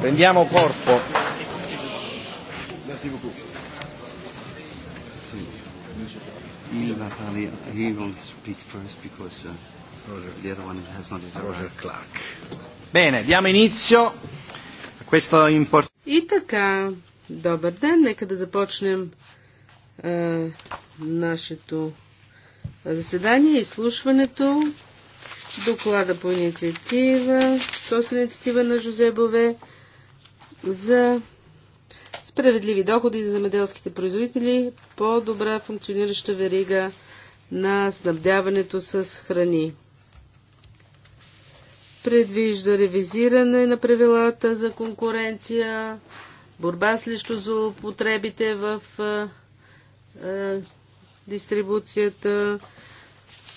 prendiamo corpo. Bene, diamo inizio a questo importante. Итака, добър ден, нека да започнем е, нашето заседание и слушването. Доклада по инициатива, собствена инициатива на Жозе за справедливи доходи за земеделските производители, по-добра функционираща верига на снабдяването с храни. Предвижда ревизиране на правилата за конкуренция, борба срещу злоупотребите в е, е, дистрибуцията,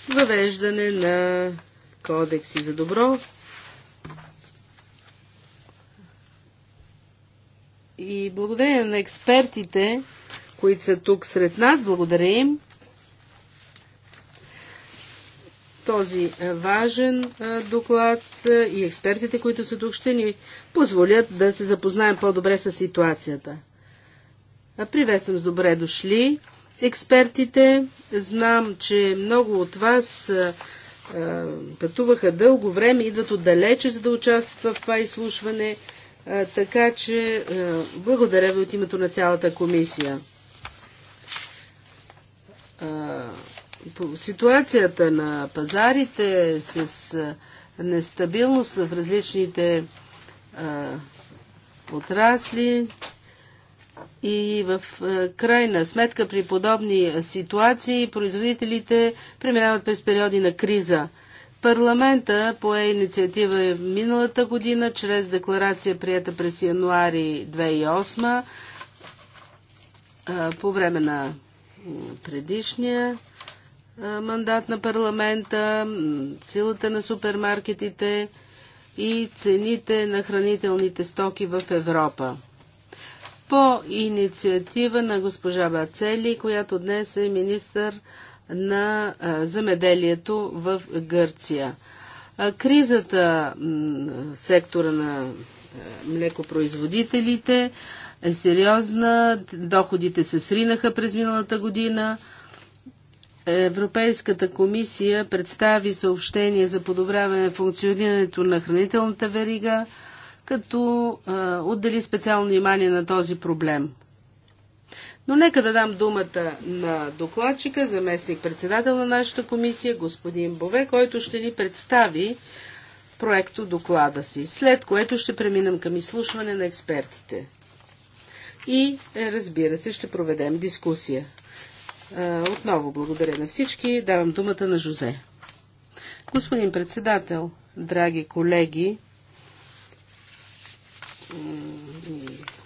въвеждане на кодекси за добро И благодарение на експертите, които са тук сред нас, благодаря им. Този е, важен е, доклад е, и експертите, които са тук, ще ни позволят да се запознаем по-добре с ситуацията. Приветствам с добре дошли експертите. Знам, че много от вас пътуваха дълго време, идват отдалече, за да участват в това изслушване. Така че благодаря ви от името на цялата комисия. Ситуацията на пазарите с нестабилност в различните отрасли и в крайна сметка при подобни ситуации производителите преминават през периоди на криза – Парламента пое инициатива миналата година чрез декларация, прията през януари 2008 по време на предишния мандат на парламента, силата на супермаркетите и цените на хранителните стоки в Европа. По инициатива на госпожа Бацели, която днес е министър на земеделието в Гърция. Кризата в сектора на млекопроизводителите е сериозна. Доходите се сринаха през миналата година. Европейската комисия представи съобщение за подобряване на функционирането на хранителната верига, като отдели специално внимание на този проблем – но нека да дам думата на докладчика, заместник председател на нашата комисия, господин Бове, който ще ни представи проекто доклада си, след което ще преминем към изслушване на експертите. И, е, разбира се, ще проведем дискусия. Е, отново благодаря на всички. Давам думата на Жозе. Господин председател, драги колеги,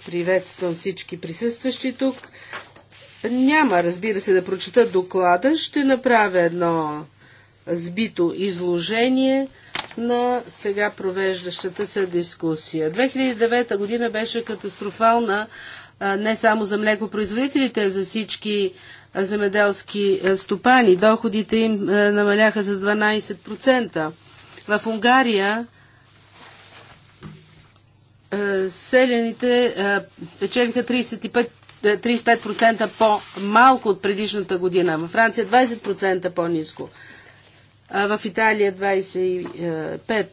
Приветствам всички присъстващи тук. Няма, разбира се, да прочета доклада. Ще направя едно сбито изложение на сега провеждащата се дискусия. 2009 година беше катастрофална не само за млекопроизводителите, а за всички земеделски стопани. Доходите им намаляха с 12%. В Унгария е, селените, печелиха 35%, 35% по-малко от предишната година. Във Франция 20% по-низко. В Италия 25%.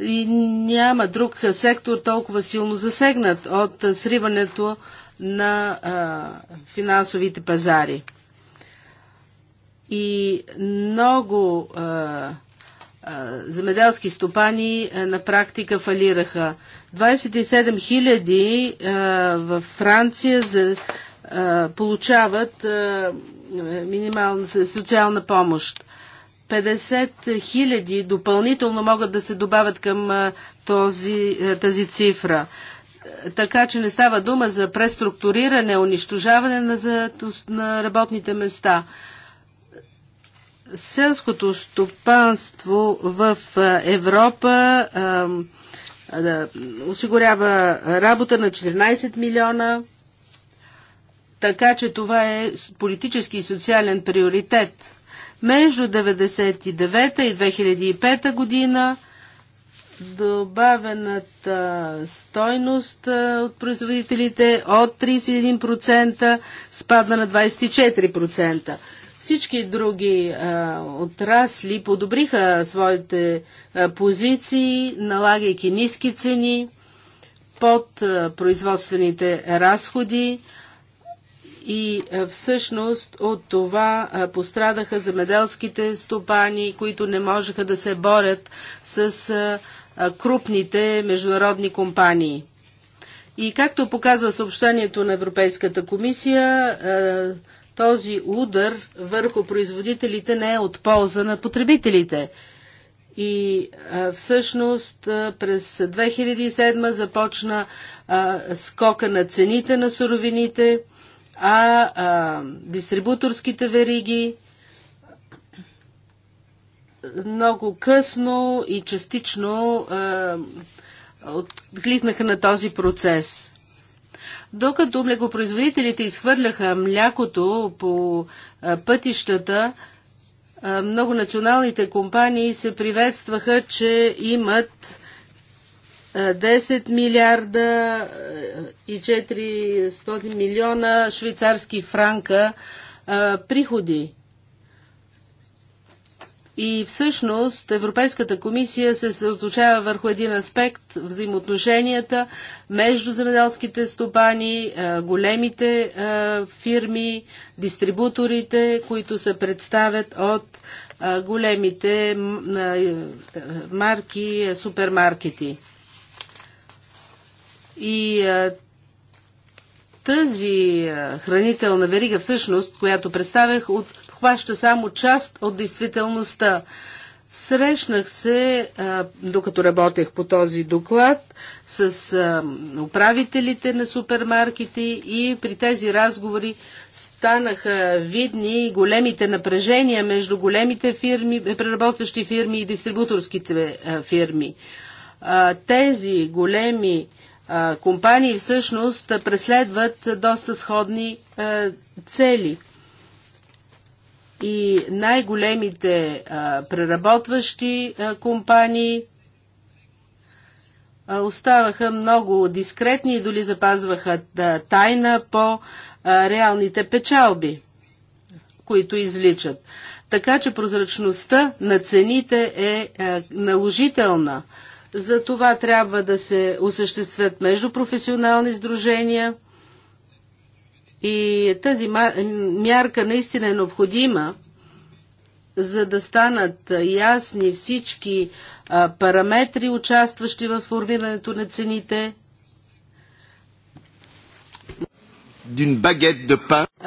И няма друг сектор толкова силно засегнат от сриването на финансовите пазари. И много а, земеделски стопани на практика фалираха. 27 000 във Франция за, получават минимална социална помощ. 50 хиляди допълнително могат да се добавят към този, тази цифра. Така че не става дума за преструктуриране, унищожаване на, за, на работните места селското стопанство в Европа да осигурява работа на 14 милиона, така че това е политически и социален приоритет. Между 1999 и 2005 година добавената стойност от производителите от 31% спадна на 24%. Всички други а, отрасли подобриха своите а, позиции, налагайки ниски цени под а, производствените разходи и всъщност от това пострадаха земеделските стопани, които не можеха да се борят с крупните международни компании. И както показва съобщението на Европейската комисия, този удар върху производителите не е от полза на потребителите. И а, всъщност през 2007 започна а, скока на цените на суровините, а, а дистрибуторските вериги много късно и частично а, откликнаха на този процес. Докато млекопроизводителите изхвърляха млякото по пътищата, много националните компании се приветстваха, че имат 10 милиарда и 400 милиона швейцарски франка приходи. И всъщност Европейската комисия се съоточава върху един аспект взаимоотношенията между земеделските стопани, е, големите е, фирми, дистрибуторите, които се представят от е, големите марки, супермаркети. И тази хранителна верига, всъщност, която представях, от Хваща само част от действителността. Срещнах се, докато работех по този доклад, с управителите на супермаркети и при тези разговори станаха видни големите напрежения между големите фирми, преработващи фирми и дистрибуторските фирми. Тези големи компании всъщност преследват доста сходни цели – и най-големите преработващи компании оставаха много дискретни и доли запазваха тайна по реалните печалби, които изличат. Така че прозрачността на цените е наложителна. За това трябва да се осъществят междупрофесионални сдружения – и тази мярка наистина е необходима, за да станат ясни всички параметри, участващи в формирането на цените.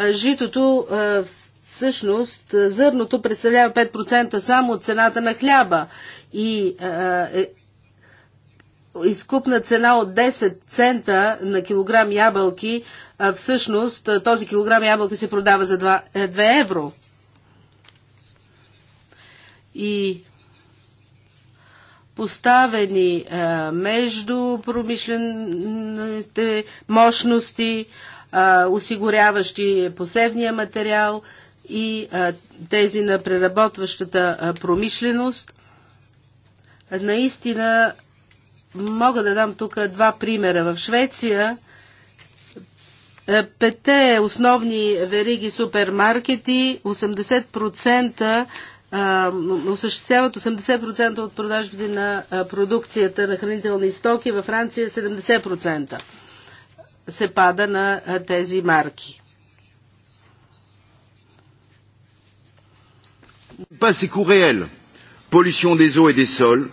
Житото всъщност, зърното представлява 5% само от цената на хляба и е, изкупна цена от 10 цента на килограм ябълки, а всъщност този килограм ябълки се продава за 2, 2 е, евро. И поставени а, между промишлените мощности, а, осигуряващи посевния материал и а, тези на преработващата промишленост, наистина Мога да дам тук два примера. В Швеция е, пете основни вериги супермаркети 80% осъществяват 80% от продажбите на продукцията на хранителни стоки, във Франция 70% се пада на тези марки. Pas si court réel. Pollution des eaux et des sols,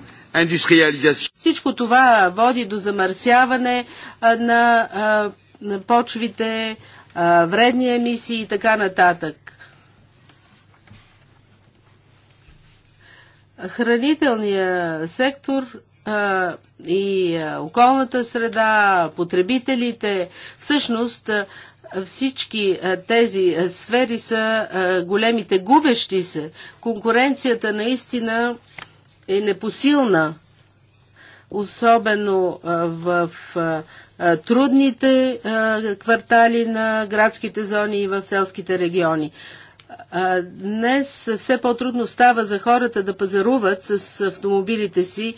всичко това води до замърсяване на почвите, вредни емисии и така нататък. Хранителният сектор и околната среда, потребителите, всъщност всички тези сфери са големите губещи се. Конкуренцията наистина е непосилна, особено в трудните квартали на градските зони и в селските региони. Днес все по-трудно става за хората да пазаруват с автомобилите си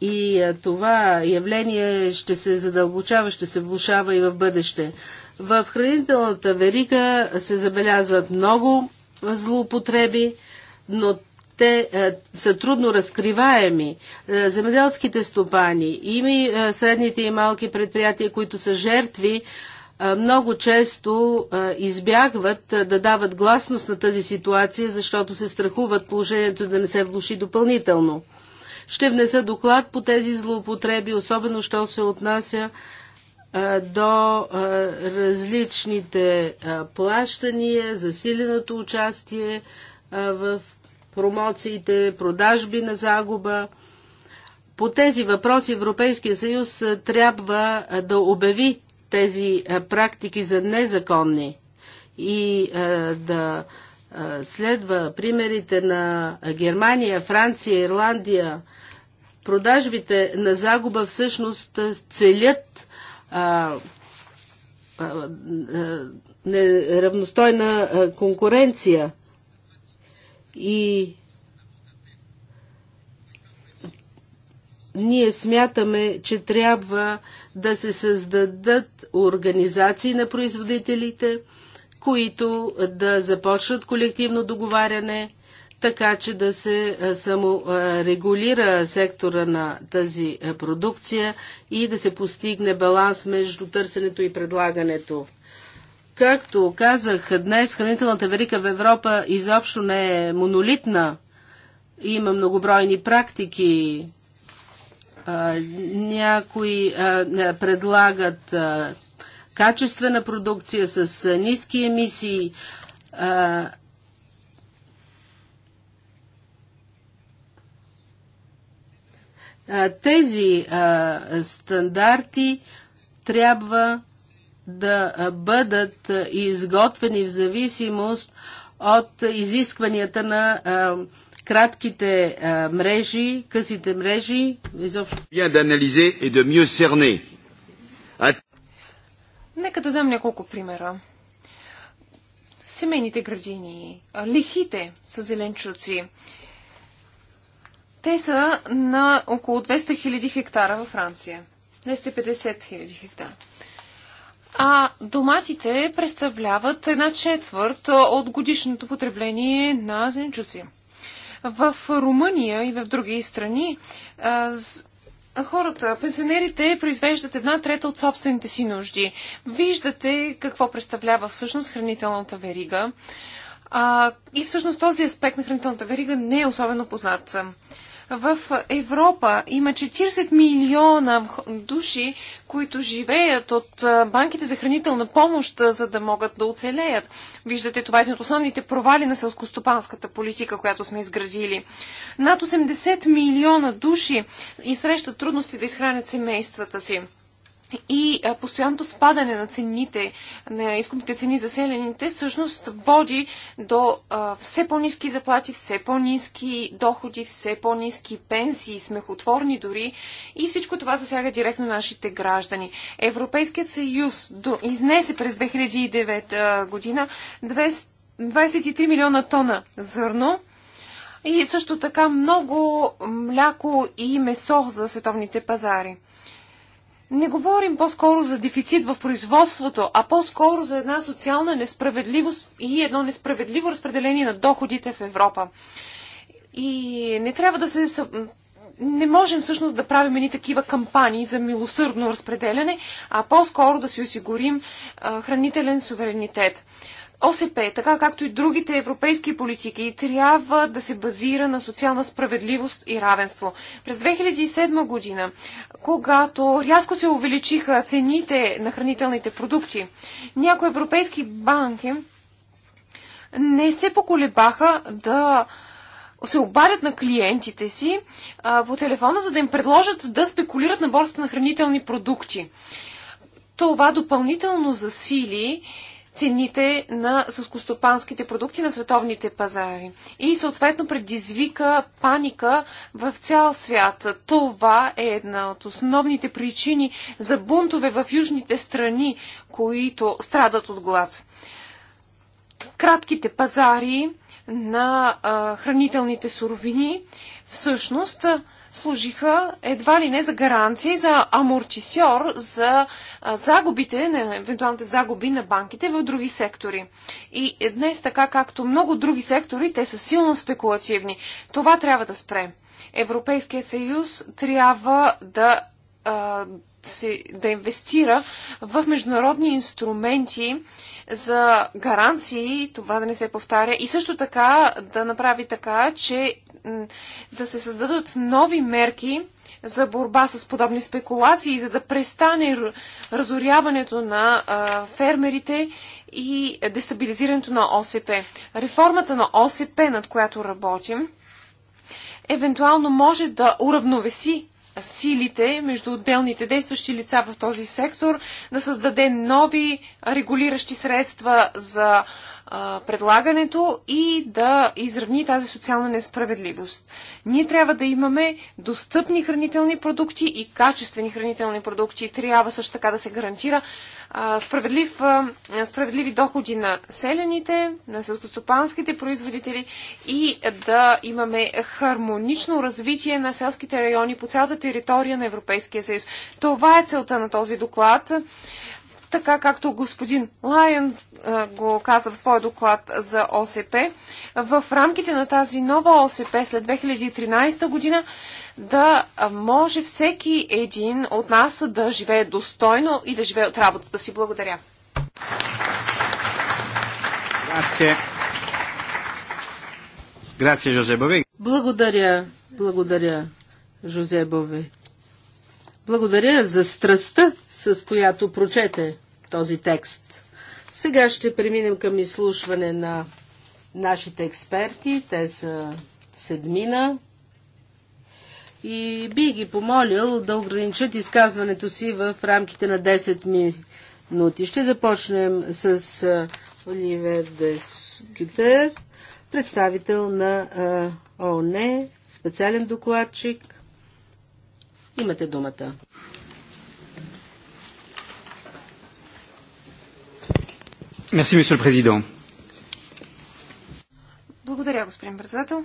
и това явление ще се задълбочава, ще се влушава и в бъдеще. В хранителната верига се забелязват много злоупотреби, но те е, са трудно разкриваеми. Е, земеделските стопани, ими е, средните и малки предприятия, които са жертви, е, много често е, избягват е, да дават гласност на тази ситуация, защото се страхуват положението да не се влуши допълнително. Ще внеса доклад по тези злоупотреби, особено що се отнася до различните плащания, засиленото участие в промоциите, продажби на загуба. По тези въпроси Европейския съюз е, трябва е, да обяви тези е, практики за незаконни и да следва примерите на Германия, Франция, Ирландия. Продажбите на загуба всъщност целят неравностойна конкуренция. И ние смятаме, че трябва да се създадат организации на производителите, които да започнат колективно договаряне, така че да се саморегулира сектора на тази продукция и да се постигне баланс между търсенето и предлагането. Както казах, днес хранителната верика в Европа изобщо не е монолитна. Има многобройни практики. Някои предлагат качествена продукция с ниски емисии. Тези стандарти трябва да бъдат изготвени в зависимост от изискванията на кратките мрежи, късите мрежи. Нека да дам няколко примера. Семейните градини, лихите са зеленчуци. Те са на около 200 000 хектара във Франция. 250 000 хектара. А доматите представляват една четвърт от годишното потребление на зеленчуци. В Румъния и в други страни хората, пенсионерите произвеждат една трета от собствените си нужди. Виждате какво представлява всъщност хранителната верига. А, и всъщност този аспект на хранителната верига не е особено познат в Европа има 40 милиона души, които живеят от банките за хранителна помощ, за да могат да оцелеят. Виждате, това е един от основните провали на селскостопанската политика, която сме изградили. Над 80 милиона души и срещат трудности да изхранят семействата си и постоянното спадане на цените, на изкупните цени за селените, всъщност води до все по-низки заплати, все по-низки доходи, все по-низки пенсии, смехотворни дори. И всичко това засяга директно нашите граждани. Европейският съюз изнесе през 2009 година 23 милиона тона зърно, и също така много мляко и месо за световните пазари не говорим по-скоро за дефицит в производството, а по-скоро за една социална несправедливост и едно несправедливо разпределение на доходите в Европа. И не трябва да се. Не можем всъщност да правим ни такива кампании за милосърдно разпределяне, а по-скоро да си осигурим хранителен суверенитет. ОСП, така както и другите европейски политики, трябва да се базира на социална справедливост и равенство. През 2007 година, когато рязко се увеличиха цените на хранителните продукти, някои европейски банки не се поколебаха да се обадят на клиентите си а, по телефона, за да им предложат да спекулират на борсата на хранителни продукти. Това допълнително засили цените на сълскостопанските продукти на световните пазари. И съответно предизвика паника в цял свят. Това е една от основните причини за бунтове в южните страни, които страдат от глад. Кратките пазари на а, хранителните суровини всъщност служиха едва ли не за гаранции, за амортисьор, за загубите, на евентуалните загуби на банките в други сектори. И днес, така както много други сектори, те са силно спекулативни. Това трябва да спре. Европейският съюз трябва да, да инвестира в международни инструменти, за гаранции това да не се повтаря и също така да направи така, че да се създадат нови мерки за борба с подобни спекулации, за да престане разоряването на фермерите и дестабилизирането на ОСП. Реформата на ОСП, над която работим, евентуално може да уравновеси силите между отделните действащи лица в този сектор, да създаде нови регулиращи средства за предлагането и да изравни тази социална несправедливост. Ние трябва да имаме достъпни хранителни продукти и качествени хранителни продукти. Трябва също така да се гарантира справедлив, справедливи доходи на селените, на селскостопанските производители и да имаме хармонично развитие на селските райони по цялата територия на Европейския съюз. Това е целта на този доклад така както господин Лайен е, го каза в своя доклад за ОСП, в рамките на тази нова ОСП след 2013 година да може всеки един от нас да живее достойно и да живее от работата си. Благодаря. Благодаря. Благодаря, Жозебове. Благодаря за страстта, с която прочете този текст. Сега ще преминем към изслушване на нашите експерти. Те са седмина. И би ги помолил да ограничат изказването си в рамките на 10 минути. Ще започнем с Оливер Дескитер, представител на ООН, специален докладчик Имате думата. Мерси, месье президент. Благодаря, господин председател.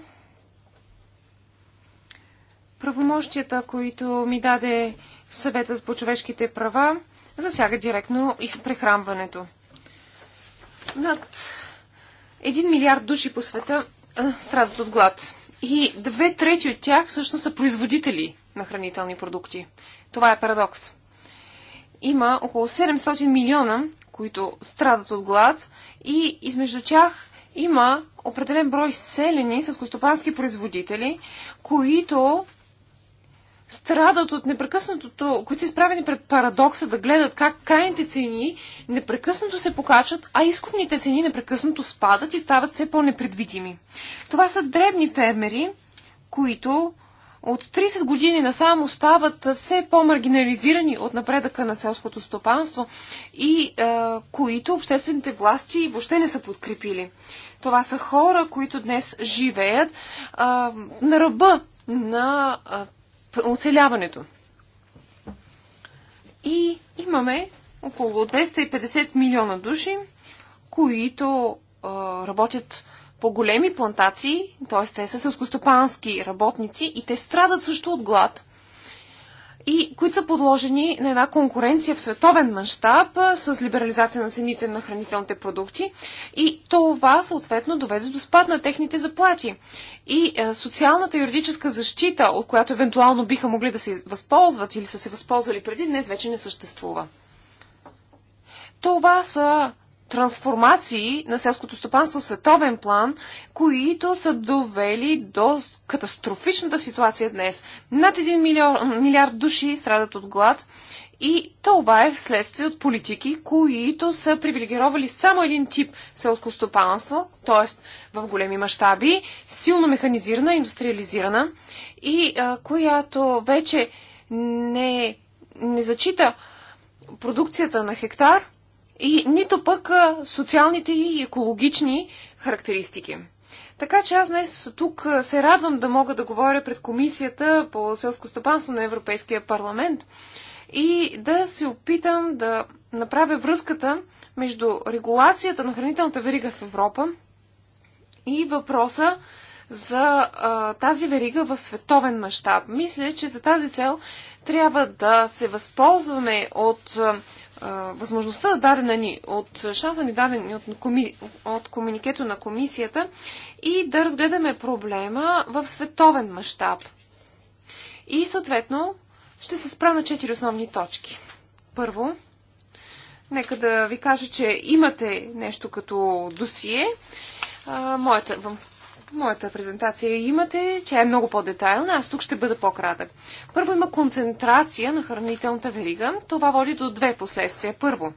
Правомощията, които ми даде съветът по човешките права, засяга директно и прехранването. Над 1 милиард души по света страдат от глад. И две трети от тях всъщност са производители на хранителни продукти. Това е парадокс. Има около 700 милиона, които страдат от глад и измежду тях има определен брой селени с костопански производители, които страдат от непрекъснатото, които са изправени пред парадокса да гледат как крайните цени непрекъснато се покачат, а изкупните цени непрекъснато спадат и стават все по-непредвидими. Това са дребни фермери, които от 30 години насам остават все по-маргинализирани от напредъка на селското стопанство и е, които обществените власти въобще не са подкрепили. Това са хора, които днес живеят е, на ръба на е, оцеляването. И имаме около 250 милиона души, които е, работят по големи плантации, т.е. те са селскостопански работници и те страдат също от глад и които са подложени на една конкуренция в световен мащаб с либерализация на цените на хранителните продукти и това съответно доведе до спад на техните заплати. И социалната юридическа защита, от която евентуално биха могли да се възползват или са се възползвали преди, днес вече не съществува. Това са трансформации на селското стопанство в световен план, които са довели до катастрофичната ситуация днес. Над 1 милион, милиард души страдат от глад и това е вследствие от политики, които са привилегировали само един тип селско стопанство, т.е. в големи мащаби, силно механизирана, индустриализирана и а, която вече не, не зачита продукцията на хектар – и нито пък социалните и екологични характеристики. Така че аз днес тук се радвам да мога да говоря пред Комисията по селско стопанство на Европейския парламент и да се опитам да направя връзката между регулацията на хранителната верига в Европа и въпроса за а, тази верига в световен мащаб. Мисля, че за тази цел трябва да се възползваме от възможността, дадена ни от шанса ни даден ни от, коми, от комуникето на комисията и да разгледаме проблема в световен мащаб. И съответно ще се спра на четири основни точки. Първо, нека да ви кажа, че имате нещо като досие. А, моята моята презентация имате. Тя е много по-детайлна. Аз тук ще бъда по-кратък. Първо има концентрация на хранителната верига. Това води до две последствия. Първо,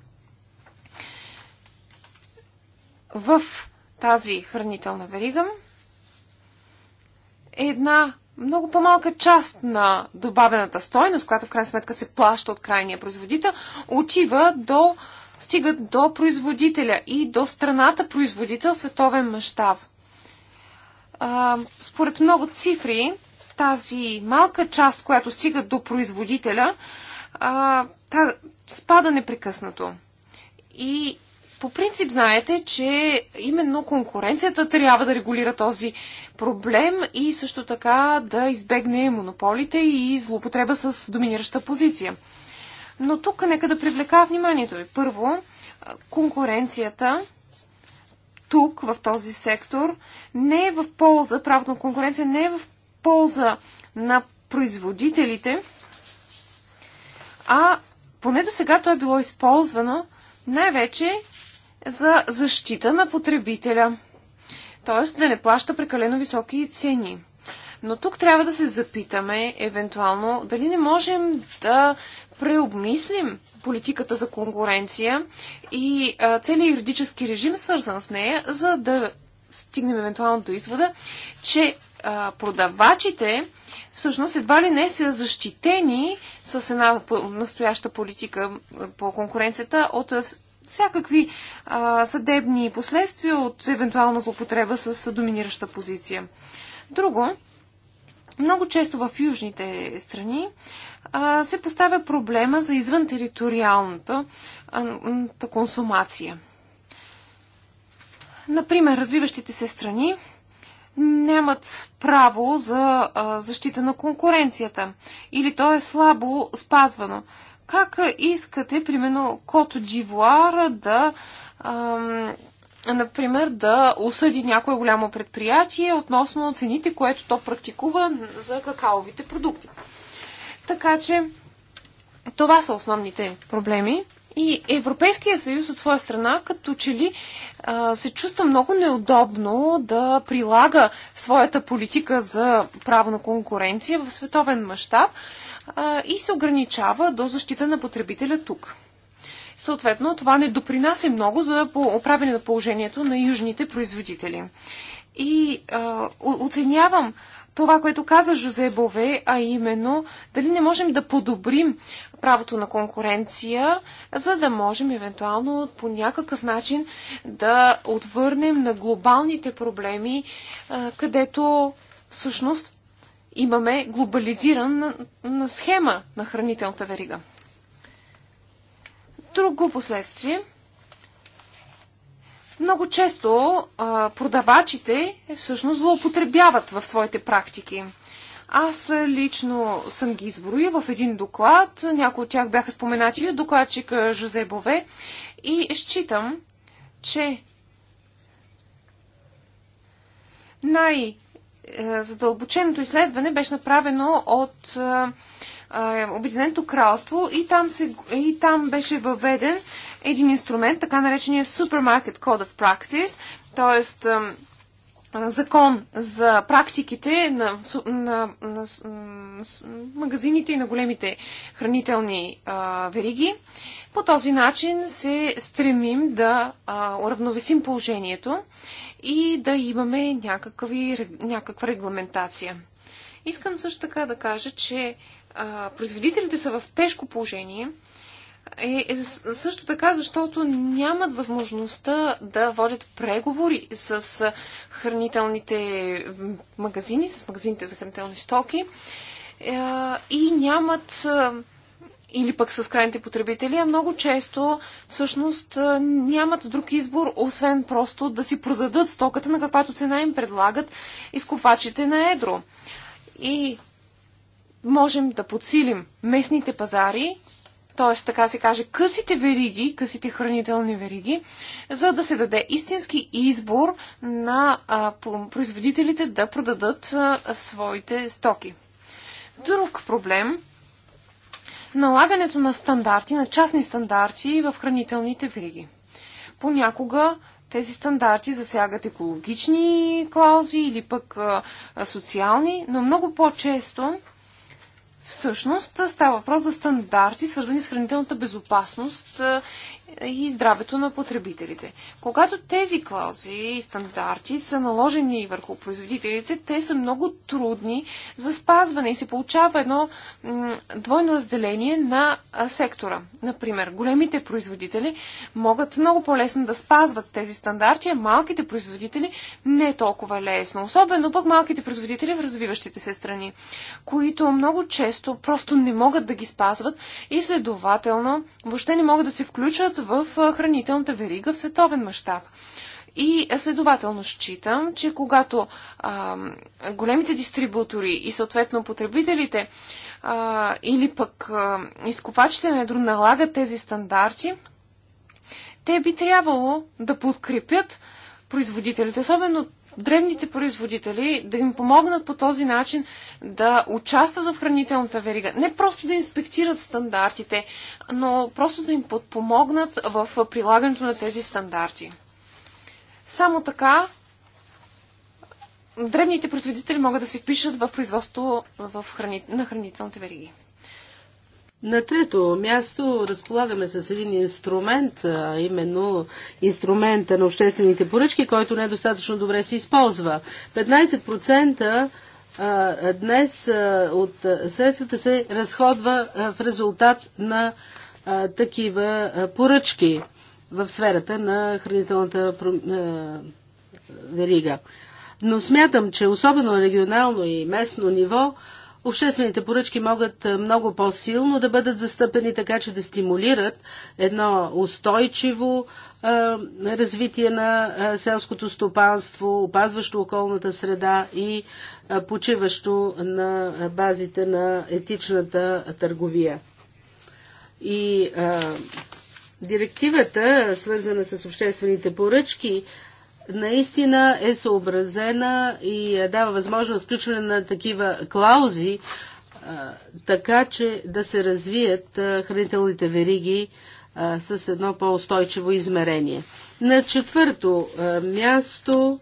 в тази хранителна верига е една много по-малка част на добавената стойност, която в крайна сметка се плаща от крайния производител, отива до, стига до производителя и до страната производител световен мащаб а, според много цифри, тази малка част, която стига до производителя, а, та, спада непрекъснато. И по принцип знаете, че именно конкуренцията трябва да регулира този проблем и също така да избегне монополите и злоупотреба с доминираща позиция. Но тук нека да привлека вниманието ви. Първо, конкуренцията тук, в този сектор, не е в полза, правото на конкуренция не е в полза на производителите, а поне до сега то е било използвано най-вече за защита на потребителя, т.е. да не плаща прекалено високи цени. Но тук трябва да се запитаме, евентуално, дали не можем да преобмислим политиката за конкуренция и целият юридически режим, свързан с нея, за да стигнем евентуално до извода, че а, продавачите всъщност едва ли не са защитени с една настояща политика по конкуренцията от всякакви а, съдебни последствия от евентуална злопотреба с доминираща позиция. Друго, много често в южните страни се поставя проблема за извън териториалната консумация. Например, развиващите се страни нямат право за защита на конкуренцията или то е слабо спазвано. Как искате, примерно, Кото Дивуар да например, да осъди някое голямо предприятие относно цените, което то практикува за какаовите продукти. Така че това са основните проблеми. И Европейския съюз от своя страна, като че ли се чувства много неудобно да прилага своята политика за право на конкуренция в световен мащаб и се ограничава до защита на потребителя тук. Съответно, това не допринася много за оправяне на положението на южните производители. И а, оценявам това, което каза Жозе Бове, а именно дали не можем да подобрим правото на конкуренция, за да можем евентуално по някакъв начин да отвърнем на глобалните проблеми, където всъщност имаме глобализирана схема на хранителната верига. Друго последствие. Много често а, продавачите е, всъщност злоупотребяват в своите практики. Аз лично съм ги изброил в един доклад. Някои от тях бяха споменати от докладчика Жозе Бове. И считам, че най- е, задълбоченото изследване беше направено от е, Обединеното кралство и там, се, и там беше въведен един инструмент, така наречения Supermarket Code of Practice, т.е. закон за практиките на, на, на, на магазините и на големите хранителни а, вериги. По този начин се стремим да а, уравновесим положението и да имаме някакви, някаква регламентация. Искам също така да кажа, че производителите са в тежко положение, е, е също така, защото нямат възможността да водят преговори с хранителните магазини, с магазините за хранителни стоки е, и нямат или пък с крайните потребители, а много често всъщност нямат друг избор, освен просто да си продадат стоката на каквато цена им предлагат изкупачите на едро. И можем да подсилим местните пазари, т.е. така се каже късите вериги, късите хранителни вериги, за да се даде истински избор на а, производителите да продадат а, своите стоки. Друг проблем налагането на стандарти, на частни стандарти в хранителните вериги. Понякога тези стандарти засягат екологични клаузи или пък а, социални, но много по-често Всъщност става въпрос за стандарти, свързани с хранителната безопасност е, и здравето на потребителите. Когато тези клаузи и стандарти са наложени върху производителите, те са много трудни за спазване и се получава едно двойно разделение на сектора. Например, големите производители могат много по-лесно да спазват тези стандарти, а малките производители не е толкова лесно. Особено пък малките производители в развиващите се страни, които много често просто не могат да ги спазват и следователно въобще не могат да се включат в хранителната верига в световен мащаб. И следователно считам, че когато а, големите дистрибутори и съответно потребителите а, или пък а, изкупачите на едро налагат тези стандарти, те би трябвало да подкрепят производителите, особено древните производители, да им помогнат по този начин да участват в хранителната верига. Не просто да инспектират стандартите, но просто да им подпомогнат в прилагането на тези стандарти. Само така древните производители могат да се впишат в производство в храни... на хранителните вериги. На трето място разполагаме с един инструмент, а именно инструмента на обществените поръчки, който недостатъчно е добре се използва. 15% днес от средствата се разходва в резултат на такива поръчки в сферата на хранителната верига. Но смятам, че особено регионално и местно ниво обществените поръчки могат е, много по-силно да бъдат застъпени така, че да стимулират едно устойчиво е, развитие на е, селското стопанство, опазващо околната среда и почиващо на базите на етичната търговия. И директивата, свързана с обществените поръчки, наистина е съобразена и е дава възможност включване на такива клаузи, така че да се развият хранителните вериги с едно по-устойчиво измерение. На четвърто място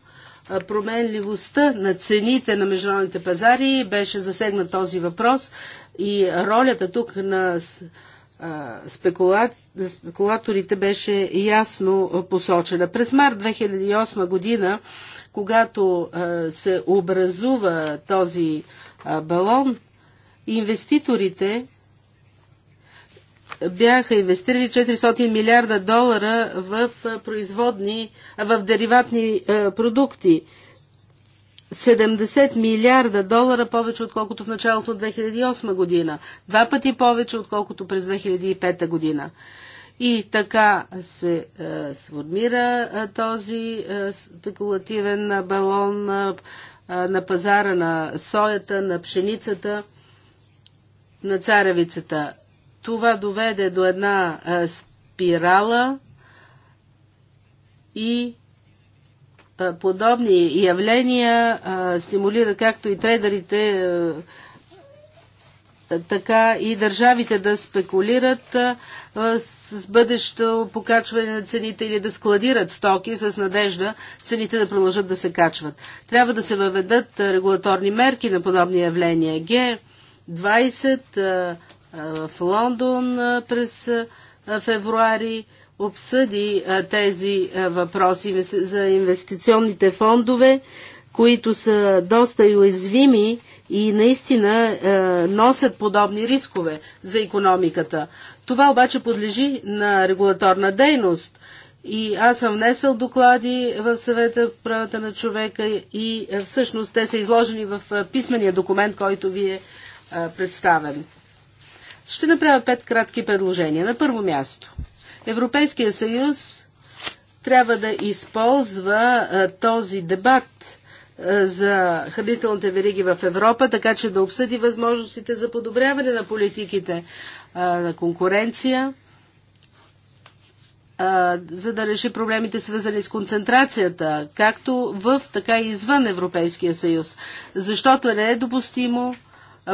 променливостта на цените на международните пазари беше засегнат този въпрос и ролята тук на спекула... спекулаторите беше ясно посочена. През март 2008 година, когато се образува този балон, инвеститорите бяха инвестирали 400 милиарда долара в производни, в дериватни продукти. 70 милиарда долара повече отколкото в началото на 2008 година. Два пъти повече отколкото през 2005 година. И така се е, сформира е, този е, спекулативен е, балон е, е, на пазара на соята, на пшеницата, на царевицата. Това доведе до една е, спирала и подобни явления стимулира както и трейдерите, така и държавите да спекулират с бъдещо покачване на цените или да складират стоки с надежда цените да продължат да се качват. Трябва да се въведат регулаторни мерки на подобни явления. Г20 в Лондон през февруари обсъди тези въпроси за инвестиционните фондове, които са доста и уязвими и наистина носят подобни рискове за економиката. Това обаче подлежи на регулаторна дейност. И аз съм внесъл доклади в съвета правата на човека и всъщност те са изложени в писмения документ, който ви е представен. Ще направя пет кратки предложения. На първо място – Европейския съюз трябва да използва а, този дебат а, за хранителните вериги в Европа, така че да обсъди възможностите за подобряване на политиките а, на конкуренция, за да реши проблемите свързани с концентрацията, както в, така и извън Европейския съюз. Защото не е допустимо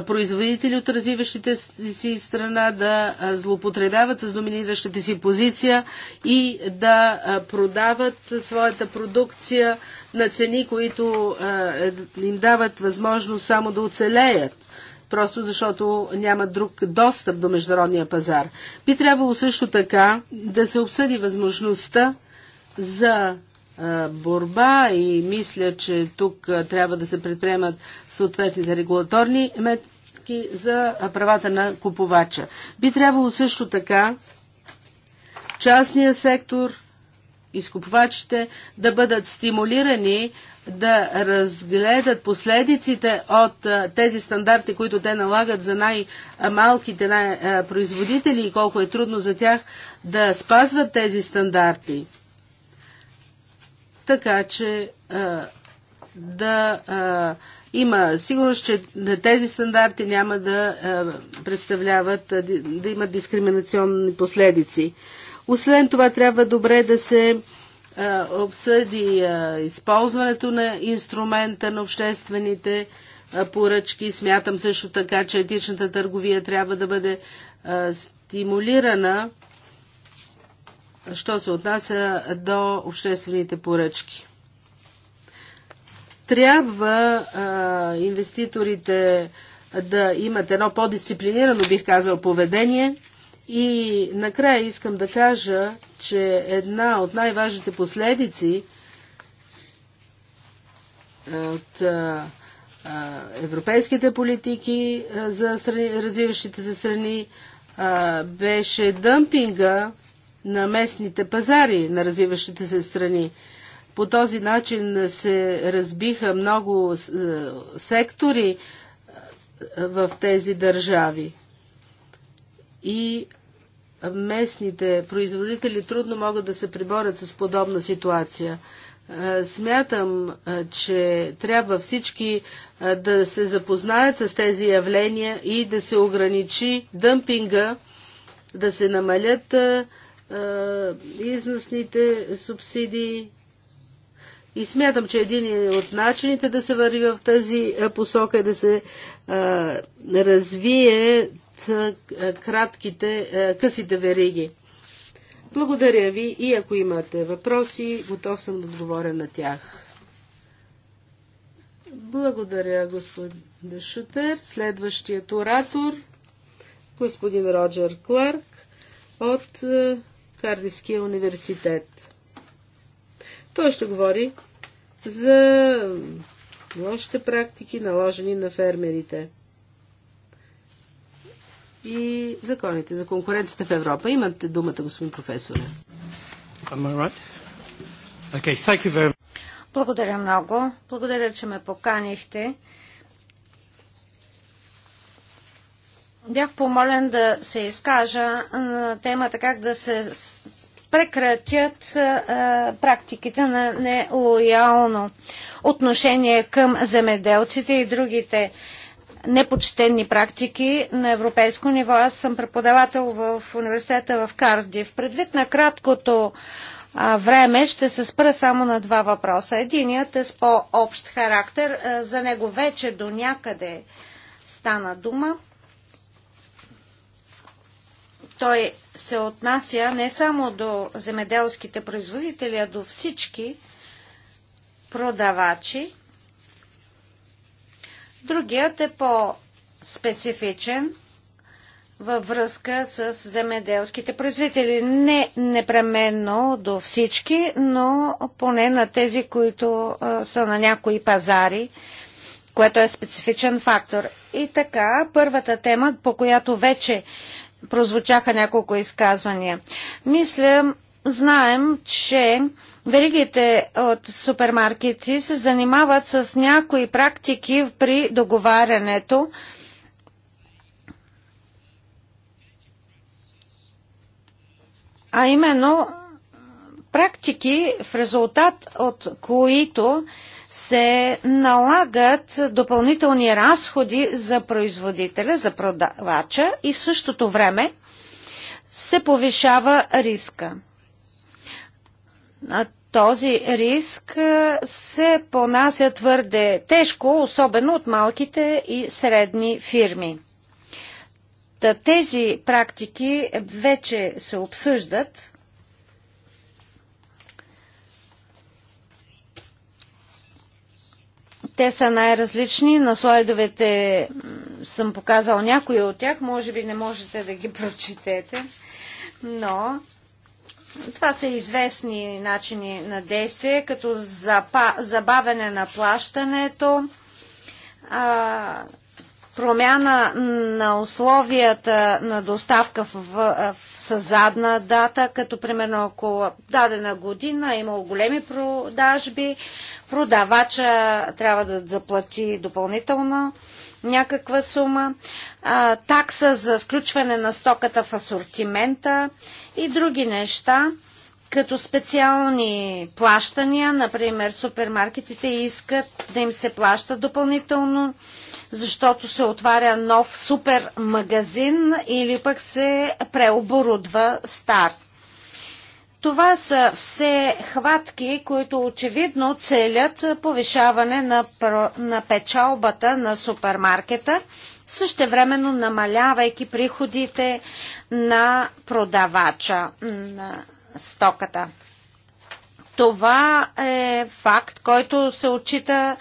производители от развиващите си страна да злоупотребяват с доминиращата си позиция и да продават своята продукция на цени, които е, им дават възможност само да оцелеят просто защото няма друг достъп до международния пазар. Би трябвало също така да се обсъди възможността за борба и мисля, че тук трябва да се предприемат съответните регулаторни метки за правата на купувача. Би трябвало също така частния сектор, изкупвачите да бъдат стимулирани да разгледат последиците от тези стандарти, които те налагат за най-малките производители и колко е трудно за тях да спазват тези стандарти така че да има сигурност, че тези стандарти няма да представляват, да имат дискриминационни последици. Освен това, трябва добре да се обсъди използването на инструмента на обществените поръчки. Смятам също така, че етичната търговия трябва да бъде стимулирана що се отнася до обществените поръчки. Трябва а, инвеститорите да имат едно по-дисциплинирано, бих казал, поведение. И накрая искам да кажа, че една от най-важните последици от а, европейските политики за страни, развиващите се страни а, беше дъмпинга на местните пазари на развиващите се страни. По този начин се разбиха много е, сектори е, в тези държави. И местните производители трудно могат да се приборят с подобна ситуация. Е, смятам, че трябва всички да се запознаят с тези явления и да се ограничи дъмпинга, да се намалят износните субсидии. И смятам, че един от начините да се върви в тази посока е да се развие развият кратките, късите вериги. Благодаря ви и ако имате въпроси, готов съм да отговоря на тях. Благодаря, господин Шутер. Следващият оратор, господин Роджер Кларк от Кардивския университет. Той ще говори за лошите практики, наложени на фермерите и законите за конкуренцията в Европа. Имате думата, господин професоре. Right? Okay, Благодаря много. Благодаря, че ме поканихте. Бях помолен да се изкажа на темата как да се прекратят а, практиките на нелоялно отношение към земеделците и другите непочтени практики на европейско ниво. Аз съм преподавател в университета в Кардив. Предвид на краткото а, време ще се спра само на два въпроса. Единият е с по-общ характер. А, за него вече до някъде стана дума. Той се отнася не само до земеделските производители, а до всички продавачи. Другият е по-специфичен във връзка с земеделските производители. Не непременно до всички, но поне на тези, които са на някои пазари, което е специфичен фактор. И така, първата тема, по която вече прозвучаха няколко изказвания. Мисля, знаем, че веригите от супермаркети се занимават с някои практики при договарянето. А именно практики, в резултат от които се налагат допълнителни разходи за производителя, за продавача и в същото време се повишава риска. този риск се понася твърде тежко, особено от малките и средни фирми. тези практики вече се обсъждат Те са най-различни. На слайдовете съм показал някои от тях. Може би не можете да ги прочетете. Но това са известни начини на действие, като забавене на плащането, промяна на условията на доставка в, в, с задна дата, като примерно около дадена година е имало големи продажби, продавача трябва да заплати допълнително някаква сума, а, такса за включване на стоката в асортимента и други неща, като специални плащания, например супермаркетите искат да им се плаща допълнително, защото се отваря нов супермагазин или пък се преоборудва стар. Това са все хватки, които очевидно целят повишаване на, на печалбата на супермаркета, същевременно намалявайки приходите на продавача на стоката. Това е факт, който се очита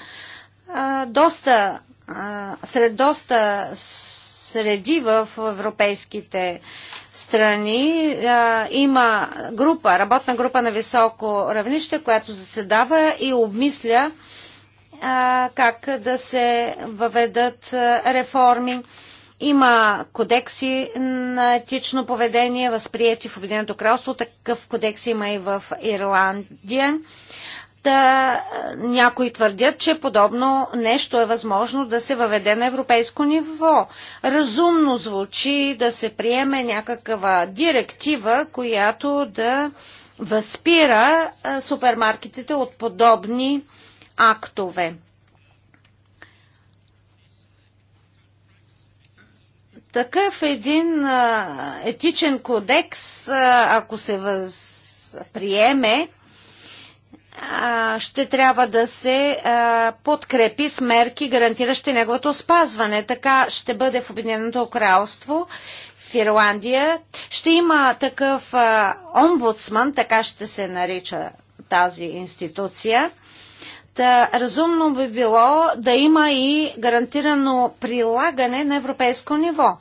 а, доста, а, сред доста среди в европейските а, страни. А, има група, работна група на високо равнище, която заседава и обмисля а, как да се въведат реформи. Има кодекси на етично поведение, възприяти в Обединеното кралство. Такъв кодекс има и в Ирландия. Та, е, някои твърдят, че подобно нещо е възможно да се въведе на европейско ниво. Разумно звучи да се приеме някаква директива, която да възпира е, супермаркетите от подобни актове. Такъв един е, етичен кодекс, ако се възприеме, ще трябва да се подкрепи с мерки, гарантиращи неговото спазване. Така ще бъде в Обединеното кралство в Ирландия. Ще има такъв омбудсман, така ще се нарича тази институция. Та, разумно би било да има и гарантирано прилагане на европейско ниво.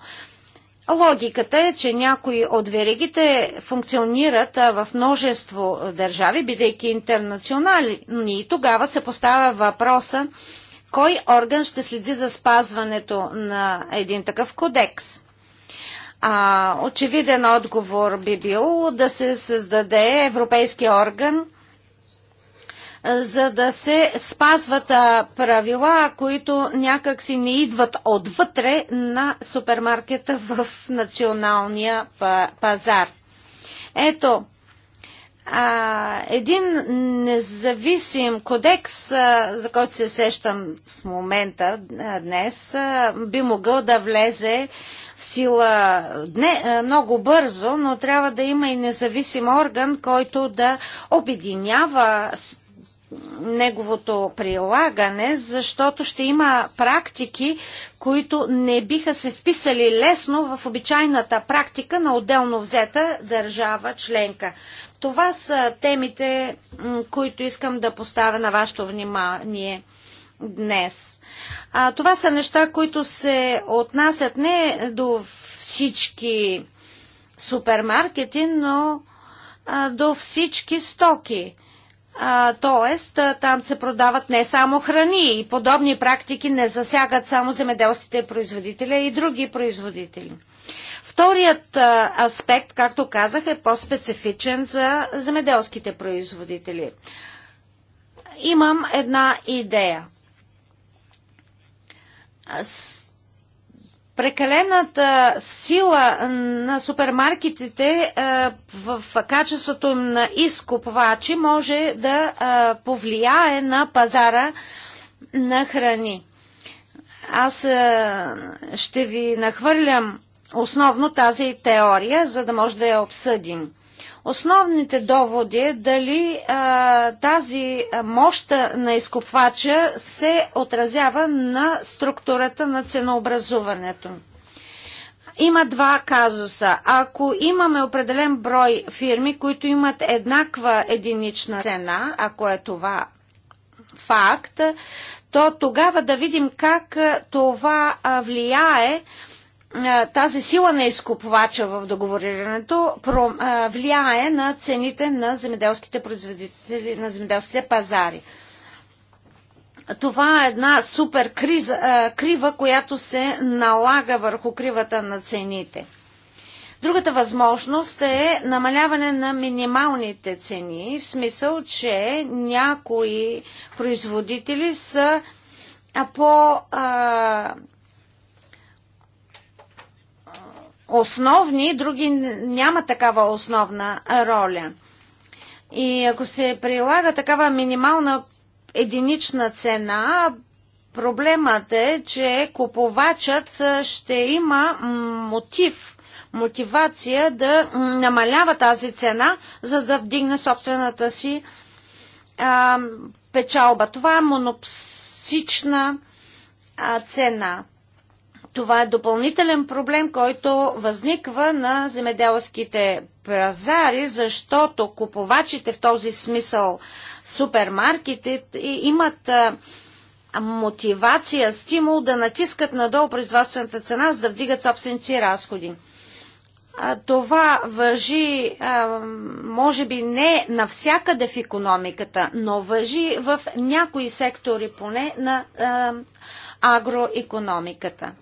Логиката е, че някои от веригите функционират в множество държави, бидейки интернационални. И тогава се поставя въпроса кой орган ще следи за спазването на един такъв кодекс. А, очевиден отговор би бил да се създаде европейски орган – за да се спазват правила, които някакси не идват отвътре на супермаркета в националния пазар. Ето, а, един независим кодекс, а, за който се сещам в момента а, днес, а, би могъл да влезе в сила дне, а, много бързо, но трябва да има и независим орган, който да обединява неговото прилагане, защото ще има практики, които не биха се вписали лесно в обичайната практика на отделно взета държава членка. Това са темите, които искам да поставя на вашето внимание днес. А, това са неща, които се отнасят не до всички супермаркети, но а, до всички стоки. Тоест, там се продават не само храни и подобни практики не засягат само земеделските производители, а и други производители. Вторият аспект, както казах, е по-специфичен за земеделските производители. Имам една идея прекалената сила на супермаркетите е, в качеството на изкупвачи може да е, повлияе на пазара на храни. Аз е, ще ви нахвърлям основно тази теория, за да може да я обсъдим. Основните доводи е дали а, тази мощ на изкупвача се отразява на структурата на ценообразуването. Има два казуса. Ако имаме определен брой фирми, които имат еднаква единична цена, ако е това факт, то тогава да видим как това влияе тази сила на изкупвача в договорирането влияе на цените на земеделските производители, на земеделските пазари. Това е една супер криза, крива, която се налага върху кривата на цените. Другата възможност е намаляване на минималните цени, в смисъл, че някои производители са по а, основни, други няма такава основна роля. И ако се прилага такава минимална единична цена, проблемът е, че купувачът ще има мотив, мотивация да намалява тази цена, за да вдигне собствената си а, печалба. Това е монопсична а, цена. Това е допълнителен проблем, който възниква на земеделските пазари, защото купувачите в този смисъл супермаркетите имат мотивация, стимул да натискат надолу производствената цена, за да вдигат собственици разходи. Това въжи, може би не навсякъде в економиката, но въжи в някои сектори поне на агроекономиката.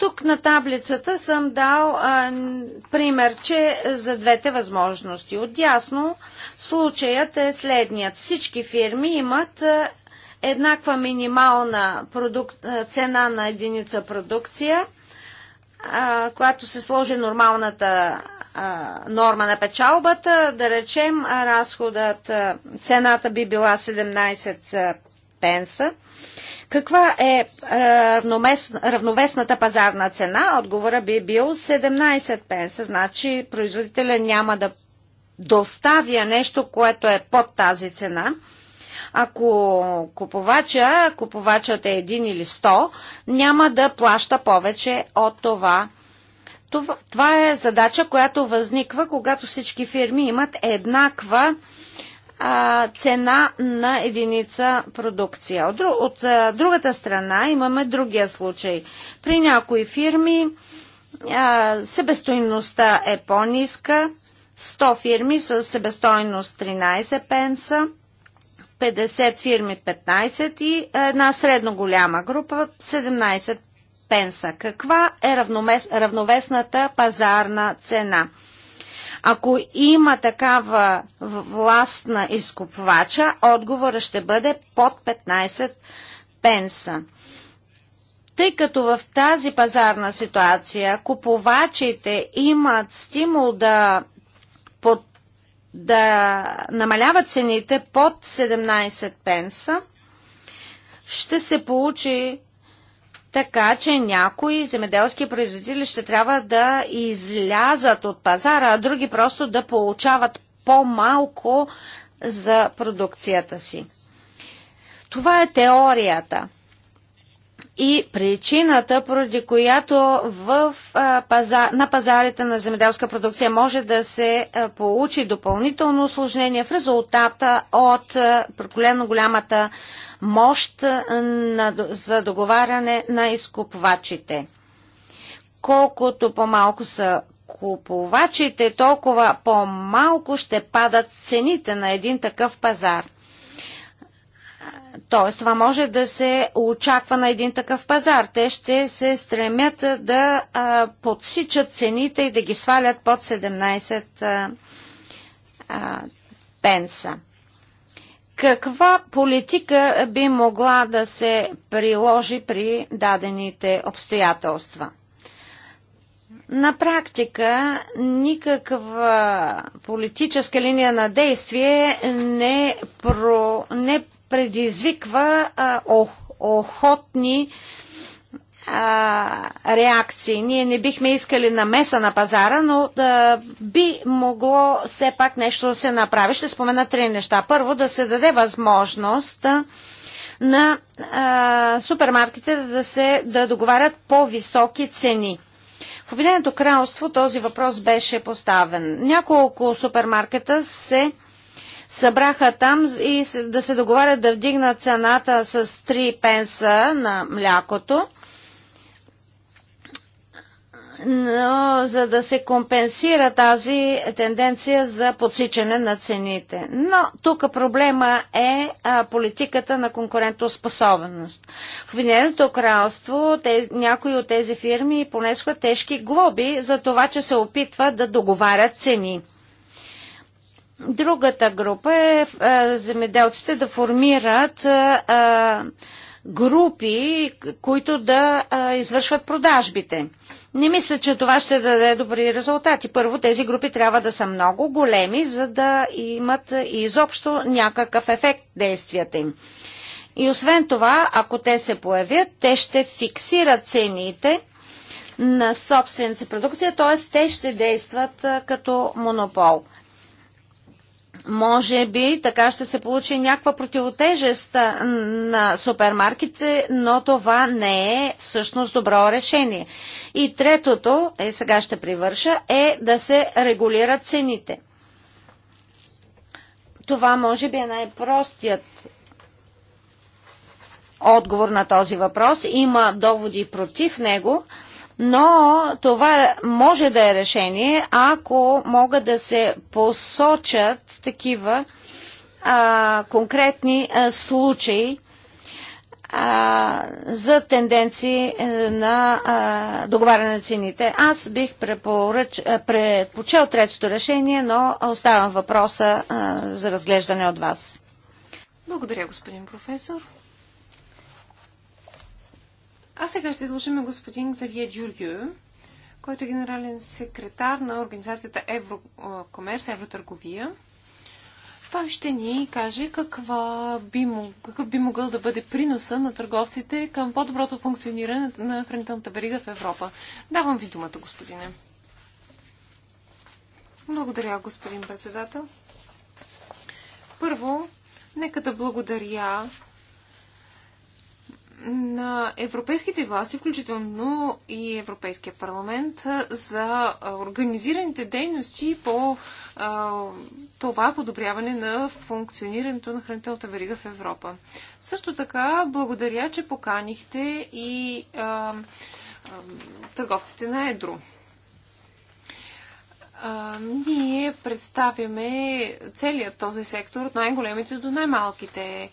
Тук на таблицата съм дал а, пример, че е, за двете възможности. Отясно случаят е следният. Всички фирми имат а, е, еднаква минимална продук... Е, цена на единица продукция, а, която се сложи нормалната а, норма на печалбата. Да речем, разходът, а, цената би била 17 пенса. Каква е, е равновесната пазарна цена? Отговора би бил 17 пенса, значи производителя няма да доставя нещо, което е под тази цена. Ако купувача, купувачът е 1 или 100, няма да плаща повече от това. Това, това е задача, която възниква, когато всички фирми имат еднаква а, цена на единица продукция. От, от а, другата страна имаме другия случай. При някои фирми а, себестойността е по-ниска, 100 фирми с себестойност 13 пенса, 50 фирми 15 и една средно голяма група 17 пенса. Каква е равновес, равновесната пазарна цена? Ако има такава власт на изкупвача, отговора ще бъде под 15 пенса. Тъй като в тази пазарна ситуация купувачите имат стимул да, под, да намаляват цените под 17 пенса, ще се получи така че някои земеделски производители ще трябва да излязат от пазара, а други просто да получават по-малко за продукцията си. Това е теорията и причината, поради която в, а, паза, на пазарите на земеделска продукция може да се а, получи допълнително осложнение в резултата от проколено голямата мощ на, за договаряне на изкупвачите. Колкото по-малко са купувачите, толкова по-малко ще падат цените на един такъв пазар. Тоест, това може да се очаква на един такъв пазар. Те ще се стремят да а, подсичат цените и да ги свалят под 17 а, а, пенса. Каква политика би могла да се приложи при дадените обстоятелства? На практика никаква политическа линия на действие не, про, не предизвиква а, о, охотни а, реакции. Ние не бихме искали намеса на пазара, но а, би могло все пак нещо да се направи. Ще спомена три неща. Първо, да се даде възможност а, на а, супермаркетите да, се, да договарят по-високи цени. В Обединеното кралство този въпрос беше поставен. Няколко супермаркета се а, събраха там и да се договарят да вдигнат цената с 3 пенса на млякото. Но, за да се компенсира тази тенденция за подсичане на цените. Но тук проблема е а, политиката на конкурентоспособност. В Обединеното кралство някои от тези фирми понесоха тежки глоби за това, че се опитват да договарят цени. Другата група е, е земеделците да формират е, е, групи, които да извършват продажбите. Не мисля, че това ще даде добри резултати. Първо, тези групи трябва да са много големи, за да имат изобщо някакъв ефект действията им. И освен това, ако те се появят, те ще фиксират цените на собствената си продукция, т.е. те ще действат като монопол. Може би така ще се получи някаква противотежест на супермаркетите, но това не е всъщност добро решение. И третото, е, сега ще привърша, е да се регулират цените. Това може би е най-простият отговор на този въпрос. Има доводи против него, но това може да е решение, ако могат да се посочат такива а, конкретни а, случаи а, за тенденции е, на а, договаряне на цените. Аз бих препоръч, е, предпочел третото решение, но оставам въпроса а, е, за разглеждане от вас. Благодаря, господин професор. А сега ще слушаме господин Завия Дюргю, който е генерален секретар на организацията Еврокомерс, Евротърговия. Той ще ни каже каква би, какъв би могъл да бъде приноса на търговците към по-доброто функциониране на хранителната верига в Европа. Давам ви думата, господине. Благодаря, господин председател. Първо, нека да благодаря на европейските власти, включително и Европейския парламент, за организираните дейности по това подобряване на функционирането на хранителната верига в Европа. Също така, благодаря, че поканихте и а, а, търговците на Едро. ние представяме целият този сектор от най-големите до най-малките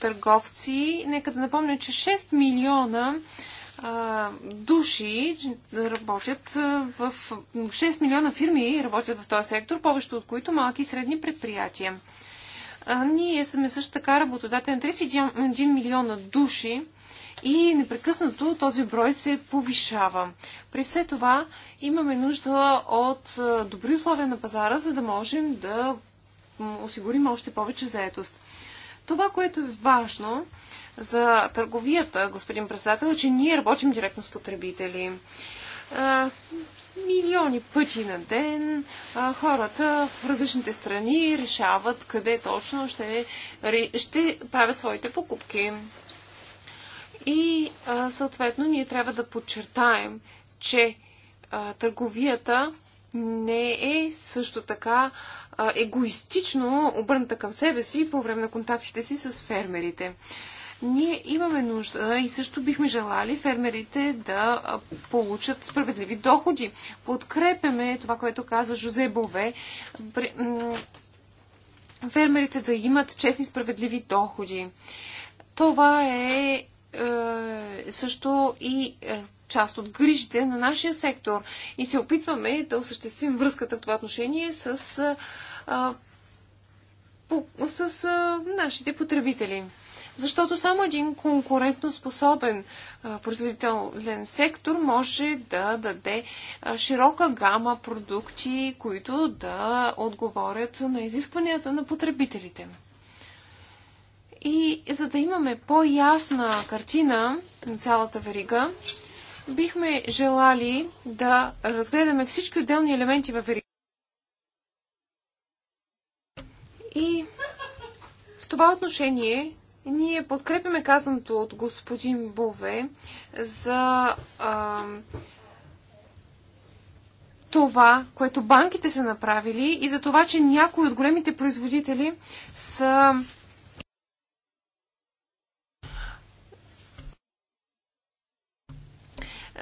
търговци. Нека да напомня, че 6 милиона души работят в 6 милиона фирми работят в този сектор, повечето от които малки и средни предприятия. А, ние сме също така работодател на 31 милиона души и непрекъснато този брой се повишава. При все това имаме нужда от добри условия на пазара, за да можем да осигурим още повече заетост. Това, което е важно за търговията, господин председател, е, че ние работим директно с потребители. Милиони пъти на ден хората в различните страни решават къде точно ще, ще правят своите покупки. И съответно ние трябва да подчертаем, че търговията не е също така егоистично обърната към себе си по време на контактите си с фермерите. Ние имаме нужда и също бихме желали фермерите да получат справедливи доходи. Подкрепяме това, което каза Жозе Бове. Фермерите да имат честни справедливи доходи. Това е, е също и е, част от грижите на нашия сектор и се опитваме да осъществим връзката в това отношение с, а, по, с а, нашите потребители. Защото само един способен производителен сектор може да даде широка гама продукти, които да отговорят на изискванията на потребителите. И за да имаме по-ясна картина на цялата верига, бихме желали да разгледаме всички отделни елементи в И в това отношение ние подкрепяме казаното от господин Бове за а, това, което банките са направили и за това, че някои от големите производители са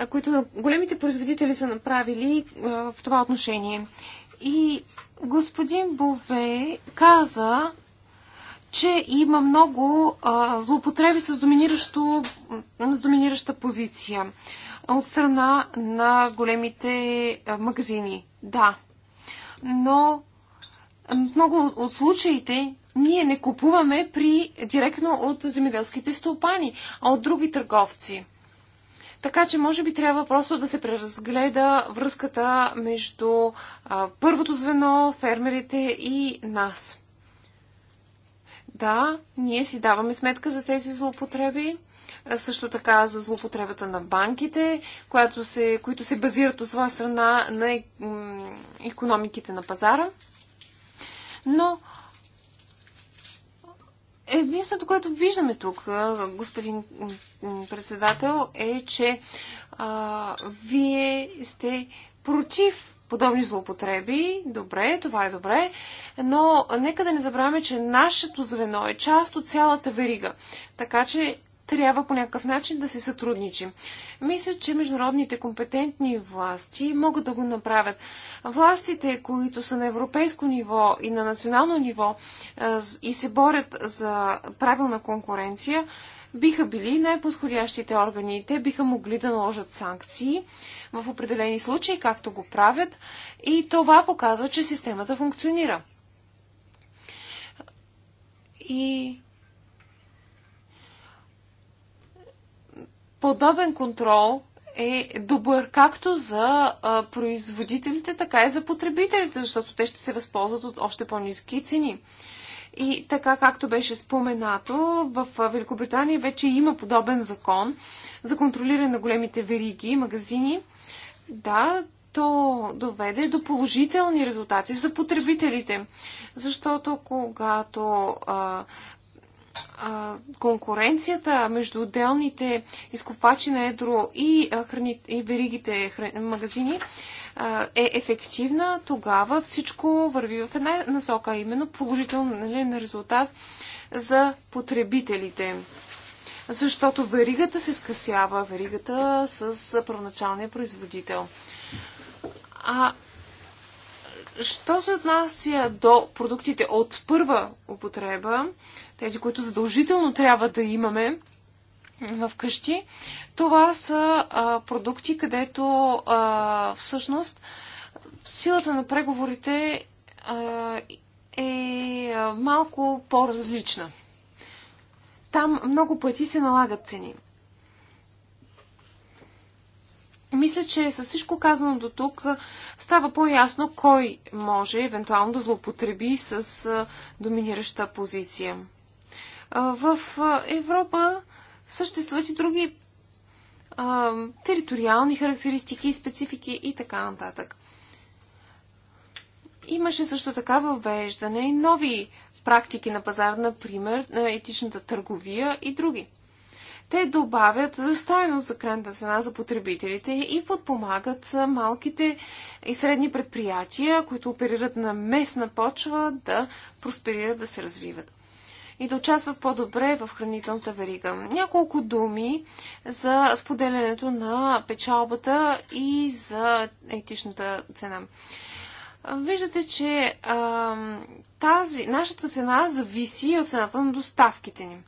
които големите производители са направили в това отношение. И господин Бове каза, че има много а, злоупотреби с, с доминираща позиция от страна на големите а, магазини. Да. Но много от случаите ние не купуваме при, директно от земеделските стопани, а от други търговци. Така че може би трябва просто да се преразгледа връзката между а, първото звено, фермерите и нас. Да, ние си даваме сметка за тези злоупотреби. Също така за злоупотребата на банките, която се, които се базират от своя страна на економиките на пазара. Но Единственото, което виждаме тук, господин председател, е, че а, вие сте против подобни злоупотреби. Добре, това е добре, но нека да не забравяме, че нашето звено е част от цялата верига. Така че трябва по някакъв начин да се сътрудничим. Мисля, че международните компетентни власти могат да го направят. Властите, които са на европейско ниво и на национално ниво и се борят за правилна конкуренция, биха били най-подходящите органи. Те биха могли да наложат санкции в определени случаи, както го правят, и това показва, че системата функционира. И подобен контрол е добър както за а, производителите, така и за потребителите, защото те ще се възползват от още по-низки цени. И така, както беше споменато, в Великобритания вече има подобен закон за контролиране на големите вериги, и магазини. Да, то доведе до положителни резултати за потребителите. Защото когато а, конкуренцията между отделните изкупачи на едро и, храни, и веригите храни, магазини е ефективна, тогава всичко върви в една насока, именно положителен резултат за потребителите. Защото веригата се скъсява, веригата с първоначалния производител. А Що се отнася до продуктите от първа употреба, тези, които задължително трябва да имаме в къщи, това са а, продукти, където а, всъщност силата на преговорите а, е малко по-различна. Там много пъти се налагат цени. Мисля, че с всичко казано до тук става по-ясно кой може евентуално да злоупотреби с доминираща позиция. В Европа съществуват и други териториални характеристики, специфики и така нататък. Имаше също така въвеждане и нови практики на пазар, например, на етичната търговия и други. Те добавят стойност за крайната цена за потребителите и подпомагат малките и средни предприятия, които оперират на местна почва, да просперират, да се развиват и да участват по-добре в хранителната верига. Няколко думи за споделянето на печалбата и за етичната цена. Виждате, че а, тази, нашата цена зависи от цената на доставките ни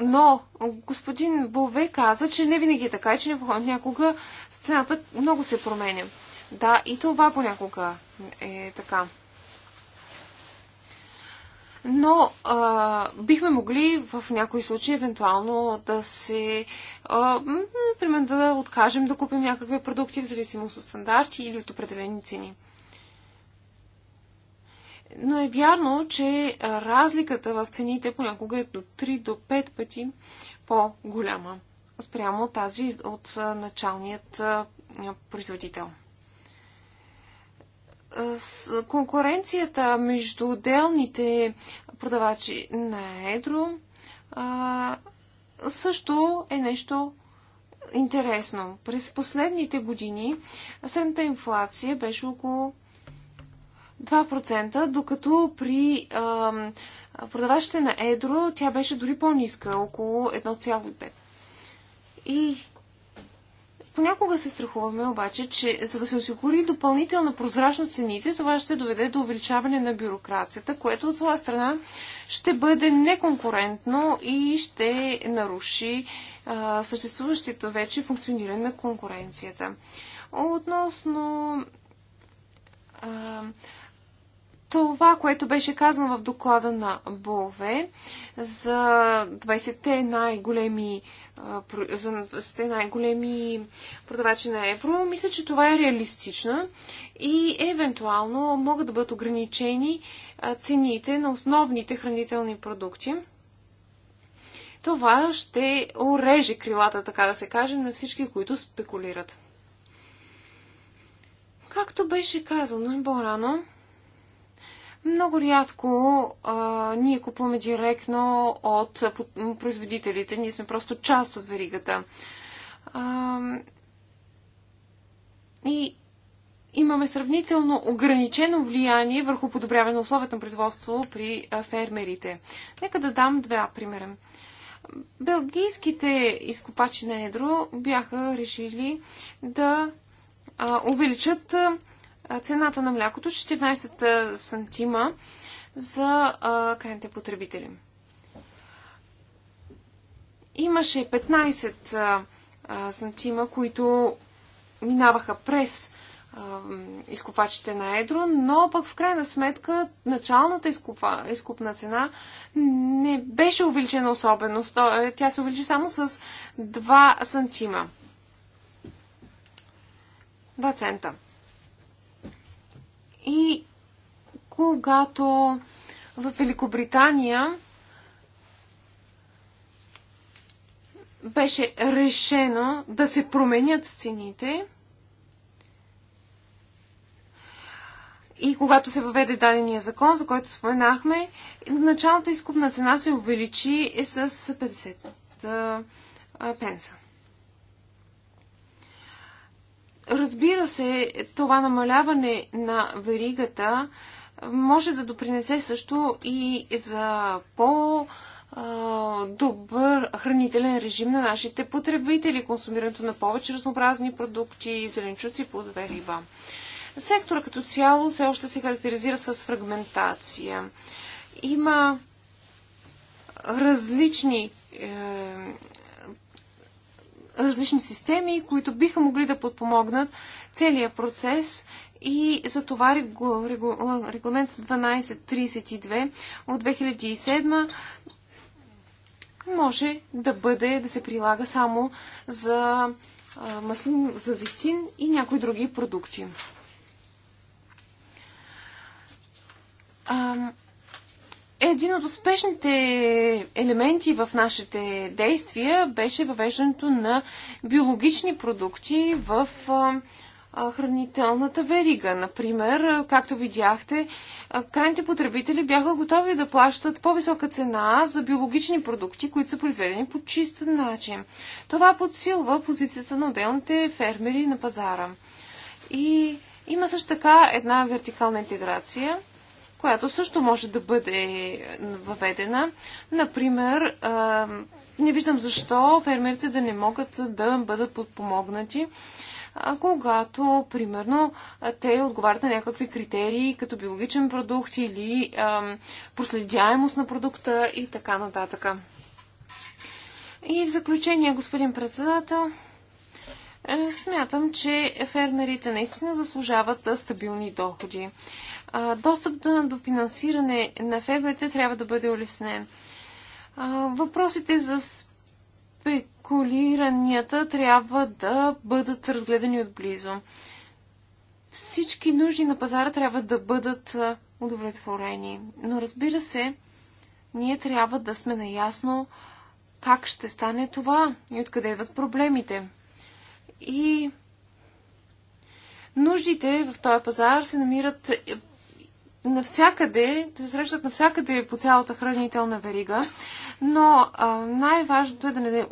но господин Бове каза, че не винаги е така и че някога сцената много се променя. Да, и това понякога е така. Но а, бихме могли в някои случаи евентуално да се, а, примерно да откажем да купим някакви продукти в зависимост от стандарти или от определени цени. Но е вярно, че разликата в цените понякога е до 3 до 5 пъти по-голяма спрямо тази от началният производител. С конкуренцията между отделните продавачи на едро също е нещо интересно. През последните години средната инфлация беше около 2%, докато при а, продавачите на Едро тя беше дори по-ниска, около 1,5%. И понякога се страхуваме обаче, че за да се осигури допълнителна прозрачност цените, това ще доведе до увеличаване на бюрокрацията, което от своя страна ще бъде неконкурентно и ще наруши а, съществуващото вече функциониране на конкуренцията. Относно а, това, което беше казано в доклада на БОВЕ за 20-те най-големи за сте най-големи продавачи на евро, мисля, че това е реалистично и евентуално могат да бъдат ограничени цените на основните хранителни продукти. Това ще ореже крилата, така да се каже, на всички, които спекулират. Както беше казано и по-рано, много рядко а, ние купуваме директно от производителите. Ние сме просто част от веригата. А, и имаме сравнително ограничено влияние върху подобряване на условията на производство при фермерите. Нека да дам два примера. Белгийските изкопачи на едро бяха решили да увеличат цената на млякото 14 е сантима за крайните потребители. Имаше 15 сантима, които минаваха през изкупачите на едро, но пък в крайна сметка началната изкупа, изкупна цена не беше увеличена особено. Е, тя се увеличи само с 2 сантима. 2 цента. И когато в Великобритания беше решено да се променят цените, И когато се въведе дадения закон, за който споменахме, началната изкупна цена се увеличи с 50 пенса. Разбира се, това намаляване на веригата може да допринесе също и за по- добър хранителен режим на нашите потребители, консумирането на повече разнообразни продукти, зеленчуци, плодове, риба. Сектора като цяло все още се характеризира с фрагментация. Има различни е, различни системи, които биха могли да подпомогнат целият процес и за това регламент 1232 от 2007 може да бъде да се прилага само за маслин, за зехтин и някои други продукти е един от успешните елементи в нашите действия беше въвеждането на биологични продукти в хранителната верига. Например, както видяхте, крайните потребители бяха готови да плащат по-висока цена за биологични продукти, които са произведени по чист начин. Това подсилва позицията на отделните фермери на пазара. И има също така една вертикална интеграция – която също може да бъде въведена. Например, не виждам защо фермерите да не могат да бъдат подпомогнати, когато, примерно, те отговарят на някакви критерии, като биологичен продукт или проследяемост на продукта и така нататък. И в заключение, господин председател, е, смятам, че фермерите наистина заслужават стабилни доходи достъп до финансиране на фебрите трябва да бъде улеснен. Въпросите за спекулиранията трябва да бъдат разгледани отблизо. Всички нужди на пазара трябва да бъдат удовлетворени. Но разбира се, ние трябва да сме наясно как ще стане това и откъде идват проблемите. И нуждите в този пазар се намират навсякъде, те срещат навсякъде по цялата хранителна верига, но най-важното е да не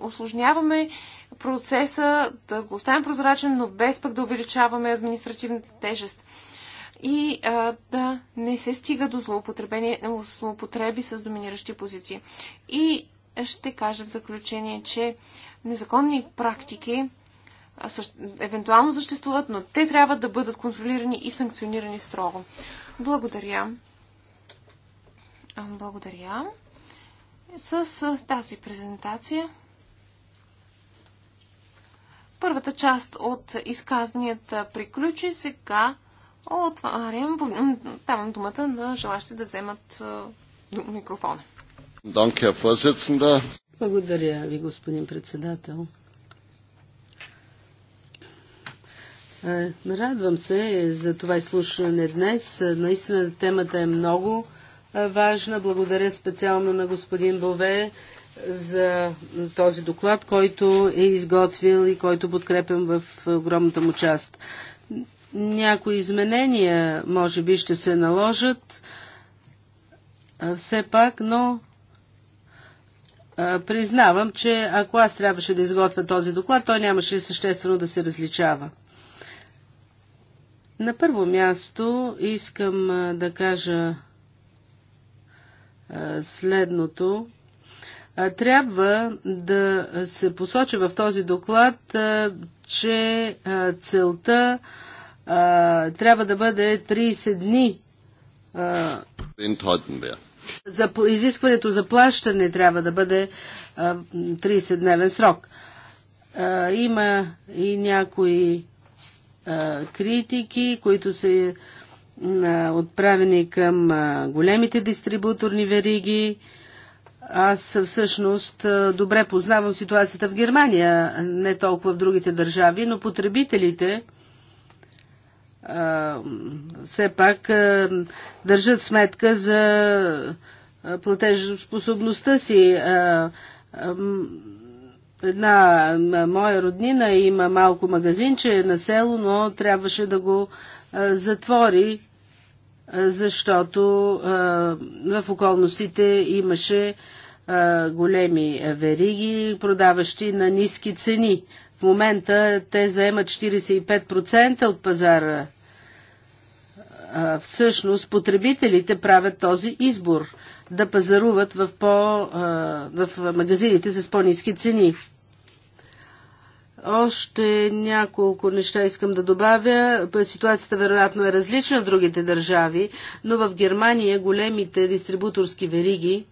осложняваме процеса, да го оставим прозрачен, но без пък да увеличаваме административната тежест и а, да не се стига до злоупотреби с доминиращи позиции. И ще кажа в заключение, че незаконни практики а, същ... евентуално съществуват, но те трябва да бъдат контролирани и санкционирани строго. Благодаря. Благодаря. С тази презентация първата част от изказванията приключи. Сега отварям, давам думата на желащите да вземат микрофона. Благодаря ви, господин председател. Е, радвам се за това изслушване днес. Е, наистина темата е много е, важна. Благодаря специално на господин Бове за този доклад, който е изготвил и който подкрепям в огромната му част. Някои изменения може би ще се наложат все пак, но признавам, че ако аз трябваше да изготвя този доклад, той нямаше съществено да се различава. На първо място искам да кажа следното. Трябва да се посочи в този доклад, че целта трябва да бъде 30 дни. За изискването за плащане трябва да бъде 30-дневен срок. Има и някои критики, които са отправени към големите дистрибуторни вериги. Аз всъщност добре познавам ситуацията в Германия, не толкова в другите държави, но потребителите все пак държат сметка за платежоспособността си Една моя роднина има малко магазинче на село, но трябваше да го затвори, защото в околностите имаше големи вериги, продаващи на ниски цени. В момента те заемат 45% от пазара. Всъщност потребителите правят този избор да пазаруват в, по, в магазините с по-низки цени. Още няколко неща искам да добавя. Ситуацията вероятно е различна в другите държави, но в Германия големите дистрибуторски вериги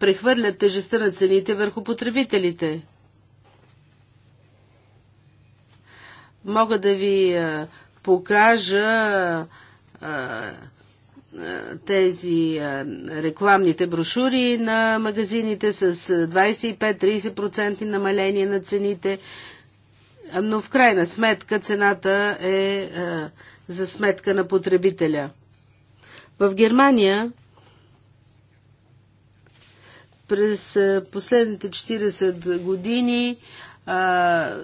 прехвърлят тежестта на цените върху потребителите. Мога да ви покажа тези е, рекламните брошури на магазините с 25-30% е, намаление на цените, но в крайна сметка цената е, е за сметка на потребителя. В Германия през последните 40 години а,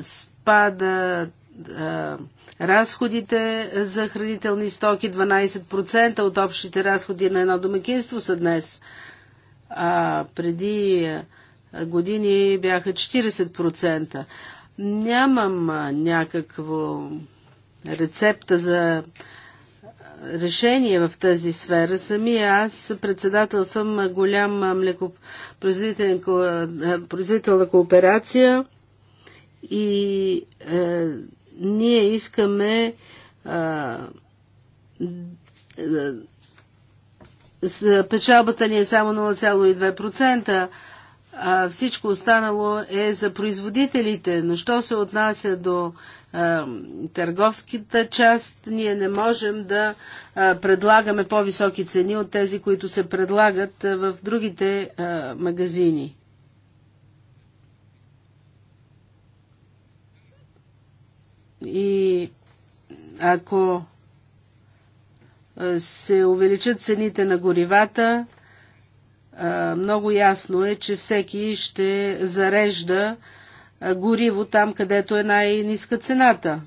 спада а, Разходите за хранителни стоки 12% от общите разходи на едно домакинство са днес. А преди години бяха 40%. Нямам някакво рецепта за решение в тази сфера. Самия аз председател съм голям млекопроизводител на кооперация и е, ние искаме а, печалбата ни е само 0,2%, а всичко останало е за производителите. Но що се отнася до а, търговската част, ние не можем да а, предлагаме по-високи цени от тези, които се предлагат а, в другите магазини. И ако се увеличат цените на горивата, много ясно е, че всеки ще зарежда гориво там, където е най-ниска цената.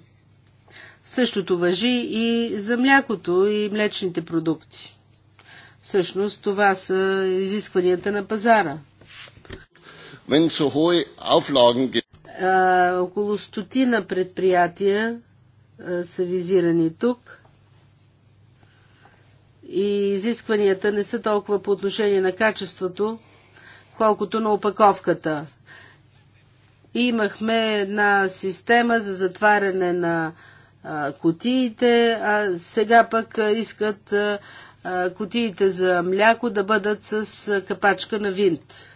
Същото въжи и за млякото и млечните продукти. Всъщност това са изискванията на пазара. А, около стотина предприятия а, са визирани тук. И изискванията не са толкова по отношение на качеството, колкото на опаковката. Имахме една система за затваряне на котиите, кутиите, а сега пък искат котиите кутиите за мляко да бъдат с капачка на винт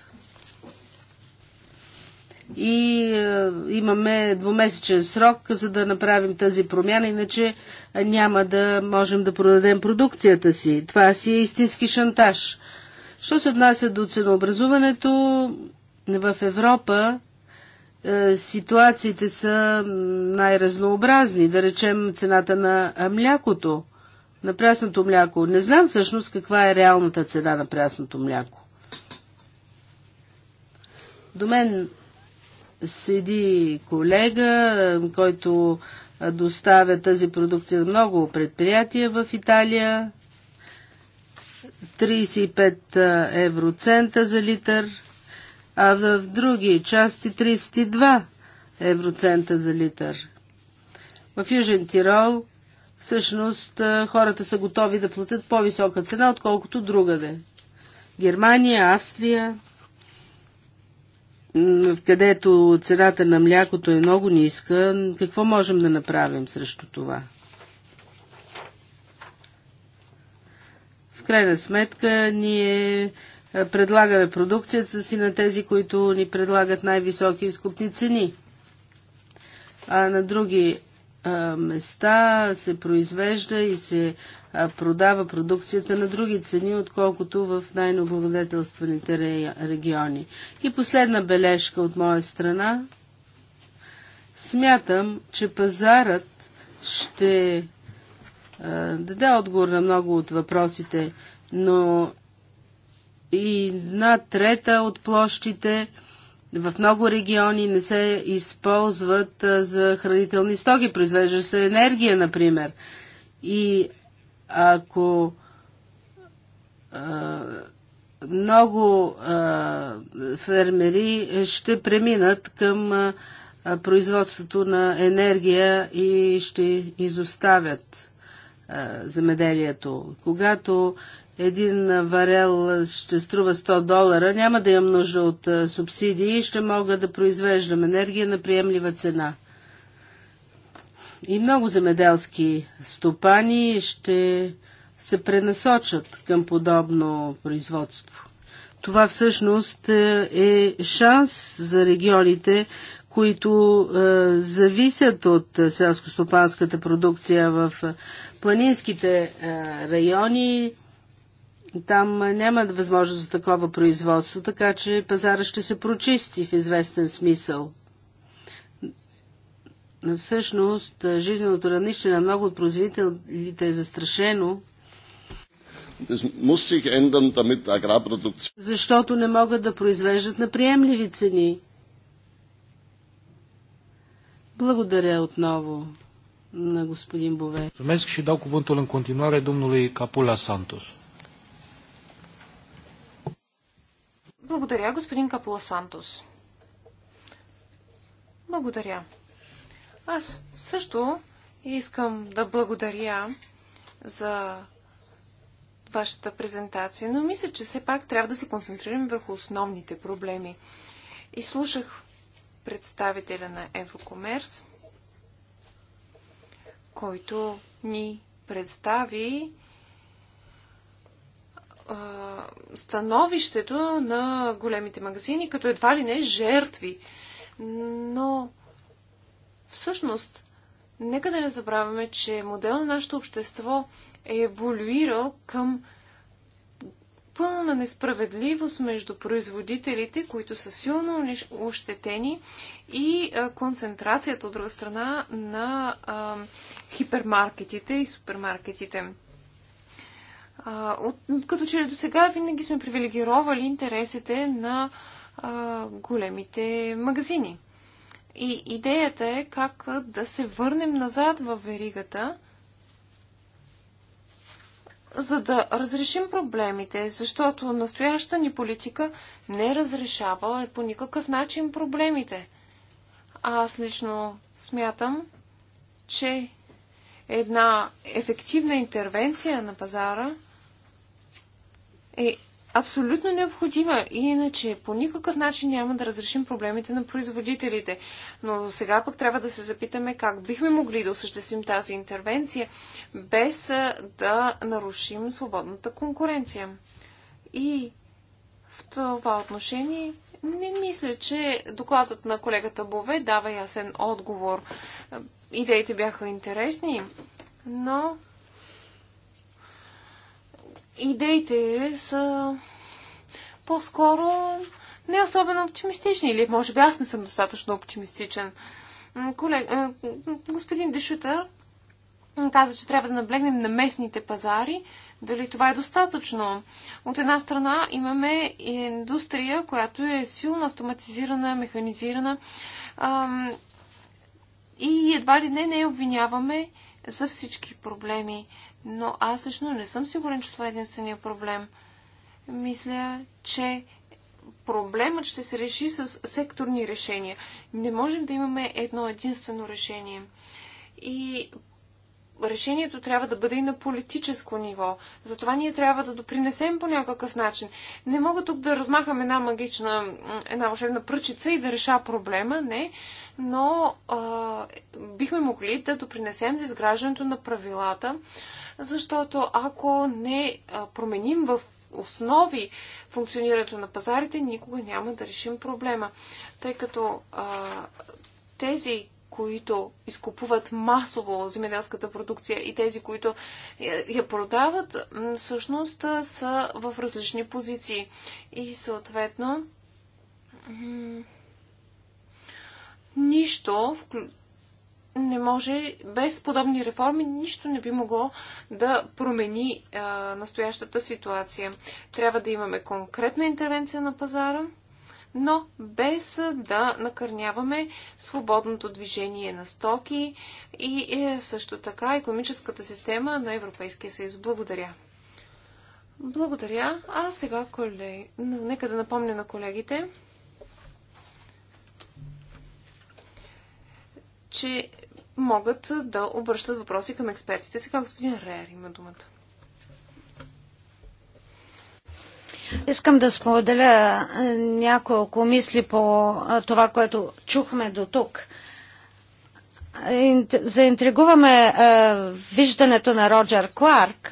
и е, имаме двумесечен срок, за да направим тази промяна, иначе няма да можем да продадем продукцията си. Това си е истински шантаж. Що се отнася до ценообразуването, в Европа е, ситуациите са най-разнообразни. Да речем цената на е, млякото, на прясното мляко. Не знам всъщност каква е реалната цена на прясното мляко. До мен седи колега, който доставя тази продукция на много предприятия в Италия. 35 евроцента за литър, а в други части 32 евроцента за литър. В Южен Тирол всъщност хората са готови да платят по-висока цена, отколкото другаде. Германия, Австрия, където цената на млякото е много ниска, какво можем да направим срещу това? В крайна сметка ние предлагаме продукцията си на тези, които ни предлагат най-високи изкупни цени. А на други места се произвежда и се продава продукцията на други цени, отколкото в най-ноблагодетелстваните региони. И последна бележка от моя страна. Смятам, че пазарът ще даде отговор на много от въпросите, но и една трета от площите – в много региони не се използват а, за хранителни стоки. Произвежда се енергия, например. И ако а, много а, фермери ще преминат към а, производството на енергия и ще изоставят а, земеделието. Когато един варел ще струва 100 долара, няма да имам нужда от субсидии и ще мога да произвеждам енергия на приемлива цена. И много земеделски стопани ще се пренасочат към подобно производство. Това всъщност е, е шанс за регионите, които е, зависят от е, селскостопанската продукция в е, планинските е, райони, там няма възможност за такова производство, така че пазара ще се прочисти в известен смисъл. Всъщност, жизненото равнище на много от производителите е застрашено, защото не могат да произвеждат на приемливи цени. Благодаря отново на господин Бове. Mulțumesc și dau континуар е думно ли Капуля Сантос? Благодаря, господин Капула Сантос. Благодаря. Аз също искам да благодаря за вашата презентация, но мисля, че все пак трябва да се концентрираме върху основните проблеми. И слушах представителя на Еврокомерс, който ни представи становището на големите магазини, като едва ли не жертви. Но всъщност, нека да не забравяме, че модел на нашето общество е еволюирал към пълна несправедливост между производителите, които са силно ощетени и концентрацията от друга страна на а, хипермаркетите и супермаркетите. А, от, като че до сега винаги сме привилегировали интересите на а, големите магазини. И идеята е как да се върнем назад в веригата, за да разрешим проблемите, защото настояща ни политика не разрешава по никакъв начин проблемите. Аз лично смятам, че една ефективна интервенция на пазара е абсолютно необходима. И иначе по никакъв начин няма да разрешим проблемите на производителите. Но сега пък трябва да се запитаме как бихме могли да осъществим тази интервенция, без да нарушим свободната конкуренция. И в това отношение не мисля, че докладът на колегата Бове дава ясен отговор. Идеите бяха интересни, но идеите са по-скоро не особено оптимистични. Или може би аз не съм достатъчно оптимистичен. Колег... Е, господин Дешутър каза, че трябва да наблегнем на местните пазари. Дали това е достатъчно? От една страна имаме индустрия, която е силно автоматизирана, механизирана ам, и едва ли не не обвиняваме за всички проблеми но аз лично не съм сигурен, че това е единствения проблем. Мисля, че проблемът ще се реши с секторни решения. Не можем да имаме едно единствено решение. И решението трябва да бъде и на политическо ниво. Затова ние трябва да допринесем по някакъв начин. Не мога тук да размахам една магична, една вълшебна пръчица и да реша проблема, не, но а, бихме могли да допринесем за изграждането на правилата, защото ако не променим в основи функционирането на пазарите, никога няма да решим проблема. Тъй като а, тези, които изкупуват масово земеделската продукция и тези, които я продават, всъщност са в различни позиции. И съответно нищо, не може, без подобни реформи, нищо не би могло да промени а, настоящата ситуация. Трябва да имаме конкретна интервенция на пазара, но без да накърняваме свободното движение на стоки и е, също така економическата система на Европейския съюз. Благодаря. Благодаря. А сега, колеги, нека да напомня на колегите, че могат да обръщат въпроси към експертите. си Как господин Реер има думата. Искам да споделя е, няколко мисли по е, това, което чухме до тук. Заинтригуваме е, виждането на Роджер Кларк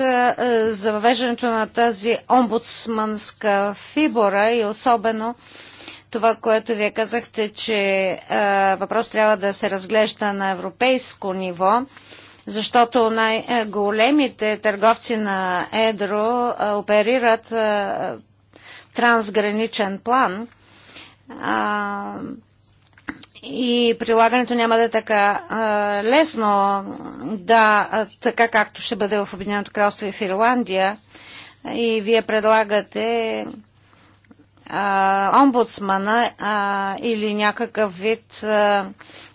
за въвеждането на тази омбудсманска фибора и особено това, което вие казахте, че въпрос трябва да се разглежда на европейско ниво, защото най-големите търговци на Едро оперират а, трансграничен план. А, и прилагането няма да е така а, лесно, да, така както ще бъде в Обединеното кралство и в Ирландия. И вие предлагате а, омбудсмана а, или някакъв вид а,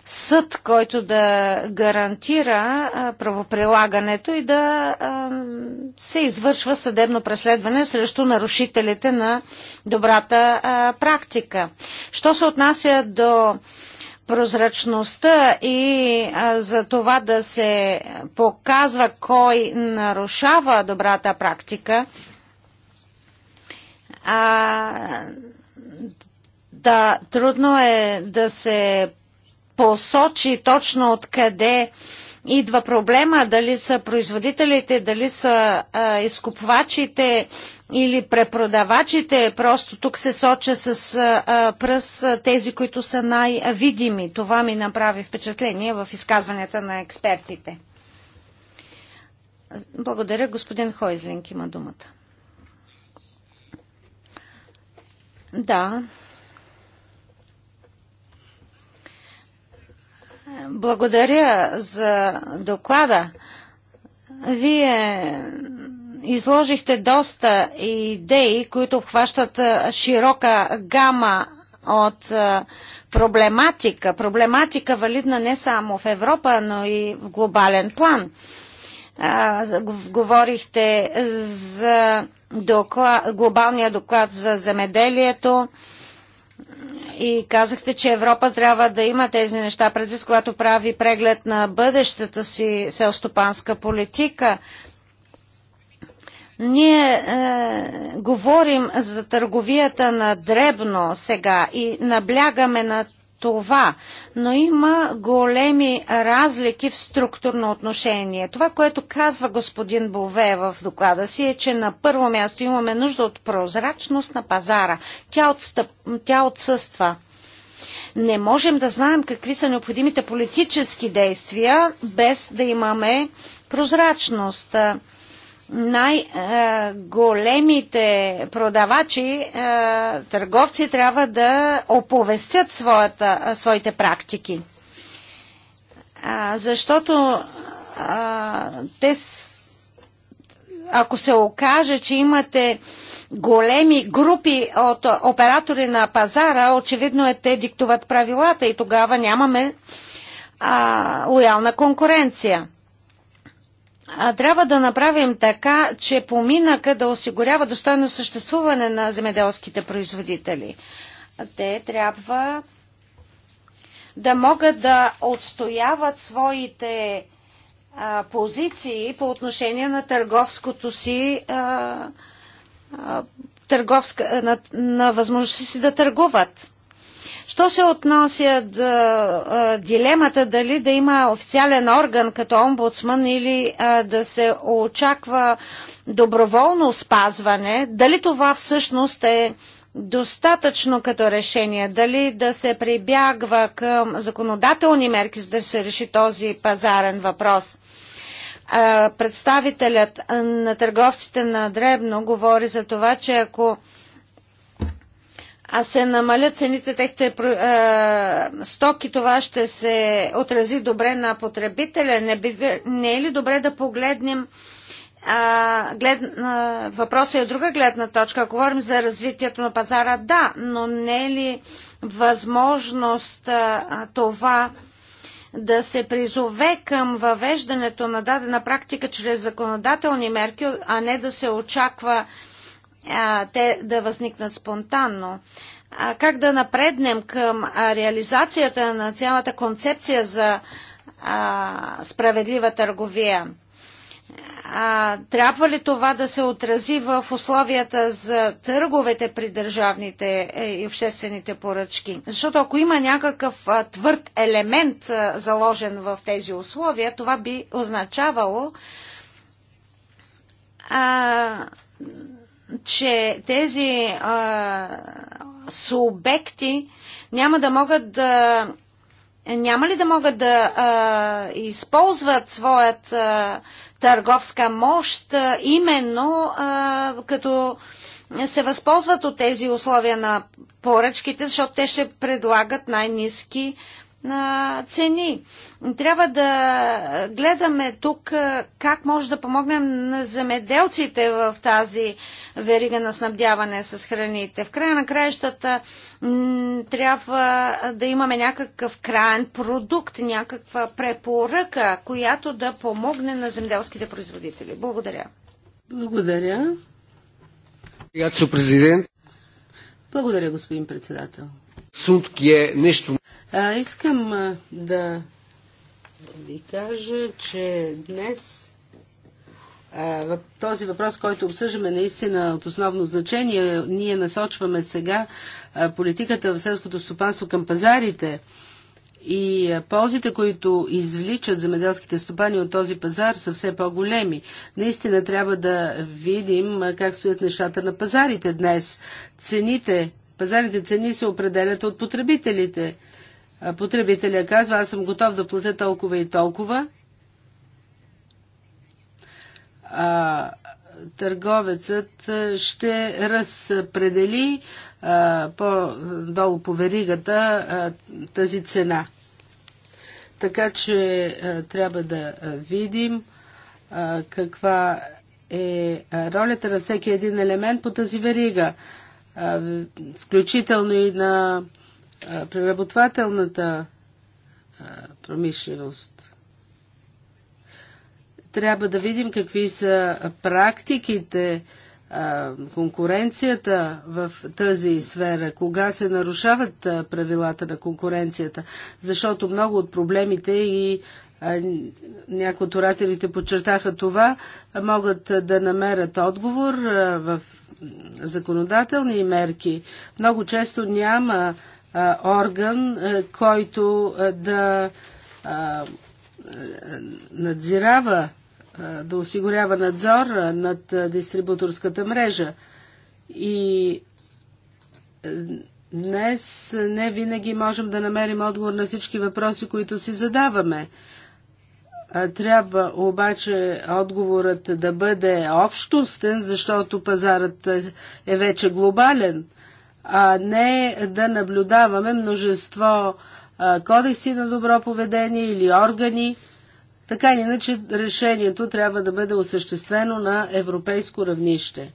съд, който да гарантира а, правоприлагането и да а, се извършва съдебно преследване срещу нарушителите на добрата а, практика. Що се отнася до прозрачността и а, за това да се показва кой нарушава добрата практика, а, да, трудно е да се посочи точно откъде идва проблема, дали са производителите, дали са а, изкупвачите или препродавачите. Просто тук се соча с а, пръст тези, които са най-видими. Това ми направи впечатление в изказванията на експертите. Благодаря. Господин Хойзлинг има думата. Да. Благодаря за доклада. Вие изложихте доста идеи, които обхващат широка гама от проблематика. Проблематика валидна не само в Европа, но и в глобален план. Говорихте за доклад, глобалния доклад за земеделието и казахте, че Европа трябва да има тези неща предвид, когато прави преглед на бъдещата си селстопанска политика. Ние е, говорим за търговията на дребно сега и наблягаме на това, но има големи разлики в структурно отношение. Това, което казва господин Бове в доклада си е, че на първо място имаме нужда от прозрачност на пазара. Тя, отстъп, тя отсъства. Не можем да знаем какви са необходимите политически действия без да имаме прозрачност най-големите продавачи, е, търговци трябва да оповестят своята, е, своите практики. Е, защото те, ако се окаже, че имате големи групи от оператори на пазара, очевидно е те диктуват правилата и тогава нямаме а, лоялна конкуренция трябва да направим така, че поминъка да осигурява достойно съществуване на земеделските производители. Те трябва да могат да отстояват своите а, позиции по отношение на търговското си а, а, търговска, на, на си да търгуват. Що се отнася до дилемата дали да има официален орган като омбудсман или да се очаква доброволно спазване, дали това всъщност е достатъчно като решение, дали да се прибягва към законодателни мерки, за да се реши този пазарен въпрос. Представителят на търговците на Дребно говори за това, че ако а се намалят цените, техните е, стоки, това ще се отрази добре на потребителя. Не, би, не е ли добре да погледнем а, глед, а, въпроса е от друга гледна точка. Ако говорим за развитието на пазара, да, но не е ли възможност а, това да се призове към въвеждането на дадена практика чрез законодателни мерки, а не да се очаква а, а, те да възникнат спонтанно. А, как да напреднем към а, реализацията на цялата концепция за а, справедлива търговия? А, трябва ли това да се отрази в условията за търговете при държавните е, и обществените поръчки? Защото ако има някакъв а, твърд елемент а, заложен в тези условия, това би означавало а, че тези а, субекти няма да могат да няма ли да могат да а, използват своят а, търговска мощ а, именно а, като се възползват от тези условия на поръчките, защото те ще предлагат най-низки на цени. Трябва да гледаме тук как може да помогнем на земеделците в тази верига на снабдяване с храните. В края на краищата трябва да имаме някакъв крайен продукт, някаква препоръка, която да помогне на земеделските производители. Благодаря. Благодаря. Благодаря, господин председател. Суд е нещо а, искам а, да ви кажа, че днес а, този въпрос, който обсъждаме наистина от основно значение, ние насочваме сега а, политиката в селското стопанство към пазарите и а, ползите, които извличат земеделските стопани от този пазар са все по-големи. Наистина трябва да видим как стоят нещата на пазарите днес. Цените, пазарните цени се определят от потребителите потребителя казва, аз съм готов да платя толкова и толкова, а, търговецът ще разпредели по-долу по веригата а, тази цена. Така че а, трябва да видим а, каква е ролята на всеки един елемент по тази верига, включително и на преработвателната промишленост. Трябва да видим какви са практиките, конкуренцията в тази сфера, кога се нарушават правилата на конкуренцията, защото много от проблемите и някои от орателите подчертаха това, могат да намерят отговор в законодателни мерки. Много често няма орган, който да надзирава, да осигурява надзор над дистрибуторската мрежа. И днес не винаги можем да намерим отговор на всички въпроси, които си задаваме. Трябва обаче отговорът да бъде общостен, защото пазарът е, е вече глобален – а не да наблюдаваме множество кодекси на добро поведение или органи. Така или иначе решението трябва да бъде осъществено на европейско равнище.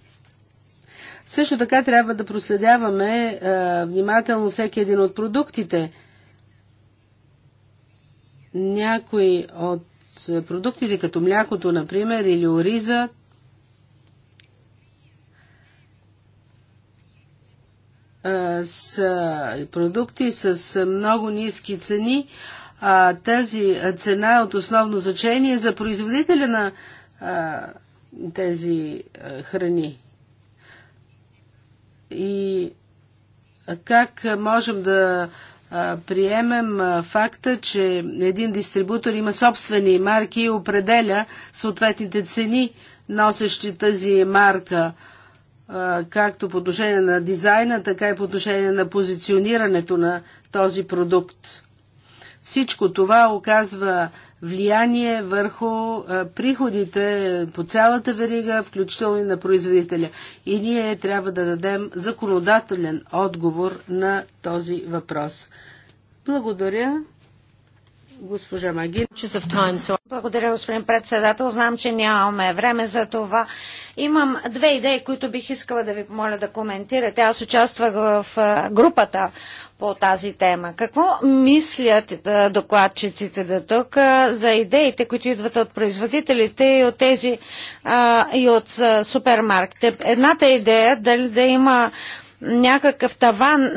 Също така трябва да проследяваме а, внимателно всеки един от продуктите. Някои от продуктите, като млякото, например, или оризът, с продукти с много ниски цени, а тази цена е от основно значение за производителя на а, тези а, храни. И как можем да а, приемем а, факта, че един дистрибутор има собствени марки и определя съответните цени, носещи тази марка? А, както по отношение на дизайна, така и по отношение на позиционирането на този продукт. Всичко това оказва влияние върху приходите по цялата верига, включително и на производителя. И ние трябва да дадем законодателен отговор на този въпрос. Благодаря. Госпожа Магин. Благодаря, господин председател. Знам, че нямаме време за това. Имам две идеи, които бих искала да ви помоля да коментирате. Аз участвах в групата по тази тема. Какво мислят докладчиците до тук за идеите, които идват от производителите и от тези а, и от супермаркетите? Едната идея е дали да има някакъв таван,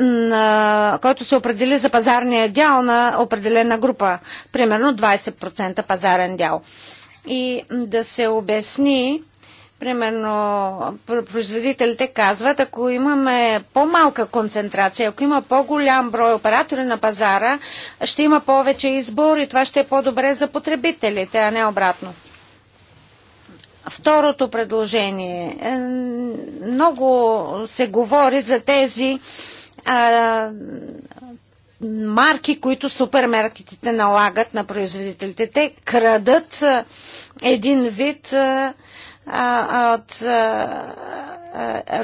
който се определи за пазарния дял на определена група, примерно 20% пазарен дял. И да се обясни, примерно производителите казват, ако имаме по-малка концентрация, ако има по-голям брой оператори на пазара, ще има повече избор и това ще е по-добре за потребителите, а не обратно. Второто предложение. Е, много се говори за тези а, марки, които супермаркетите налагат на производителите. Те крадат един вид а, от а,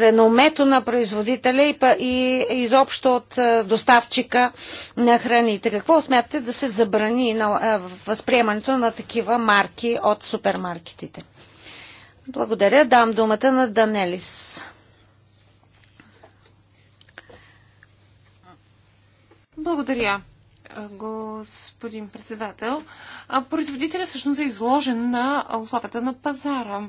реномето на производителя и, и изобщо от доставчика на храните. Какво смятате да се забрани на възприемането на такива марки от супермаркетите? Благодаря. Дам думата на Данелис. Благодаря, господин председател. Производителят всъщност е изложен на условията на пазара.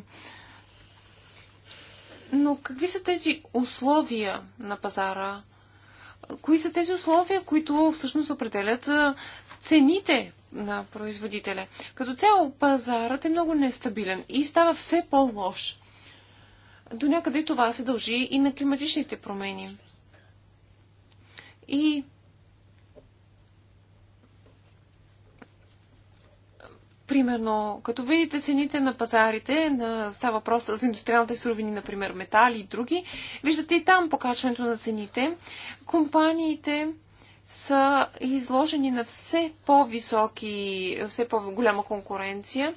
Но какви са тези условия на пазара? Кои са тези условия, които всъщност определят цените на производителя. Като цяло пазарът е много нестабилен и става все по-лош. До някъде това се дължи и на климатичните промени. И Примерно, като видите цените на пазарите, на, става въпрос за индустриалните суровини, например метали и други, виждате и там покачването на цените. Компаниите са изложени на все по-високи, все по-голяма конкуренция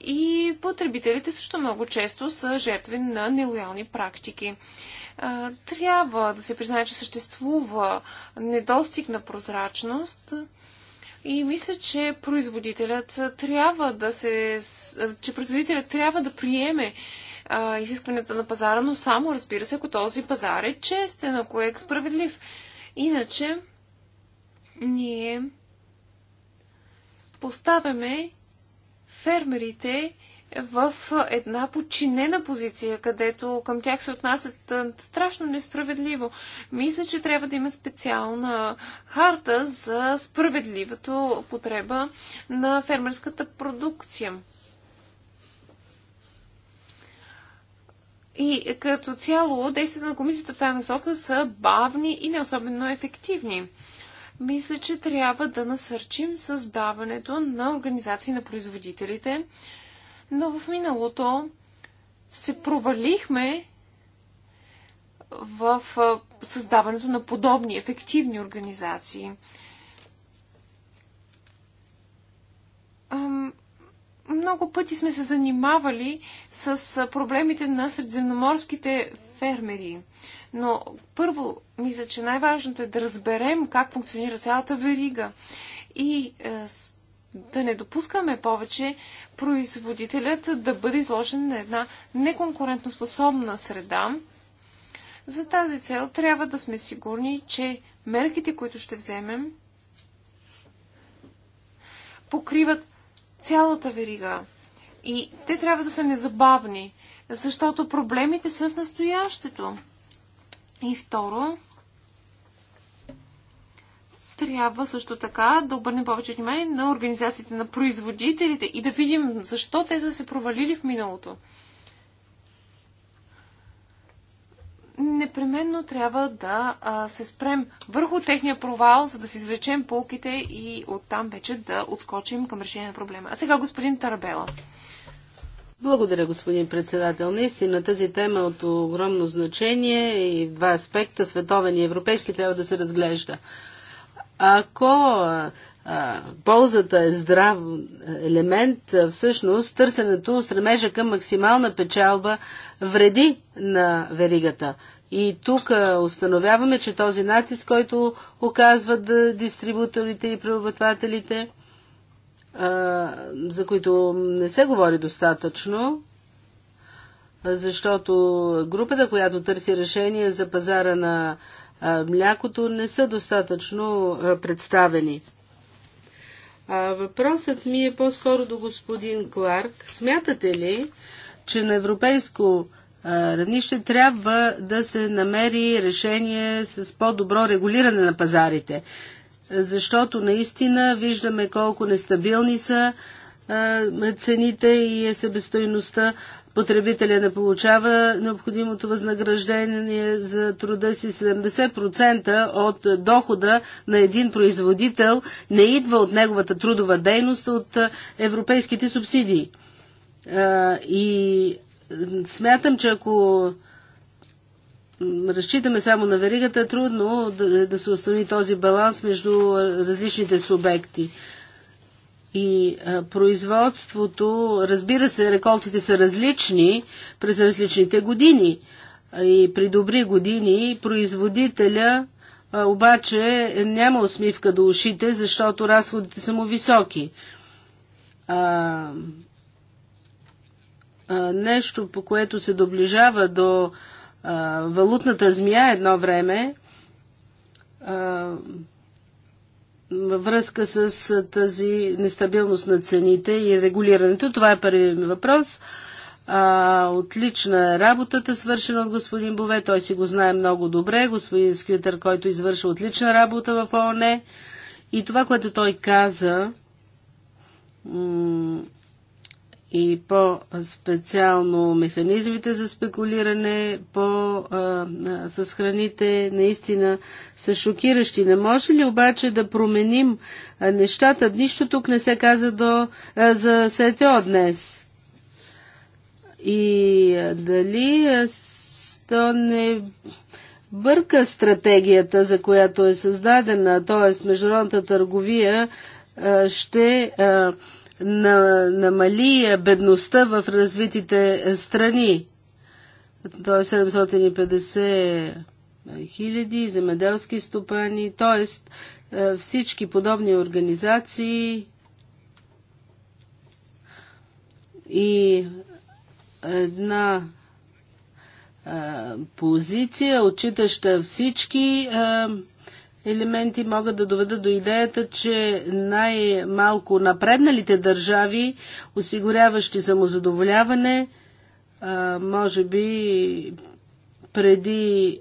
и потребителите също много често са жертви на нелоялни практики. Трябва да се признае, че съществува недостиг на прозрачност и мисля, че производителят трябва да се, че производителят трябва да приеме изискванията на пазара, но само разбира се, ако този пазар е честен, ако е справедлив. Иначе, ние поставяме фермерите в една подчинена позиция, където към тях се отнасят страшно несправедливо. Мисля, че трябва да има специална харта за справедливата потреба на фермерската продукция. И като цяло действията на комисията в тази насока са бавни и не особено ефективни мисля, че трябва да насърчим създаването на организации на производителите, но в миналото се провалихме в създаването на подобни ефективни организации. Много пъти сме се занимавали с проблемите на средиземноморските фермери. Но първо, мисля, че най-важното е да разберем как функционира цялата верига и е, да не допускаме повече производителят да бъде изложен на една неконкурентоспособна среда. За тази цел трябва да сме сигурни, че мерките, които ще вземем, покриват цялата верига. И те трябва да са незабавни, защото проблемите са в настоящето. И второ, трябва също така да обърнем повече внимание на организациите на производителите и да видим защо те са се провалили в миналото. Непременно трябва да а, се спрем върху техния провал, за да си извлечем полките и оттам вече да отскочим към решение на проблема. А сега господин Тарабела. Благодаря, господин председател. Наистина тази тема е от огромно значение и в два аспекта, световен и европейски, трябва да се разглежда. Ако а, ползата е здрав елемент, всъщност търсенето, стремежа към максимална печалба вреди на веригата. И тук установяваме, че този натиск, който оказват дистрибуторите и преобратвателите, за които не се говори достатъчно, защото групата, която търси решение за пазара на млякото, не са достатъчно представени. Въпросът ми е по-скоро до господин Кларк. Смятате ли, че на европейско равнище трябва да се намери решение с по-добро регулиране на пазарите? защото наистина виждаме колко нестабилни са цените и е себестойността. Потребителя не получава необходимото възнаграждение за труда си. 70% от дохода на един производител не идва от неговата трудова дейност, от европейските субсидии. И смятам, че ако разчитаме само на веригата, е трудно да, да се установи този баланс между различните субекти. И а, производството, разбира се, реколтите са различни през различните години. И при добри години производителя а, обаче няма усмивка до ушите, защото разходите са му високи. А, а, нещо, по което се доближава до а, валутната змия едно време във връзка с тази нестабилност на цените и регулирането. Това е първият ми въпрос. А, отлична е работата, свършена от господин Бове. Той си го знае много добре. Господин Скютер, който извършва отлична работа в ООН. И това, което той каза, и по-специално механизмите за спекулиране по, а, с храните наистина са шокиращи. Не може ли обаче да променим нещата? Нищо тук не се каза до, а, за СТО днес. И а, дали то не бърка стратегията, за която е създадена, т.е. международната търговия а, ще. А, на, намали бедността в развитите страни. Т.е. 750 хиляди земеделски стопани, т.е. всички подобни организации и една е, позиция, отчитаща всички е, елементи могат да доведат до идеята, че най-малко напредналите държави, осигуряващи самозадоволяване, може би преди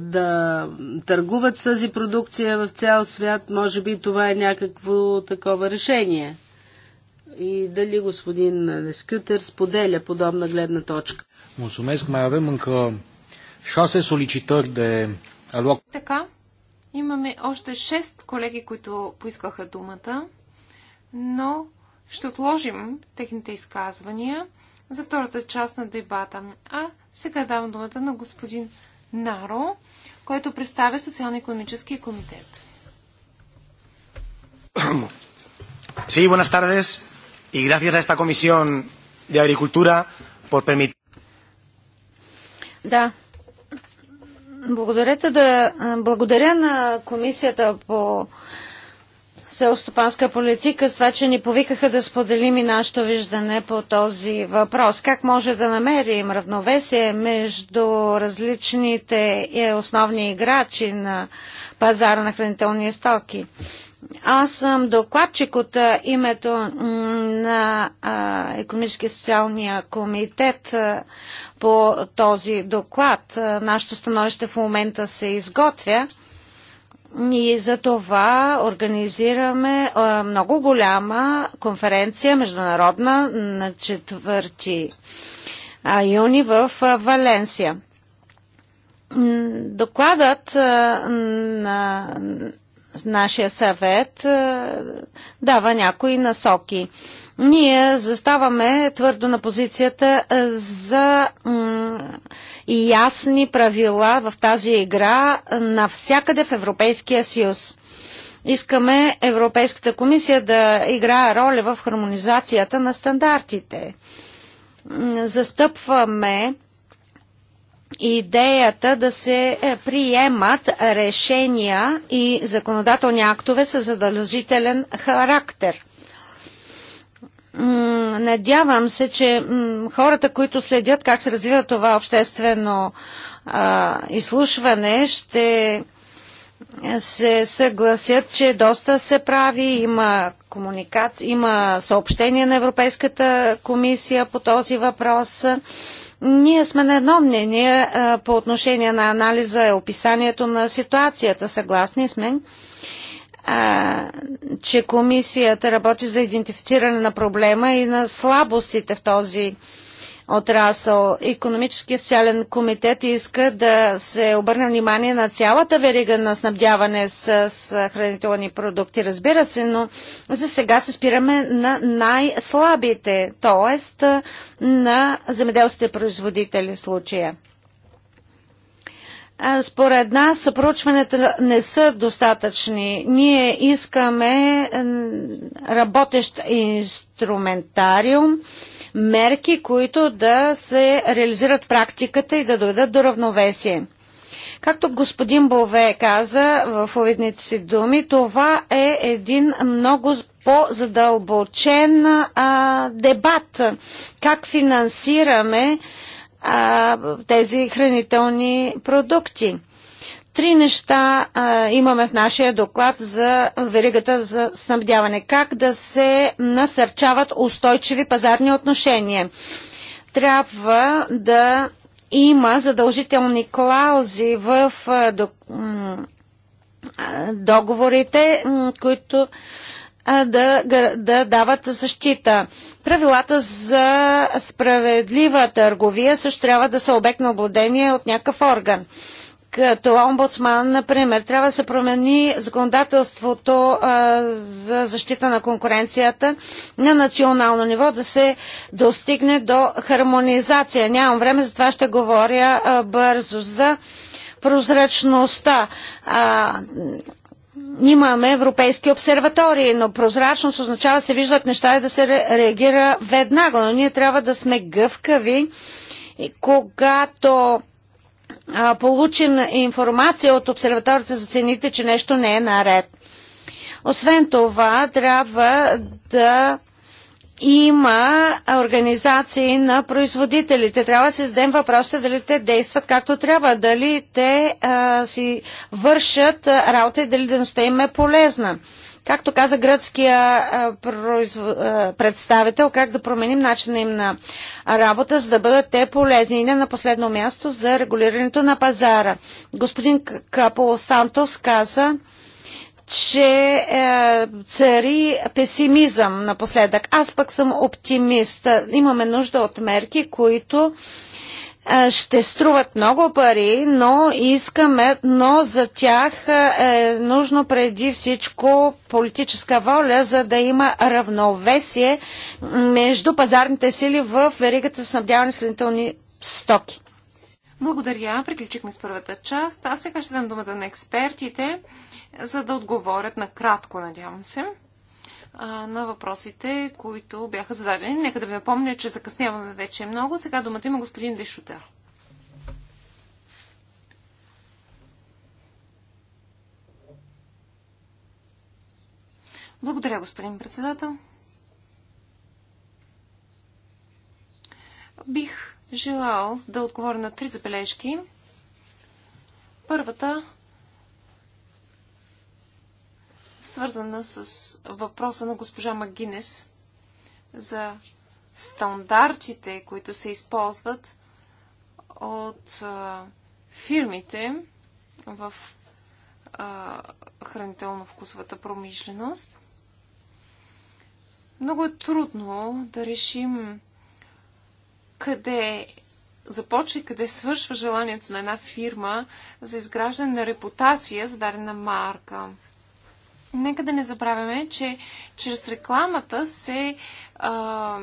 да търгуват с тази продукция в цял свят, може би това е някакво такова решение. И дали господин Дескютер споделя подобна гледна точка? Mulțumesc, mai avem încă șase solicitări de Алло. Така, имаме още шест колеги, които поискаха думата, но ще отложим техните изказвания за втората част на дебата. А сега давам думата на господин Наро, който представя Социално-економическия комитет. Sí, buenas tardes y gracias a esta comisión de agricultura por permitir. Да, Благодарете да, благодаря на комисията по селстопанска политика с това, че ни повикаха да споделим и нашето виждане по този въпрос. Как може да намерим равновесие между различните е, основни играчи на пазара на хранителни стоки? Аз съм докладчик от името на Економически и социалния комитет по този доклад. Нашето становище в момента се изготвя и за това организираме много голяма конференция международна на 4 юни в Валенсия. Докладът на нашия съвет е, дава някои насоки. Ние заставаме твърдо на позицията е, за ясни правила в тази игра навсякъде в Европейския съюз. Искаме Европейската комисия да играе роля в хармонизацията на стандартите. Застъпваме идеята да се е, приемат решения и законодателни актове с задължителен характер. Надявам се, че хората, които следят как се развива това обществено изслушване, ще се съгласят, че доста се прави, има комуника... има съобщение на Европейската комисия по този въпрос. Ние сме на едно мнение по отношение на анализа и описанието на ситуацията. Съгласни сме, че комисията работи за идентифициране на проблема и на слабостите в този отрасъл. Економически социален комитет иска да се обърне внимание на цялата верига на снабдяване с, с хранителни продукти, разбира се, но за сега се спираме на най-слабите, т.е. на земеделските производители в случая. Според нас съпоручването не са достатъчни. Ние искаме работещ инструментариум, мерки, които да се реализират в практиката и да доведат до равновесие. Както господин Бове каза в уведните си думи, това е един много по-задълбочен дебат. Как финансираме а, тези хранителни продукти? Три неща а, имаме в нашия доклад за веригата за снабдяване. Как да се насърчават устойчиви пазарни отношения? Трябва да има задължителни клаузи в а, до, договорите, които да, да дават защита. Правилата за справедлива търговия също трябва да са обект на наблюдение от някакъв орган като омбудсман, например, трябва да се промени законодателството а, за защита на конкуренцията на национално ниво, да се достигне до хармонизация. Нямам време, затова ще говоря а, бързо за прозрачността. А, имаме европейски обсерватории, но прозрачност означава да се виждат неща и да се реагира веднага, но ние трябва да сме гъвкави, когато а, получим информация от обсерваторията за цените, че нещо не е наред. Освен това, трябва да има организации на производителите. Трябва да се зададем въпроса дали те действат както трябва, дали те а, си вършат работа и дали дейността им е полезна. Както каза гръцкия представител, как да променим начина им на работа, за да бъдат те полезни. И не на последно място за регулирането на пазара. Господин Капол Сантос каза, че е, цари песимизъм напоследък. Аз пък съм оптимист. Имаме нужда от мерки, които е, ще струват много пари, но искаме, но за тях е, е нужно преди всичко политическа воля, за да има равновесие между пазарните сили в веригата снабдяване с хранителни стоки. Благодаря. Приключихме с първата част. Аз сега ще дам думата на експертите, за да отговорят накратко, надявам се на въпросите, които бяха зададени. Нека да ви напомня, че закъсняваме вече много. Сега думата има господин Дешута. Благодаря, господин председател. Бих желал да отговоря на три забележки. Първата свързана с въпроса на госпожа Магинес за стандартите, които се използват от фирмите в хранително-вкусовата промишленост. Много е трудно да решим къде започва и къде свършва желанието на една фирма за изграждане на репутация за дадена марка нека да не забравяме, че чрез рекламата се а,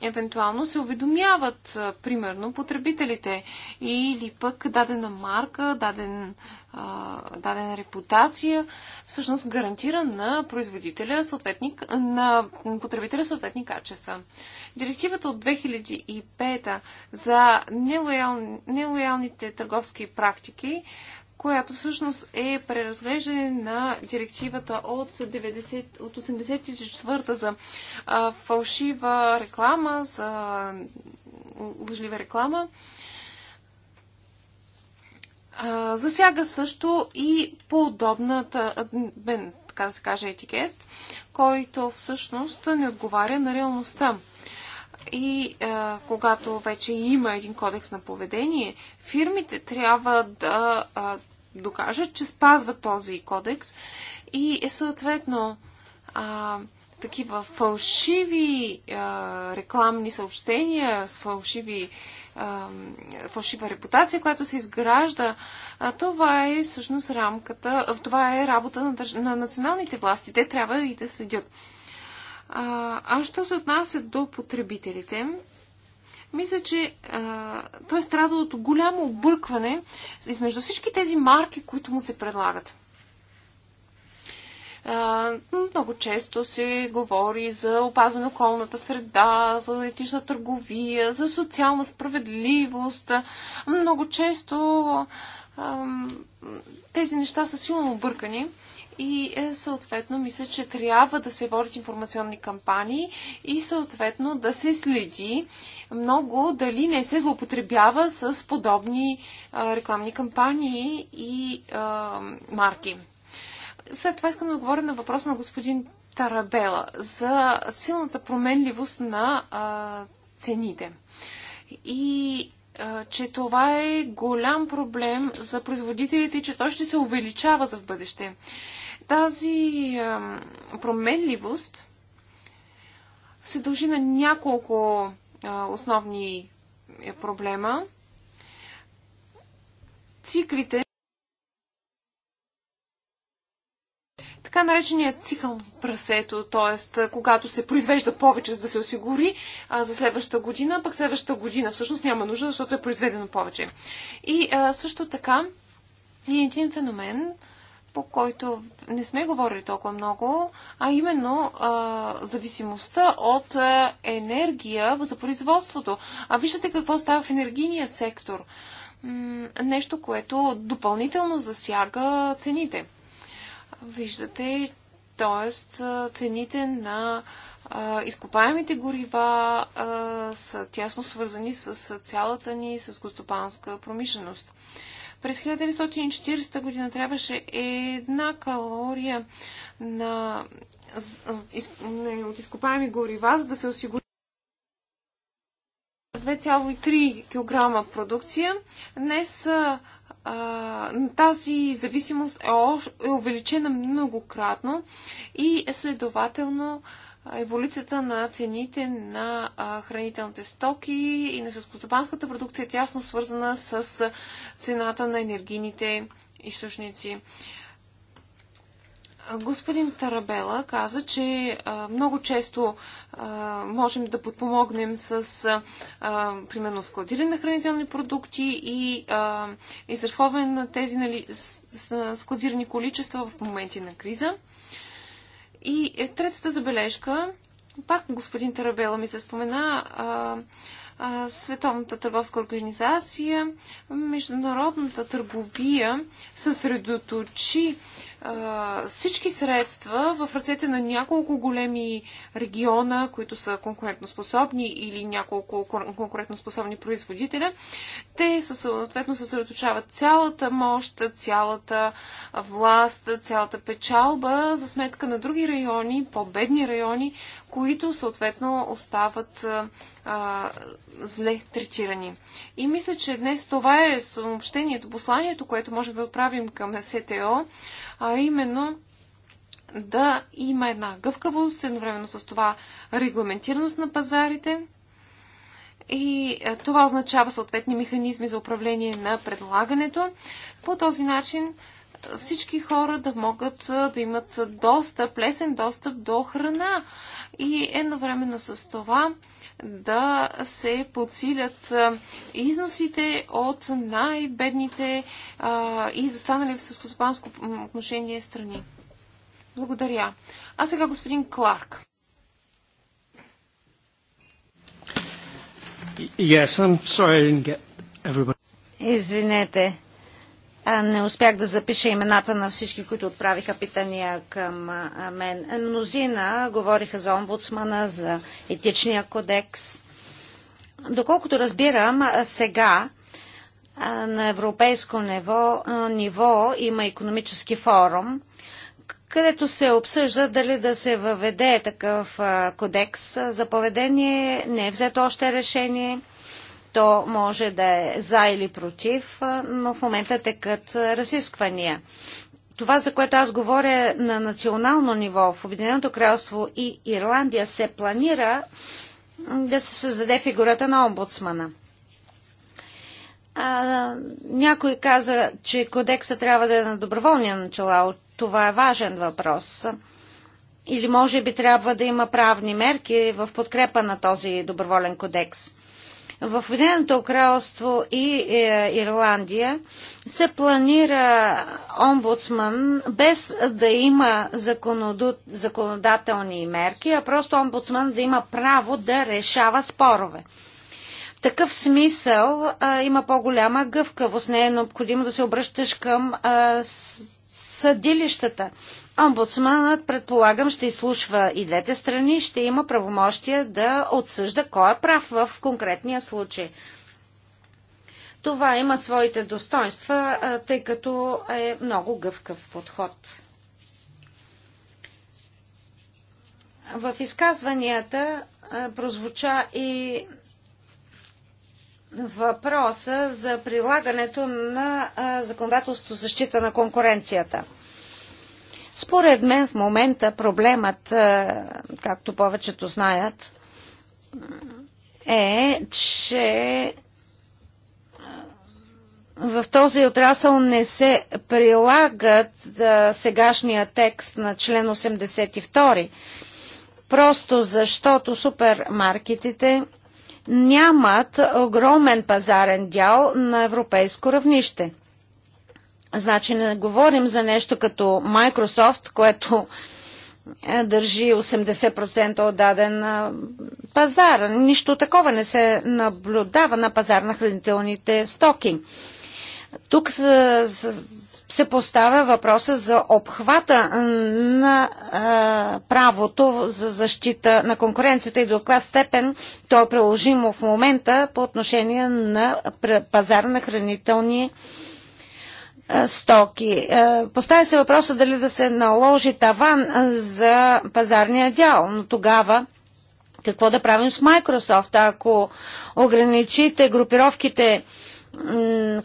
евентуално се уведомяват, а, примерно, потребителите или пък дадена марка, даден, а, дадена репутация, всъщност гарантира на производителя съответни, на потребителя съответни качества. Директивата от 2005 за нелоял, нелоялните търговски практики която всъщност е преразглеждане на директивата от, 90, от 84-та за а, фалшива реклама, за лъжлива реклама. А, засяга също и подобната, бен, така да се каже, етикет, който всъщност не отговаря на реалността. И а, когато вече има един кодекс на поведение, фирмите трябва да а, докажат, че спазват този кодекс и е съответно а, такива фалшиви а, рекламни съобщения, с фалшиви, фалшива репутация, която се изгражда, а това е всъщност рамката, това е работа на, държ... на националните власти. Те трябва и да следят. А, а що се отнася до потребителите, мисля, че а, той е страдал от голямо объркване измежду всички тези марки, които му се предлагат. А, много често се говори за опазване на околната среда, за етична търговия, за социална справедливост. Много често а, тези неща са силно объркани и е, съответно мисля, че трябва да се водят информационни кампании и съответно да се следи много дали не се злоупотребява с подобни а, рекламни кампании и а, марки. След това искам да отговоря на въпроса на господин Тарабела за силната променливост на а, цените. И че това е голям проблем за производителите и че той ще се увеличава за в бъдеще. Тази променливост се дължи на няколко основни е, проблема. Циклите така наречения цикъл прасето, т.е. когато се произвежда повече, за да се осигури а, за следващата година, пък следващата година всъщност няма нужда, защото е произведено повече. И а, също така е един феномен, по който не сме говорили толкова много, а именно а, зависимостта от а, енергия за производството. А виждате какво става в енергийния сектор. М- нещо, което допълнително засяга цените. Виждате, т.е. цените на изкопаемите горива а, са тясно свързани с цялата ни с гостопанска промишленост. През 1940 година трябваше една калория на, от изкопаеми горива, за да се осигури 2,3 кг продукция. Днес а, тази зависимост е, е увеличена многократно и следователно еволюцията на цените на хранителните стоки и на селскостопанската продукция е тясно свързана с цената на енергийните източници. Господин Тарабела каза, че много често можем да подпомогнем с, примерно, складиране на хранителни продукти и изразходване на тези нали, складирани количества в моменти на криза. И е, третата забележка, пак господин Тарабела ми се спомена, а, а, Световната търговска организация, международната търговия съсредоточи всички средства в ръцете на няколко големи региона, които са конкурентоспособни или няколко конкурентоспособни производителя, те съответно съсредоточават цялата мощ, цялата власт, цялата печалба за сметка на други райони, по-бедни райони, които съответно остават а, зле третирани. И мисля, че днес това е съобщението, посланието, което може да отправим към СТО, а именно да има една гъвкавост, едновременно с това регламентираност на пазарите. И това означава съответни механизми за управление на предлагането. По този начин всички хора да могат да имат достъп, лесен достъп до храна и едновременно с това да се подсилят износите от най-бедните и изостанали в състопанско отношение страни. Благодаря. А сега господин Кларк. Yes, I'm sorry I didn't get everybody. Извинете, не успях да запиша имената на всички, които отправиха питания към мен. Мнозина говориха за омбудсмана, за етичния кодекс. Доколкото разбирам, сега на европейско ниво, ниво има економически форум, където се обсъжда дали да се въведе такъв кодекс за поведение. Не е взето още решение то може да е за или против, но в момента текат разисквания. Това, за което аз говоря е на национално ниво в Обединеното кралство и Ирландия, се планира да се създаде фигурата на омбудсмана. А, някой каза, че кодекса трябва да е на доброволния начала. Това е важен въпрос. Или може би трябва да има правни мерки в подкрепа на този доброволен кодекс. В Обединеното кралство и е, Ирландия се планира омбудсман без да има законодателни мерки, а просто омбудсман да има право да решава спорове В такъв смисъл а, има по-голяма гъвкавост. Не е необходимо да се обръщаш към а, съдилищата. Омбудсманът, предполагам, ще изслушва и двете страни, ще има правомощия да отсъжда кой е прав в конкретния случай. Това има своите достоинства, тъй като е много гъвкав подход. В изказванията прозвуча и въпроса за прилагането на законодателство защита на конкуренцията – според мен в момента проблемът, е, както повечето знаят, е, че е, в този отрасъл не се прилагат да, е, сегашния текст на член 82, просто защото супермаркетите нямат огромен пазарен дял на европейско равнище. Значи не говорим за нещо като Microsoft, което е, държи 80% от даден е, пазар. Нищо такова не се наблюдава на пазар на хранителните стоки. Тук се, се поставя въпроса за обхвата на а, е, правото за защита на конкуренцията и до каква степен то е приложимо в момента по отношение на пазар на хранителни стоки стоки. Поставя се въпроса дали да се наложи таван за пазарния дял, но тогава какво да правим с Microsoft? Ако ограничите групировките,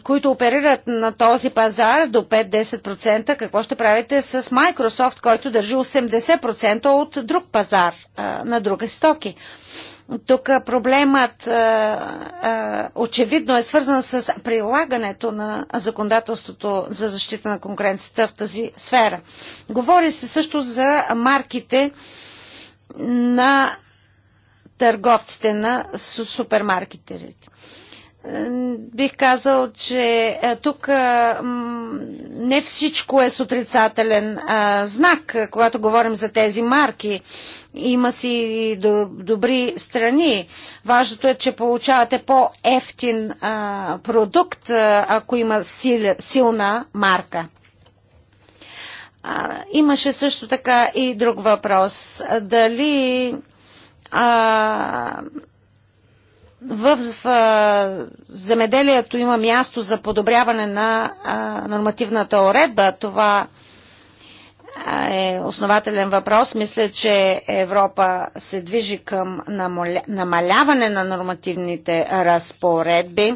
които оперират на този пазар до 5-10%, какво ще правите с Microsoft, който държи 80% от друг пазар на други стоки? Тук проблемът е, е, очевидно е свързан с прилагането на законодателството за защита на конкуренцията в тази сфера. Говори се също за марките на търговците на супермаркетите бих казал, че е, тук е, не всичко е с отрицателен е, знак, когато говорим за тези марки. Има си добри страни. Важното е, че получавате по-ефтин продукт, ако има силна марка. Имаше също така и друг въпрос. Дали в, земеделието има място за подобряване на нормативната уредба. Това е основателен въпрос. Мисля, че Европа се движи към намаляване на нормативните разпоредби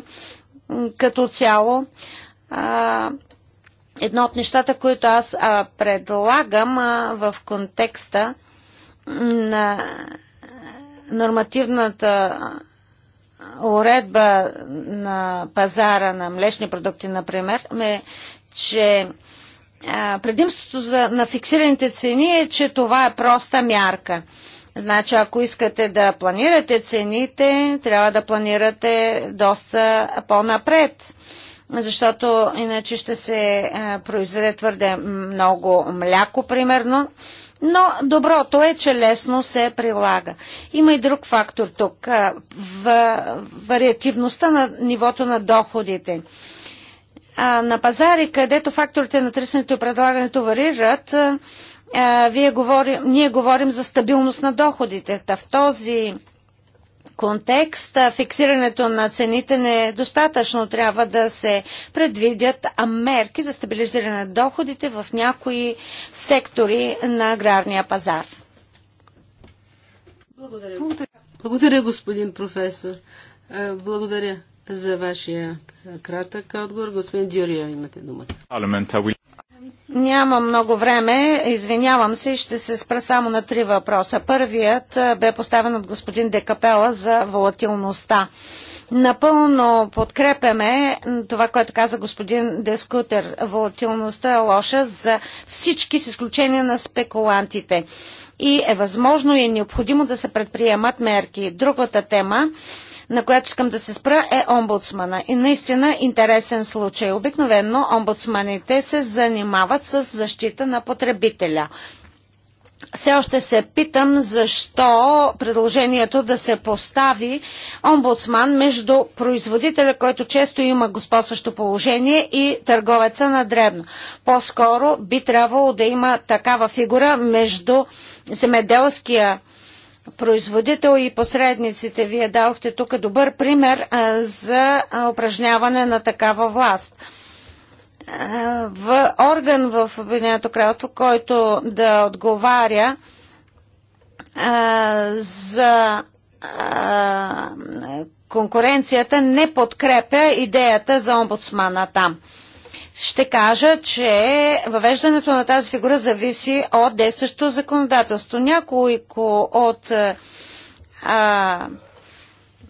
като цяло. Едно от нещата, които аз предлагам в контекста на нормативната уредба на пазара на млечни продукти, например, е, че предимството за, на фиксираните цени е, че това е проста мярка. Значи, ако искате да планирате цените, трябва да планирате доста по-напред, защото иначе ще се произведе твърде много мляко, примерно, но доброто е, че лесно се прилага. Има и друг фактор тук в вариативността на нивото на доходите. А, на пазари, където факторите на търсенето и предлагането варират, а, вие говори, ние говорим за стабилност на доходите. Та в този контекст фиксирането на цените не е достатъчно. Трябва да се предвидят мерки за стабилизиране на доходите в някои сектори на аграрния пазар. Благодаря. Благодаря, господин професор. Благодаря за вашия кратък отговор. Господин Дюрия, имате думата. Няма много време, извинявам се, и ще се спра само на три въпроса. Първият бе поставен от господин Декапела за волатилността. Напълно подкрепяме това, което каза господин Дескутер. Волатилността е лоша за всички, с изключение на спекулантите. И е възможно и е необходимо да се предприемат мерки. Другата тема на която искам да се спра, е омбудсмана. И наистина интересен случай. Обикновено омбудсманите се занимават с защита на потребителя. Все още се питам защо предложението да се постави омбудсман между производителя, който често има господстващо положение и търговеца на дребно. По-скоро би трябвало да има такава фигура между земеделския производител и посредниците. Вие дадохте тук добър пример за упражняване на такава власт. в орган в Обединеното кралство, който да отговаря за конкуренцията, не подкрепя идеята за омбудсмана там ще кажа, че въвеждането на тази фигура зависи от действащото законодателство. Някои от а,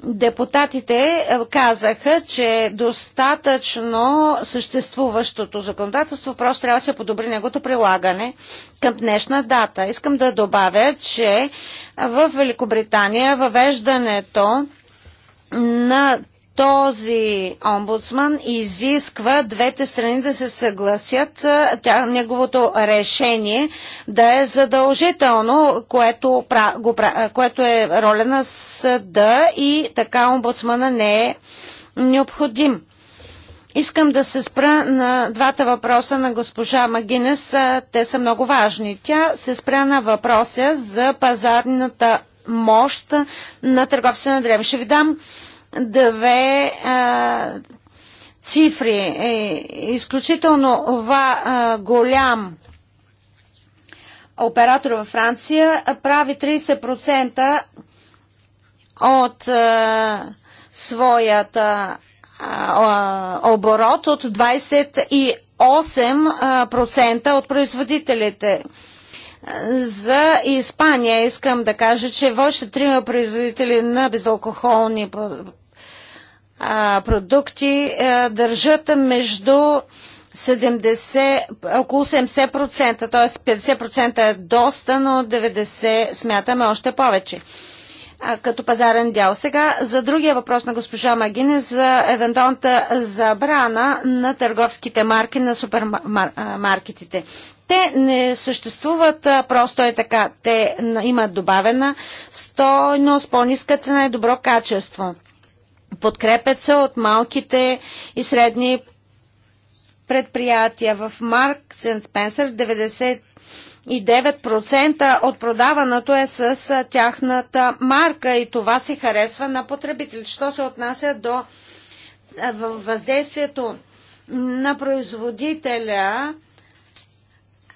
депутатите казаха, че достатъчно съществуващото законодателство просто трябва да се подобри неговото прилагане към днешна дата. Искам да добавя, че в Великобритания въвеждането на този омбудсман изисква двете страни да се съгласят тя, неговото решение да е задължително, което, го, което е роля на съда и така омбудсмана не е необходим. Искам да се спра на двата въпроса на госпожа Магинес. Те са много важни. Тя се спря на въпроса за пазарната мощ на търговците на древен. Ще ви дам две а, цифри. Е изключително ва, а, голям оператор във Франция прави 30% от а, своята а, оборот от 28% от производителите. За Испания искам да кажа, че вашите трима производители на безалкохолни продукти държат между 70, около 70%, т.е. 50% е доста, но 90% смятаме още повече като пазарен дял. Сега за другия въпрос на госпожа Магине за евентуалната забрана на търговските марки на супермаркетите. Те не съществуват просто е така. Те имат добавена стойност, по-ниска цена и добро качество. Подкрепят се от малките и средни предприятия. В Марк Спенсър 99% от продаваното е с тяхната марка и това се харесва на потребителите. Що се отнася до въздействието на производителя,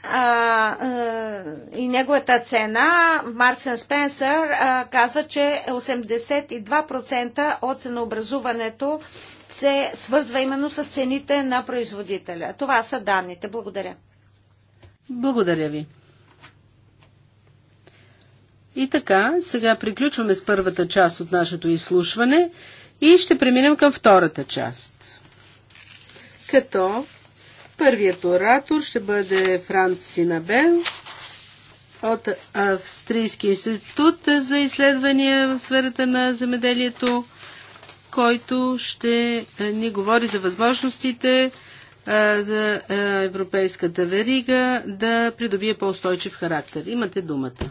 а, и неговата цена, Марксен Спенсър а, казва, че 82% от ценообразуването се свързва именно с цените на производителя. Това са данните. Благодаря. Благодаря ви. И така, сега приключваме с първата част от нашето изслушване и ще преминем към втората част. Като Първият оратор ще бъде Франц Синабел от Австрийски институт за изследвания в сферата на земеделието, който ще ни говори за възможностите за европейската верига да придобие по-устойчив характер. Имате думата.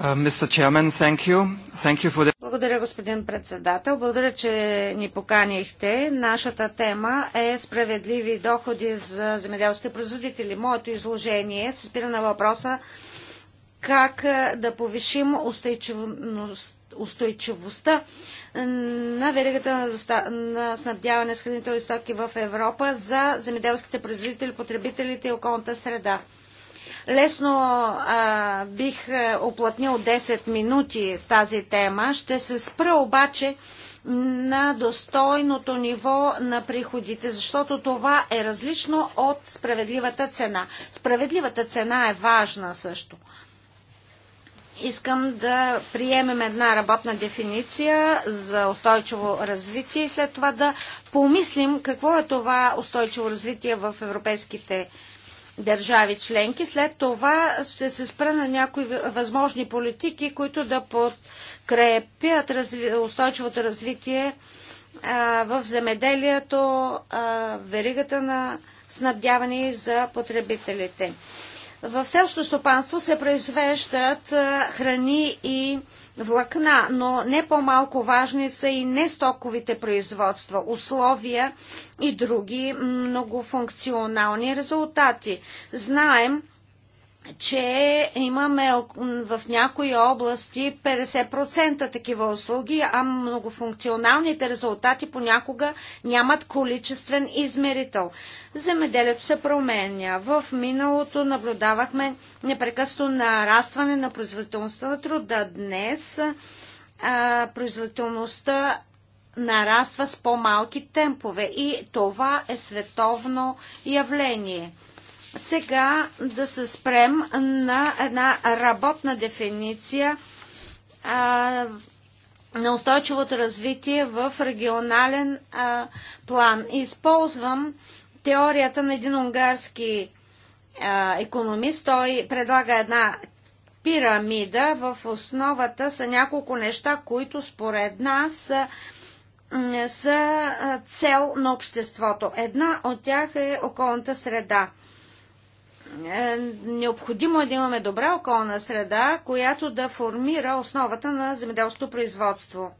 Uh, Благодаря, господин председател. Благодаря, че ни поканихте. Нашата тема е справедливи доходи за земеделските производители. Моето изложение се спира на въпроса как е, да повишим устойчивостта на веригата на, на снабдяване с хранителни стоки в Европа за земеделските производители, потребителите и околната среда. Лесно а, бих оплътнил е, 10 минути с тази тема. Ще се спра обаче на достойното ниво на приходите, защото това е различно от справедливата цена. Справедливата цена е важна също. Искам да приемем една работна дефиниция за устойчиво развитие и след това да помислим какво е това устойчиво развитие в европейските държави членки. След това ще се спра на някои възможни политики, които да подкрепят разви... устойчивото развитие а, в земеделието, а, веригата на снабдяване за потребителите. В селско стопанство се произвеждат а, храни и а, влакна, но не по-малко важни са и нестоковите производства, условия и други многофункционални резултати. Знаем, че имаме в някои области 50% такива услуги, а многофункционалните резултати понякога нямат количествен измерител. Земеделието се променя. В миналото наблюдавахме непрекъсно нарастване на производителността на труда. Днес а, производителността нараства с по-малки темпове и това е световно явление – сега да се спрем на една работна дефиниция а, на устойчивото развитие в регионален а, план. Използвам теорията на един унгарски а, економист. Той предлага една пирамида. В основата са няколко неща, които според нас са са цел на обществото. Една от тях е околната среда. Е, необходимо е да имаме добра околна среда, която да формира основата на земеделското производство.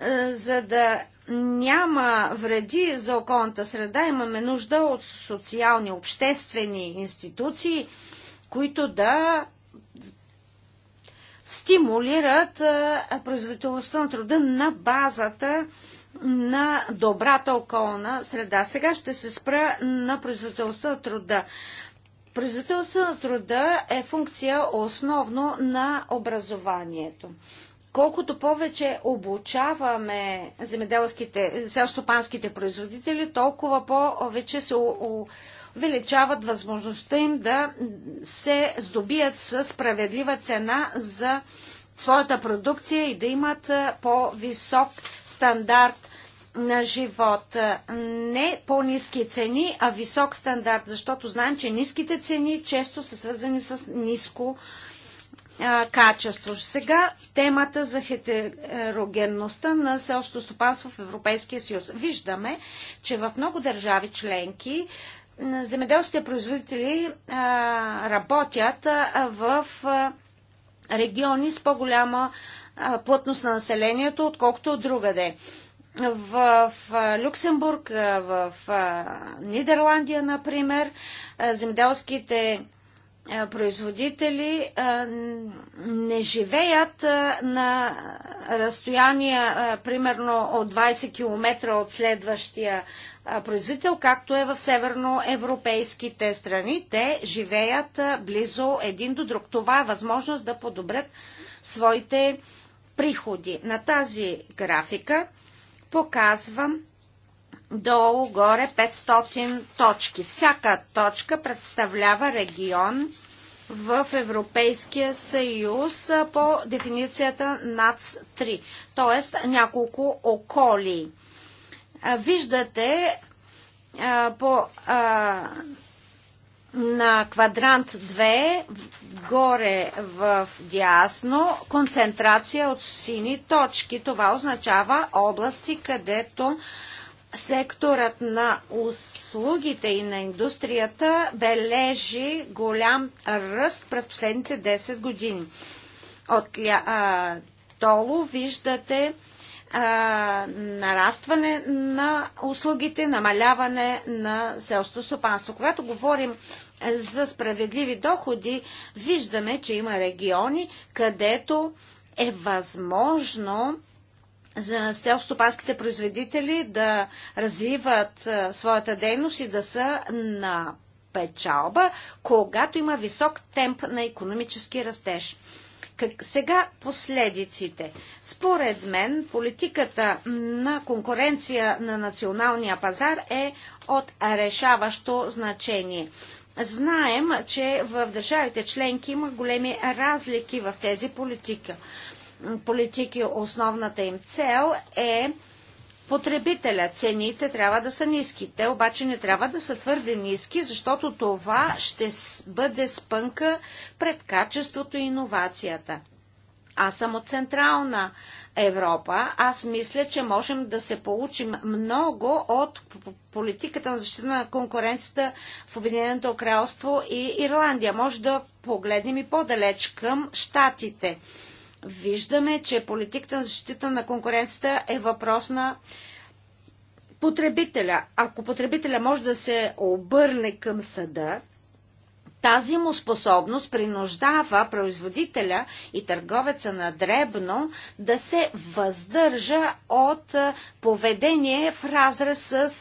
Е, за да няма вреди за околната среда, имаме нужда от социални, обществени институции, които да стимулират е, производителността на труда на базата на добрата околна среда. Сега ще се спра на производителността на труда. Производителността на труда е функция основно на образованието. Колкото повече обучаваме земеделските, селстопанските производители, толкова повече се увеличават възможността им да се здобият с справедлива цена за своята продукция и да имат по-висок стандарт на живот. Не по-низки цени, а висок стандарт, защото знаем, че ниските цени често са свързани с ниско качество. Сега темата за хетерогенността на селското стопанство в Европейския съюз. Виждаме, че в много държави членки земеделските производители работят в региони с по-голяма плътност на населението, отколкото от другаде. В, в Люксембург, в, в Нидерландия, например, земеделските производители не живеят на разстояние примерно от 20 км от следващия производител, както е в северноевропейските страни. Те живеят близо един до друг. Това е възможност да подобрят своите приходи. На тази графика показвам долу, горе 500 точки. Всяка точка представлява регион в Европейския съюз по дефиницията НАЦ-3, т.е. няколко околи. Виждате по, на квадрант 2 горе в дясно концентрация от сини точки. Това означава области, където секторът на услугите и на индустрията бележи голям ръст през последните 10 години. От а, долу виждате а, нарастване на услугите, намаляване на селското стопанство. Когато говорим за справедливи доходи, виждаме, че има региони, където е възможно за селстопанските производители да развиват своята дейност и да са на печалба, когато има висок темп на економически растеж. Как, сега последиците. Според мен политиката на конкуренция на националния пазар е от решаващо значение. Знаем, че в държавите членки има големи разлики в тези политика политики основната им цел е потребителя. Цените трябва да са ниски. Те обаче не трябва да са твърде ниски, защото това ще бъде спънка пред качеството и иновацията. Аз съм от Централна Европа. Аз мисля, че можем да се получим много от политиката на защита на конкуренцията в Обединеното кралство и Ирландия. Може да погледнем и по-далеч към щатите. Виждаме, че политиката за защита на конкуренцията е въпрос на потребителя. Ако потребителя може да се обърне към съда, тази му способност принуждава производителя и търговеца на дребно да се въздържа от поведение в разрез с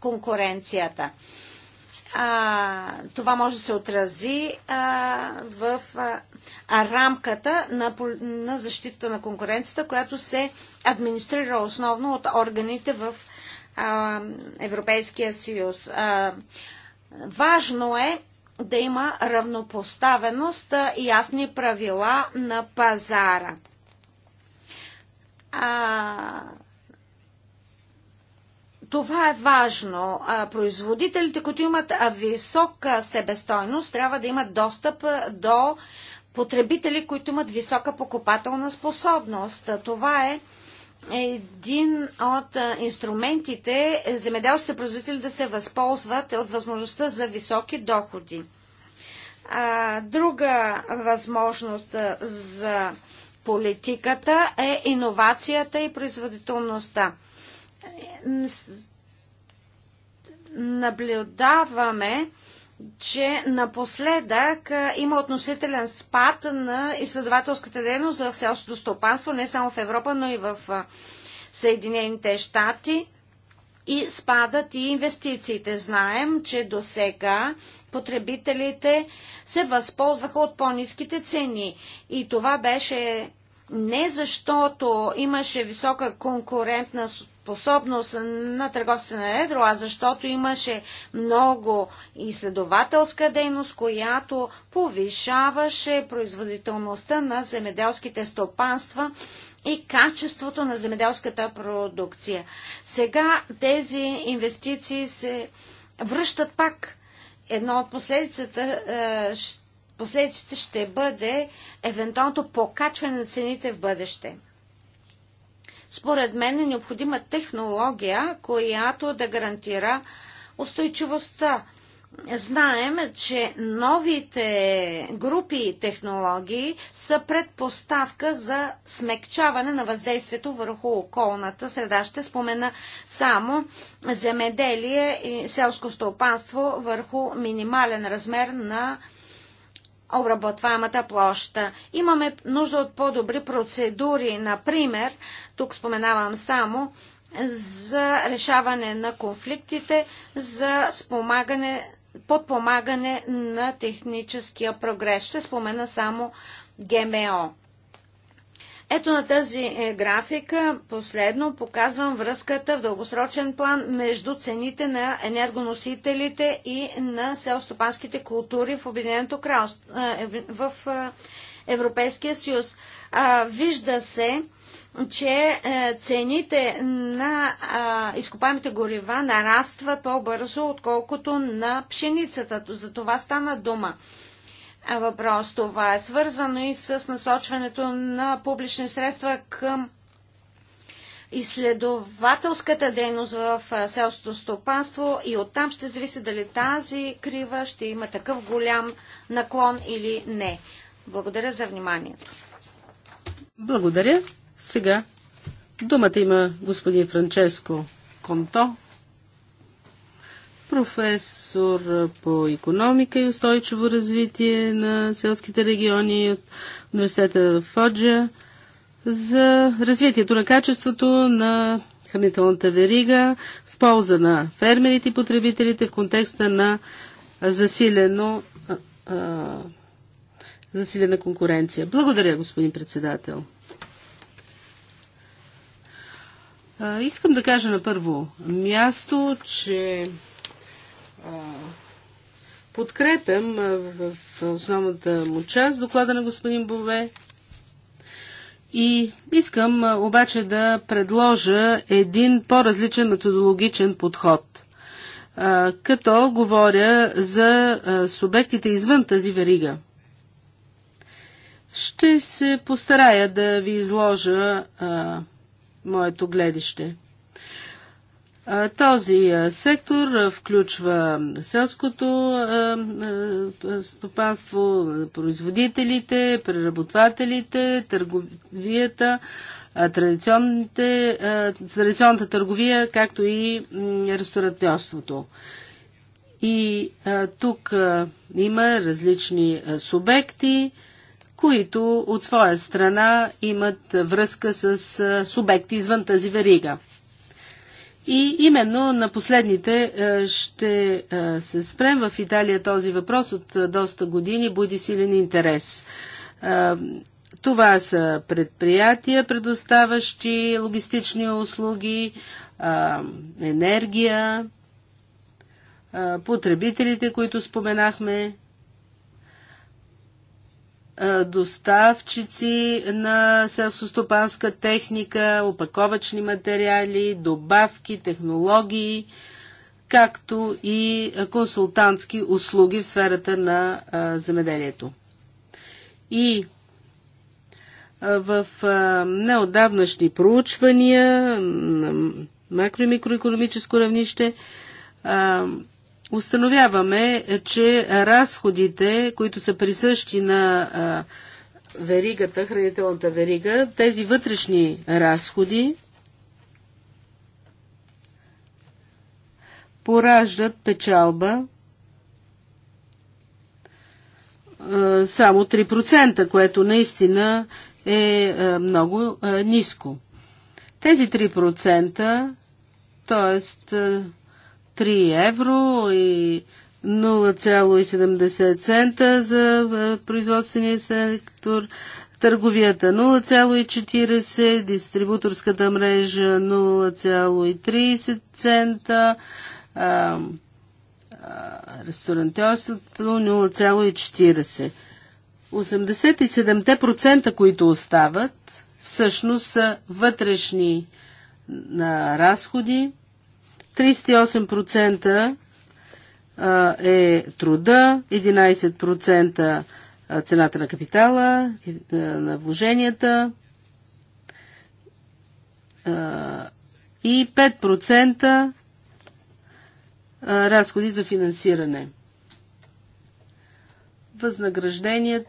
конкуренцията а, това може да се отрази а, в а, рамката на, на защита на конкуренцията, която се администрира основно от органите в а, Европейския съюз. А, важно е да има равнопоставеност и ясни правила на пазара. А, това е важно. Производителите, които имат висока себестойност, трябва да имат достъп до потребители, които имат висока покупателна способност. Това е един от инструментите земеделските производители да се възползват от възможността за високи доходи. Друга възможност за политиката е иновацията и производителността наблюдаваме, че напоследък има относителен спад на изследователската дейност в селското стопанство, не само в Европа, но и в Съединените щати и спадат и инвестициите. Знаем, че до сега потребителите се възползваха от по-низките цени. И това беше не защото имаше висока конкурентна способност на търговците на едро, а защото имаше много изследователска дейност, която повишаваше производителността на земеделските стопанства и качеството на земеделската продукция. Сега тези инвестиции се връщат пак. Едно от последицата е, последиците ще бъде евентуалното покачване на цените в бъдеще. Според мен е необходима технология, която да гарантира устойчивостта. Знаем, че новите групи технологии са предпоставка за смекчаване на въздействието върху околната среда. Ще спомена само земеделие и селско стопанство върху минимален размер на обработваемата площа. Имаме нужда от по-добри процедури, например, тук споменавам само за решаване на конфликтите, за спомагане, подпомагане на техническия прогрес. Ще спомена само ГМО. Ето на тази е, графика последно показвам връзката в дългосрочен план между цените на енергоносителите и на селстопанските култури в Обединеното кралство, е, в е, Европейския съюз. Вижда се, че цените на изкопаемите горива нарастват по-бързо, отколкото на пшеницата. За това стана дума въпрос. Това е свързано и с насочването на публични средства към изследователската дейност в селското стопанство и оттам ще зависи дали тази крива ще има такъв голям наклон или не. Благодаря за вниманието. Благодаря. Сега думата има господин Франческо Конто, професор по економика и устойчиво развитие на селските региони от университета в Фоджа за развитието на качеството на хранителната верига в полза на фермерите и потребителите в контекста на засилено, а, а, засилена конкуренция. Благодаря, господин председател. А, искам да кажа на първо място, че подкрепям в основната му част доклада на господин Бове. И искам обаче да предложа един по-различен методологичен подход, като говоря за субектите извън тази верига. Ще се постарая да ви изложа моето гледище. Този сектор включва селското стопанство, производителите, преработвателите, търговията, традиционната търговия, както и ресторантьорството. И тук има различни субекти, които от своя страна имат връзка с субекти извън тази верига. И именно на последните е, ще е, се спрем в Италия този въпрос от е, доста години, буди силен интерес. Това са предприятия, предоставащи логистични услуги, енергия, потребителите, които споменахме, доставчици на селскостопанска техника, опаковачни материали, добавки, технологии, както и консултантски услуги в сферата на земеделието. И в неодавнашни проучвания на макро и микроекономическо равнище установяваме, е, че разходите, които са присъщи на веригата, хранителната верига, тези вътрешни разходи пораждат печалба само 3%, което наистина е много ниско. Тези 3%, т.е. 3 евро и 0,70 цента за производствения сектор, търговията 0,40, дистрибуторската мрежа 0,30 цента, ресторантьорството 0,40. 87% които остават, всъщност са вътрешни на разходи, 38% е труда, 11% цената на капитала, на вложенията и 5% разходи за финансиране. Възнаграждение,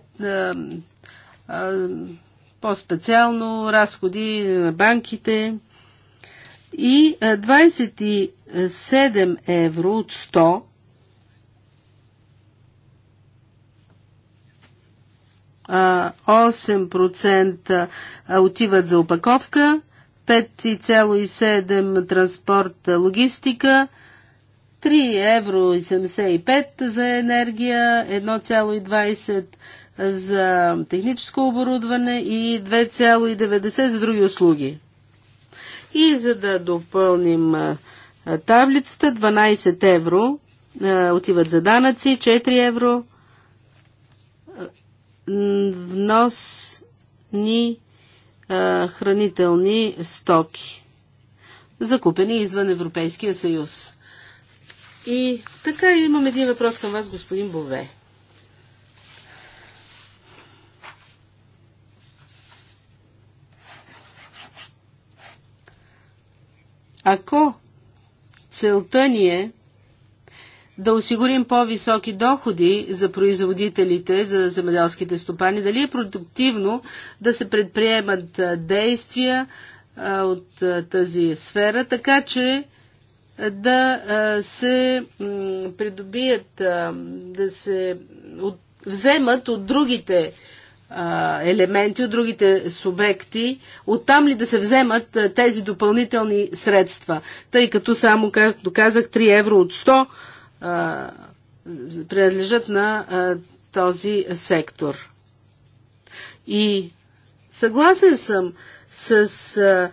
по-специално разходи на банките и 20 7 евро от 100 8% отиват за опаковка, 5,7 транспорт логистика, 3,75 евро за енергия, 1,20 за техническо оборудване и 2,90 за други услуги. И за да допълним таблицата, 12 евро отиват за данъци, 4 евро вносни хранителни стоки, закупени извън Европейския съюз. И така имам един въпрос към вас, господин Бове. Ако Целта ни е да осигурим по-високи доходи за производителите, за земеделските стопани, дали е продуктивно да се предприемат действия от тази сфера, така че да се придобият, да се вземат от другите елементи от другите субекти, оттам ли да се вземат тези допълнителни средства, тъй като само, както казах, 3 евро от 100 принадлежат на този сектор. И съгласен съм с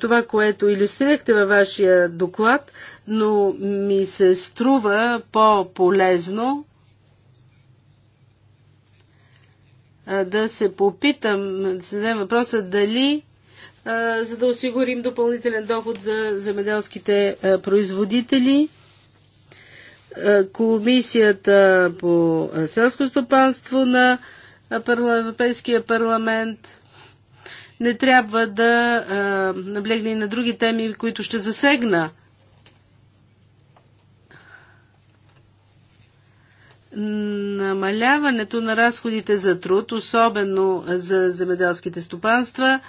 това, което иллюстрирахте във вашия доклад, но ми се струва по-полезно да се попитам, да се даде въпроса дали за да осигурим допълнителен доход за земеделските производители. Комисията по селско стопанство на Европейския парламент не трябва да наблегне и на други теми, които ще засегна намаляването на разходите за труд, особено за земеделските стопанства,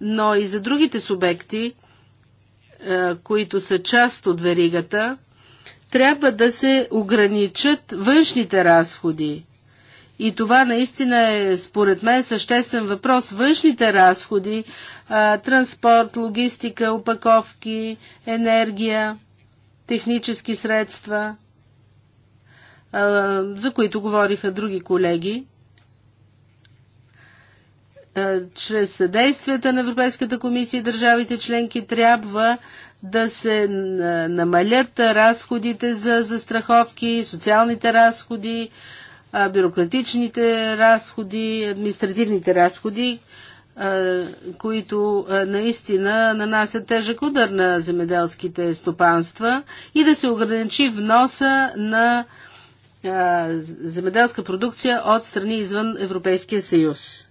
но и за другите субекти, е, които са част от веригата, трябва да се ограничат външните разходи. И това наистина е, според мен, съществен въпрос. Външните разходи, е, транспорт, логистика, опаковки, енергия, технически средства за които говориха други колеги. Чрез съдействията на Европейската комисия и държавите членки трябва да се намалят разходите за застраховки, социалните разходи, бюрократичните разходи, административните разходи, които наистина нанасят тежък удар на земеделските стопанства и да се ограничи вноса на земеделска продукция от страни извън Европейския съюз.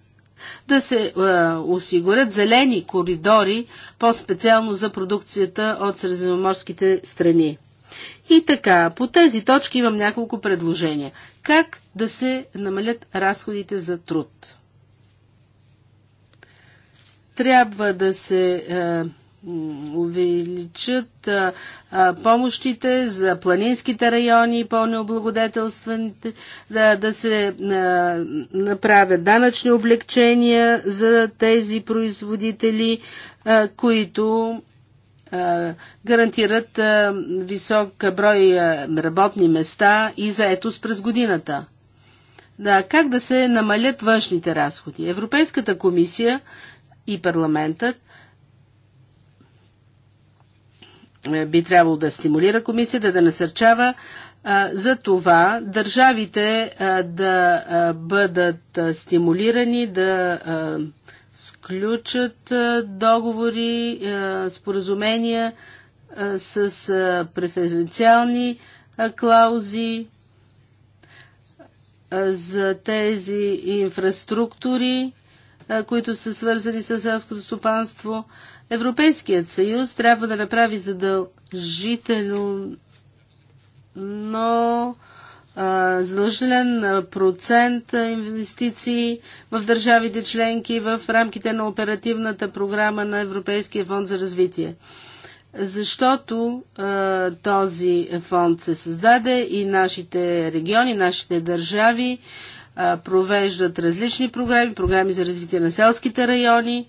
Да се а, осигурят зелени коридори, по-специално за продукцията от средиземноморските страни. И така, по тези точки имам няколко предложения. Как да се намалят разходите за труд? Трябва да се а, увеличат помощите за планинските райони, по-необлагодетелстваните, да, да се а, направят данъчни облегчения за тези производители, а, които а, гарантират а, висок брой а, работни места и заетост през годината. Да, как да се намалят външните разходи? Европейската комисия и парламентът – Е, би трябвало да стимулира комисията, да насърчава е, за това държавите е, да бъдат стимулирани да сключат договори, споразумения с преференциални клаузи за тези инфраструктури, които са свързани с селското стопанство. Европейският съюз трябва да направи задължително но задължителен процент инвестиции в държавите членки в рамките на оперативната програма на Европейския фонд за развитие. Защото а, този фонд се създаде и нашите региони, нашите държави а, провеждат различни програми, програми за развитие на селските райони,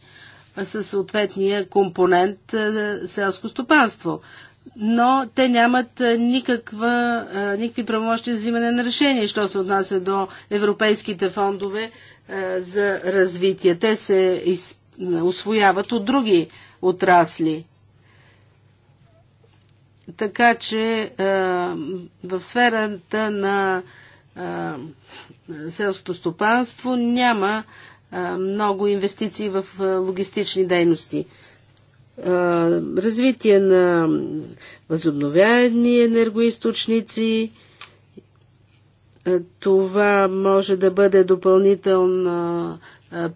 със съответния компонент е, селско стопанство. Но те нямат е, никаква, е, никакви правомощи за взимане на решение, що се отнася до европейските фондове за развитие. Те се из, освояват от други отрасли. Така че в сферата на селското стопанство няма много инвестиции в логистични дейности. Развитие на възобновяеми енергоисточници. Това може да бъде допълнителен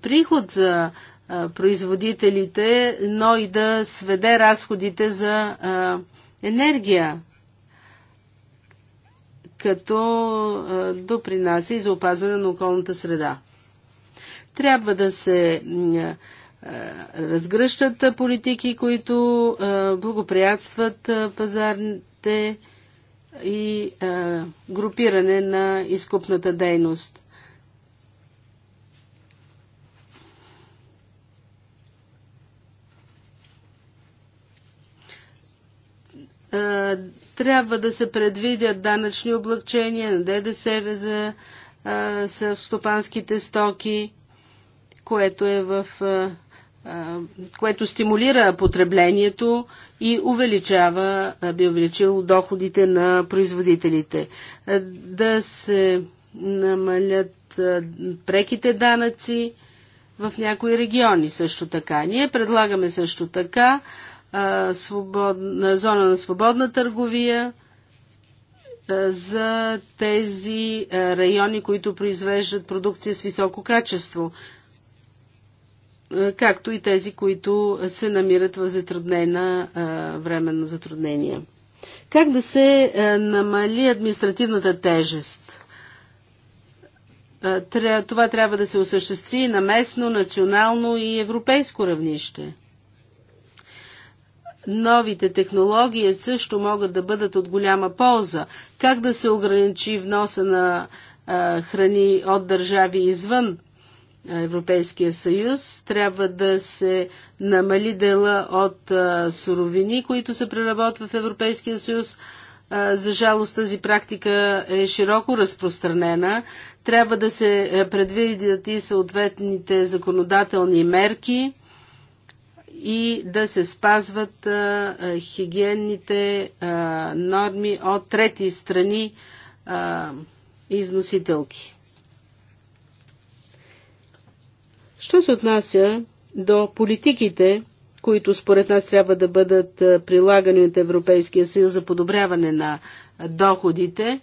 приход за производителите, но и да сведе разходите за енергия, като допринася и за опазване на околната среда. Трябва да се разгръщат политики, които благоприятстват пазарните и групиране на изкупната дейност. трябва да се предвидят данъчни облегчения на ДДС за стопанските стоки което е в което стимулира потреблението и увеличава, би увеличил доходите на производителите. Да се намалят преките данъци в някои региони също така. Ние предлагаме също така свободна, зона на свободна търговия за тези райони, които произвеждат продукция с високо качество както и тези, които се намират в затруднена, временно затруднение. Как да се намали административната тежест? Това трябва да се осъществи на местно, национално и европейско равнище. Новите технологии също могат да бъдат от голяма полза. Как да се ограничи вноса на храни от държави извън Европейския съюз. Трябва да се намали дела от суровини, които се преработват в Европейския съюз. за жалост тази практика е широко разпространена. Трябва да се предвидят и съответните законодателни мерки и да се спазват хигиенните норми от трети страни износителки. Що се отнася до политиките, които според нас трябва да бъдат прилагани от Европейския съюз за подобряване на доходите,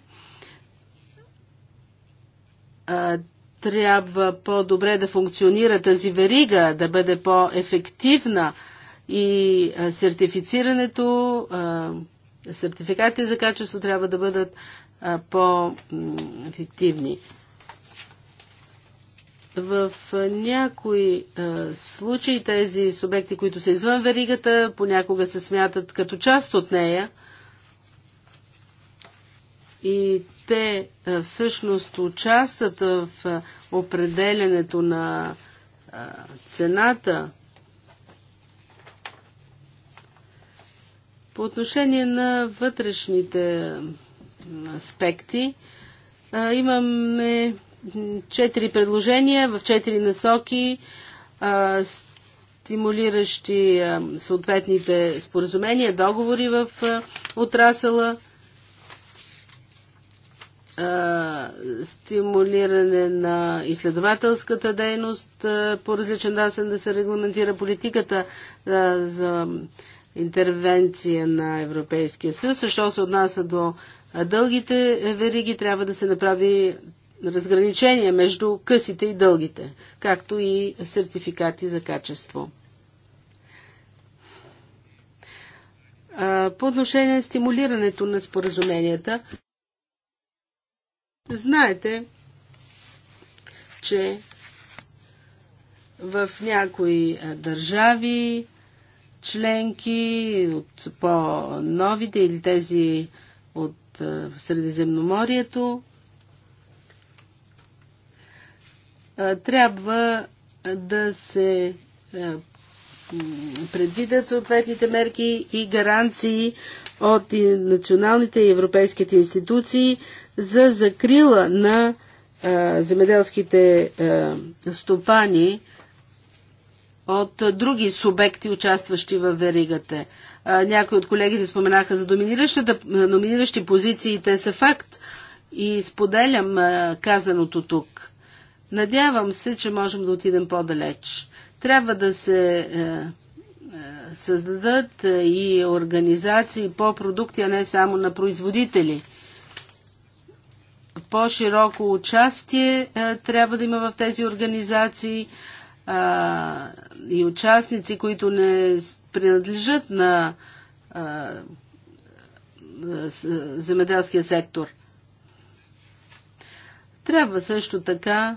трябва по-добре да функционира тази верига, да бъде по-ефективна и сертифицирането, сертификатите за качество трябва да бъдат по-ефективни. В някои случаи тези субекти, които са извън веригата, понякога се смятат като част от нея и те всъщност участват в определенето на цената. По отношение на вътрешните аспекти, имаме четири предложения в четири насоки, а, стимулиращи а, съответните споразумения, договори в а, отрасъла, стимулиране на изследователската дейност по различен начин да се регламентира политиката за интервенция на Европейския съюз. защото се отнася до дългите вериги, трябва да се направи разграничение между късите и дългите, както и сертификати за качество. По отношение на стимулирането на споразуменията, знаете, че в някои държави членки от по-новите или тези от Средиземноморието трябва да се предвидят съответните мерки и гаранции от националните и европейските институции за закрила на земеделските стопани от други субекти, участващи в веригата. Някои от колегите споменаха за доминиращи позиции, те са факт и споделям казаното тук. Надявам се, че можем да отидем по-далеч. Трябва да се е, е създадат е, и организации по продукти, а не само на производители. По-широко участие е, трябва да има в тези организации е, и участници, които не принадлежат на земеделския сектор. Трябва също така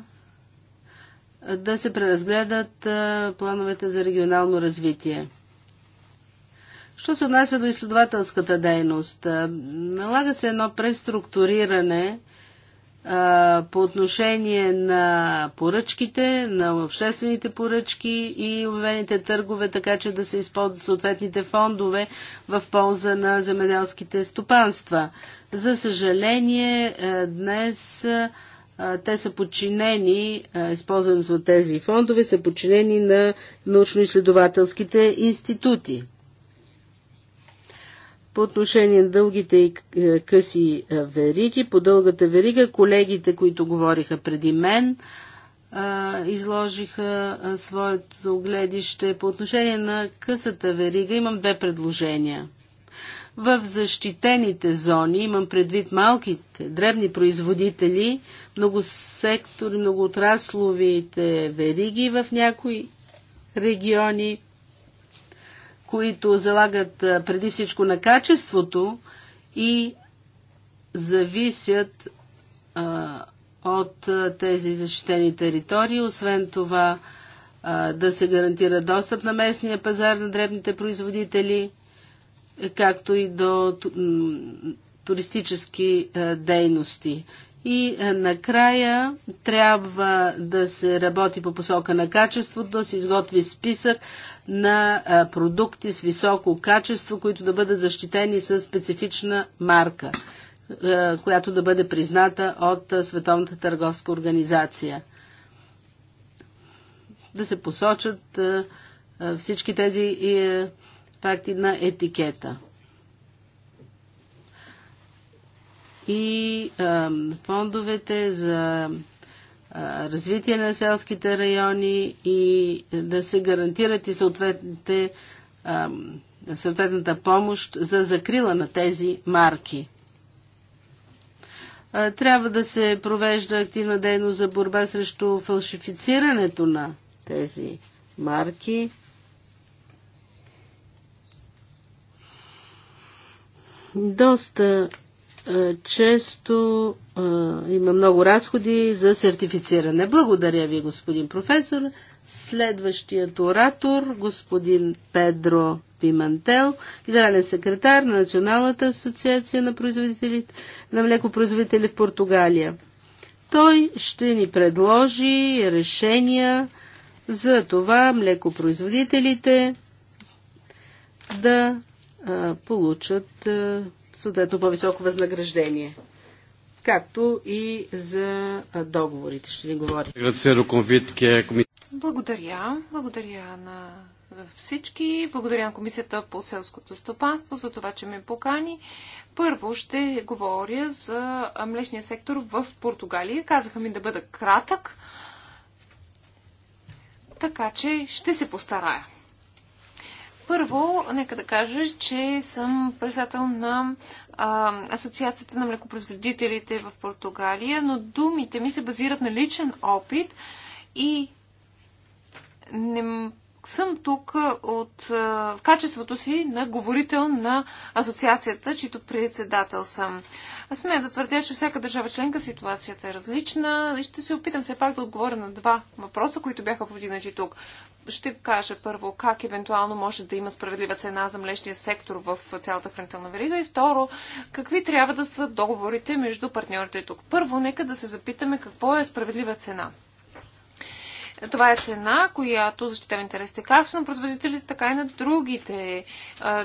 да се преразгледат плановете за регионално развитие. Що се отнася до изследователската дейност? Налага се едно преструктуриране по отношение на поръчките, на обществените поръчки и обявените търгове, така че да се използват съответните фондове в полза на земеделските стопанства. За съжаление, днес те са подчинени, използването от тези фондове са подчинени на научно-изследователските институти. По отношение на дългите и е, къси е, вериги, по дългата верига, колегите, които говориха преди мен, изложиха своето гледище. По отношение на късата верига имам две предложения – в защитените зони, имам предвид малките, дребни производители, многосектори, многоотрасловите вериги в някои региони, които залагат преди всичко на качеството и зависят а, от тези защитени територии. Освен това, а, да се гарантира достъп на местния пазар на дребните производители – както и до туристически е, дейности. И е, накрая трябва да се работи по посока на качеството, да се изготви списък на е, продукти с високо качество, които да бъдат защитени с специфична марка, която да бъде призната от Световната търговска организация. Да се посочат всички тези пакти на етикета. И а, фондовете за а, развитие на селските райони и да се гарантират и съответните, а, съответната помощ за закрила на тези марки. А, трябва да се провежда активна дейност за борба срещу фалшифицирането на тези марки. Доста често а, има много разходи за сертифициране. Благодаря ви, господин професор. Следващият оратор, господин Педро Пимантел, генерален секретар на Националната асоциация на, производителите, на млекопроизводители в Португалия. Той ще ни предложи решения за това млекопроизводителите да получат съответно по-високо възнаграждение. Както и за договорите ще ви говори. Благодаря. Благодаря на всички. Благодаря на Комисията по селското стопанство за това, че ме покани. Първо ще говоря за млечния сектор в Португалия. Казаха ми да бъда кратък, така че ще се постарая. Първо, нека да кажа, че съм председател на а, Асоциацията на млекопроизводителите в Португалия, но думите ми се базират на личен опит и не съм тук от, в качеството си на говорител на асоциацията, чието председател съм. Аз смея да твърдя, че всяка държава членка ситуацията е различна и ще се опитам все пак да отговоря на два въпроса, които бяха повдигнати тук. Ще кажа първо как евентуално може да има справедлива цена за млечния сектор в цялата хранителна верига и второ, какви трябва да са договорите между партньорите тук. Първо, нека да се запитаме какво е справедлива цена. Това е цена, която защитава интересите както на производителите, така и на другите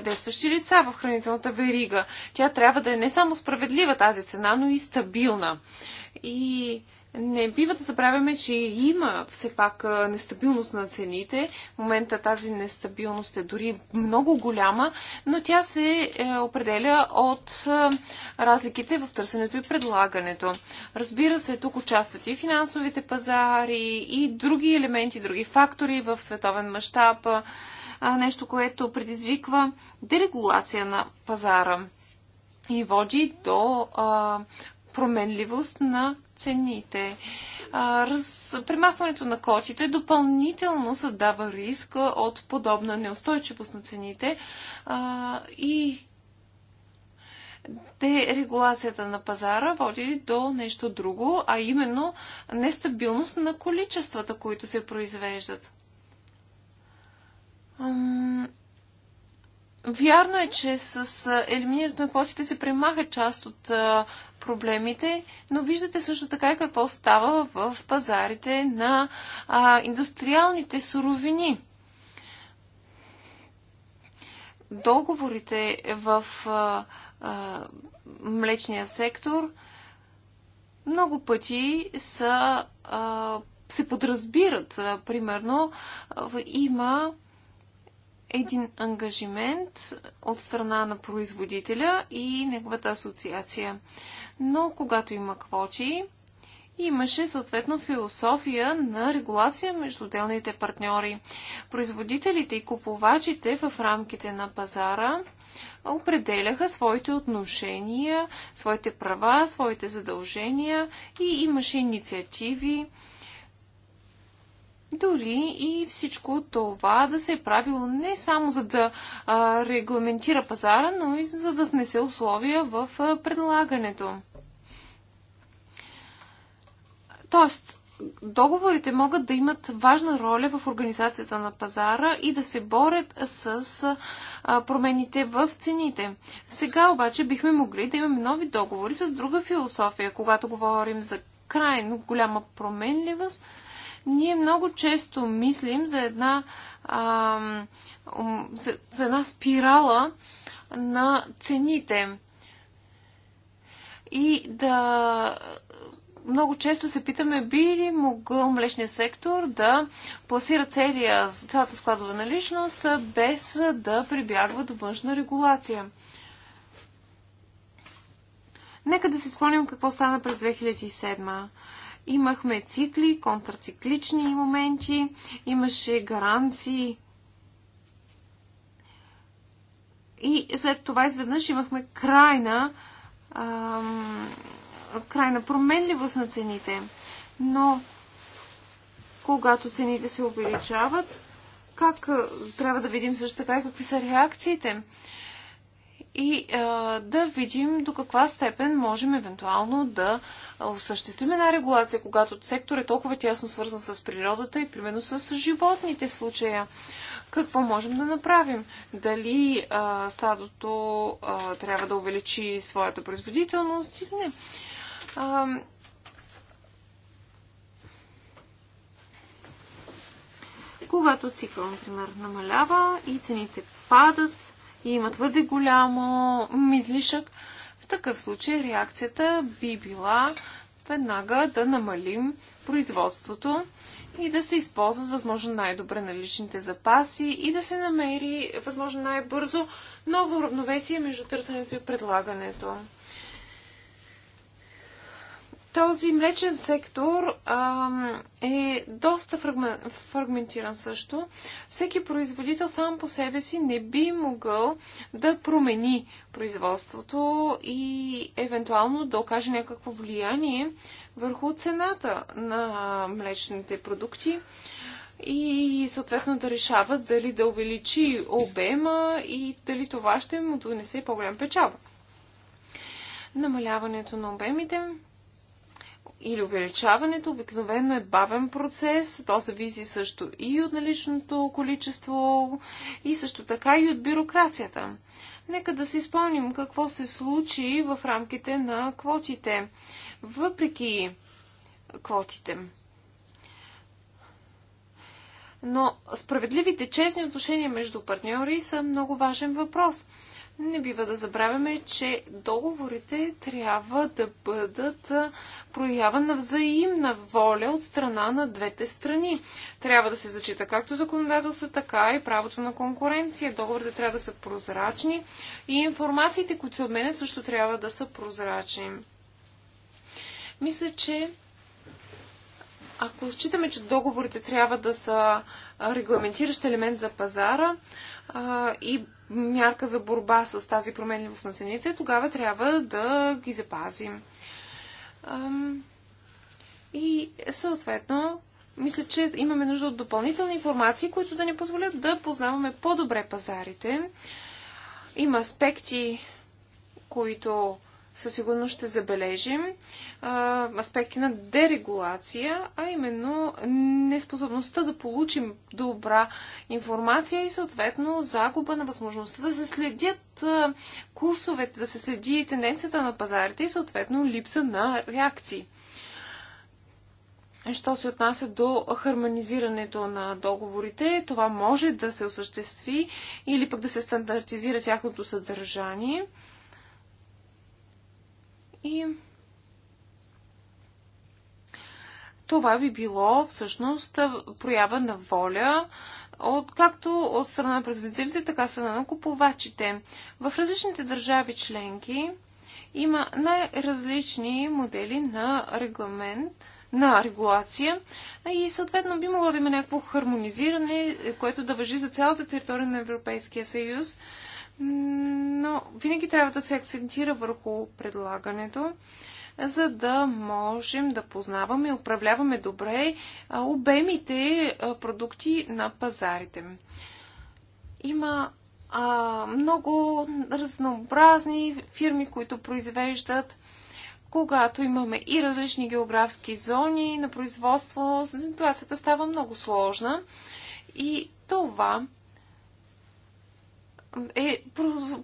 действащи лица в хранителната верига. Тя трябва да е не само справедлива тази цена, но и стабилна. И не бива да забравяме, че има все пак нестабилност на цените. В момента тази нестабилност е дори много голяма, но тя се е, определя от разликите в търсенето и предлагането. Разбира се, тук участват и финансовите пазари, и други елементи, други фактори в световен мащаб, нещо, което предизвиква дерегулация на пазара и води до а, променливост на цените. Раз... Примахването на котите допълнително създава риск от подобна неустойчивост на цените а, и дерегулацията на пазара води до нещо друго, а именно нестабилност на количествата, които се произвеждат. Вярно е, че с елиминирането на квотите се премага част от проблемите, но виждате също така и какво става в пазарите на а, индустриалните суровини. Договорите в а, а, млечния сектор много пъти са, а, се подразбират. Примерно, а, има един ангажимент от страна на производителя и неговата асоциация. Но когато има квоти, имаше съответно философия на регулация между отделните партньори. Производителите и купувачите в рамките на пазара определяха своите отношения, своите права, своите задължения и имаше инициативи дори и всичко това да се е правило не само за да а, регламентира пазара, но и за да внесе условия в а, предлагането. Тоест, договорите могат да имат важна роля в организацията на пазара и да се борят с промените в цените. Сега обаче бихме могли да имаме нови договори с друга философия, когато говорим за крайно голяма променливост ние много често мислим за една, а, за, за една спирала на цените. И да много често се питаме, би ли могъл млечния сектор да пласира целия, цялата складова наличност, без да прибягва до външна регулация. Нека да си спомним какво стана през 2007. Имахме цикли, контрациклични моменти, имаше гаранции. И след това изведнъж имахме крайна, а, крайна променливост на цените. Но когато цените се увеличават, как трябва да видим също така и какви са реакциите? и а, да видим до каква степен можем евентуално да осъществим една регулация, когато сектор е толкова тясно свързан с природата и примерно с животните в случая. Какво можем да направим? Дали а, стадото а, трябва да увеличи своята производителност или не? А, когато цикъл, например, намалява и цените падат, и има твърде голямо излишък, в такъв случай реакцията би била веднага да намалим производството и да се използват възможно най-добре наличните запаси и да се намери възможно най-бързо ново равновесие между търсенето и предлагането. Този млечен сектор а, е доста фрагментиран също. Всеки производител сам по себе си не би могъл да промени производството и евентуално да окаже някакво влияние върху цената на млечните продукти и съответно да решава дали да увеличи обема и дали това ще му донесе по-голям печалба. Намаляването на обемите или увеличаването обикновено е бавен процес. То зависи също и от наличното количество, и също така и от бюрокрацията. Нека да се изпълним какво се случи в рамките на квотите, въпреки квотите. Но справедливите, честни отношения между партньори са много важен въпрос – не бива да забравяме, че договорите трябва да бъдат проява на взаимна воля от страна на двете страни. Трябва да се зачита както законодателство, така и правото на конкуренция. Договорите трябва да са прозрачни и информациите, които се обменят, също трябва да са прозрачни. Мисля, че ако считаме, че договорите трябва да са регламентиращ елемент за пазара, и мярка за борба с тази променливост на цените, тогава трябва да ги запазим. и съответно, мисля, че имаме нужда от допълнителни информации, които да ни позволят да познаваме по-добре пазарите. Има аспекти, които със сигурност ще забележим аспекти на дерегулация, а именно неспособността да получим добра информация и съответно загуба на възможността да се следят курсовете, да се следи тенденцията на пазарите и съответно липса на реакции. Що се отнася до хармонизирането на договорите, това може да се осъществи или пък да се стандартизира тяхното съдържание. И това би било всъщност проява на воля от, както от страна на производителите, така страна на купувачите. В различните държави членки има най-различни модели на регламент, на регулация и съответно би могло да има някакво хармонизиране, което да въжи за цялата територия на Европейския съюз но винаги трябва да се акцентира върху предлагането, за да можем да познаваме и управляваме добре обемите продукти на пазарите. Има а, много разнообразни фирми, които произвеждат когато имаме и различни географски зони на производство, ситуацията става много сложна. И това е,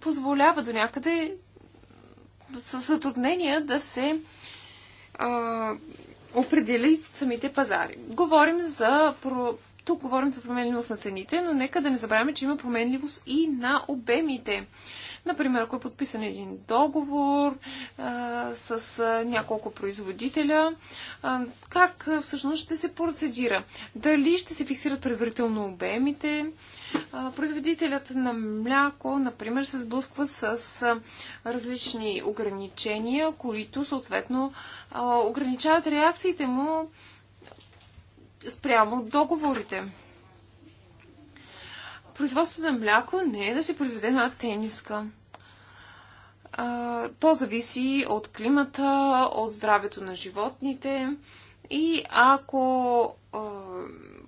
позволява до някъде със затруднения да се а, определи самите пазари. Говорим за тук говорим за променливост на цените, но нека да не забравяме, че има променливост и на обемите. Например, ако е подписан един договор а, с а, няколко производителя, а, как всъщност ще се процедира? Дали ще се фиксират предварително обемите? производителят на мляко, например, се сблъсква с различни ограничения, които съответно ограничават реакциите му спрямо договорите. Производството на мляко не е да се произведе една тениска. То зависи от климата, от здравето на животните. И ако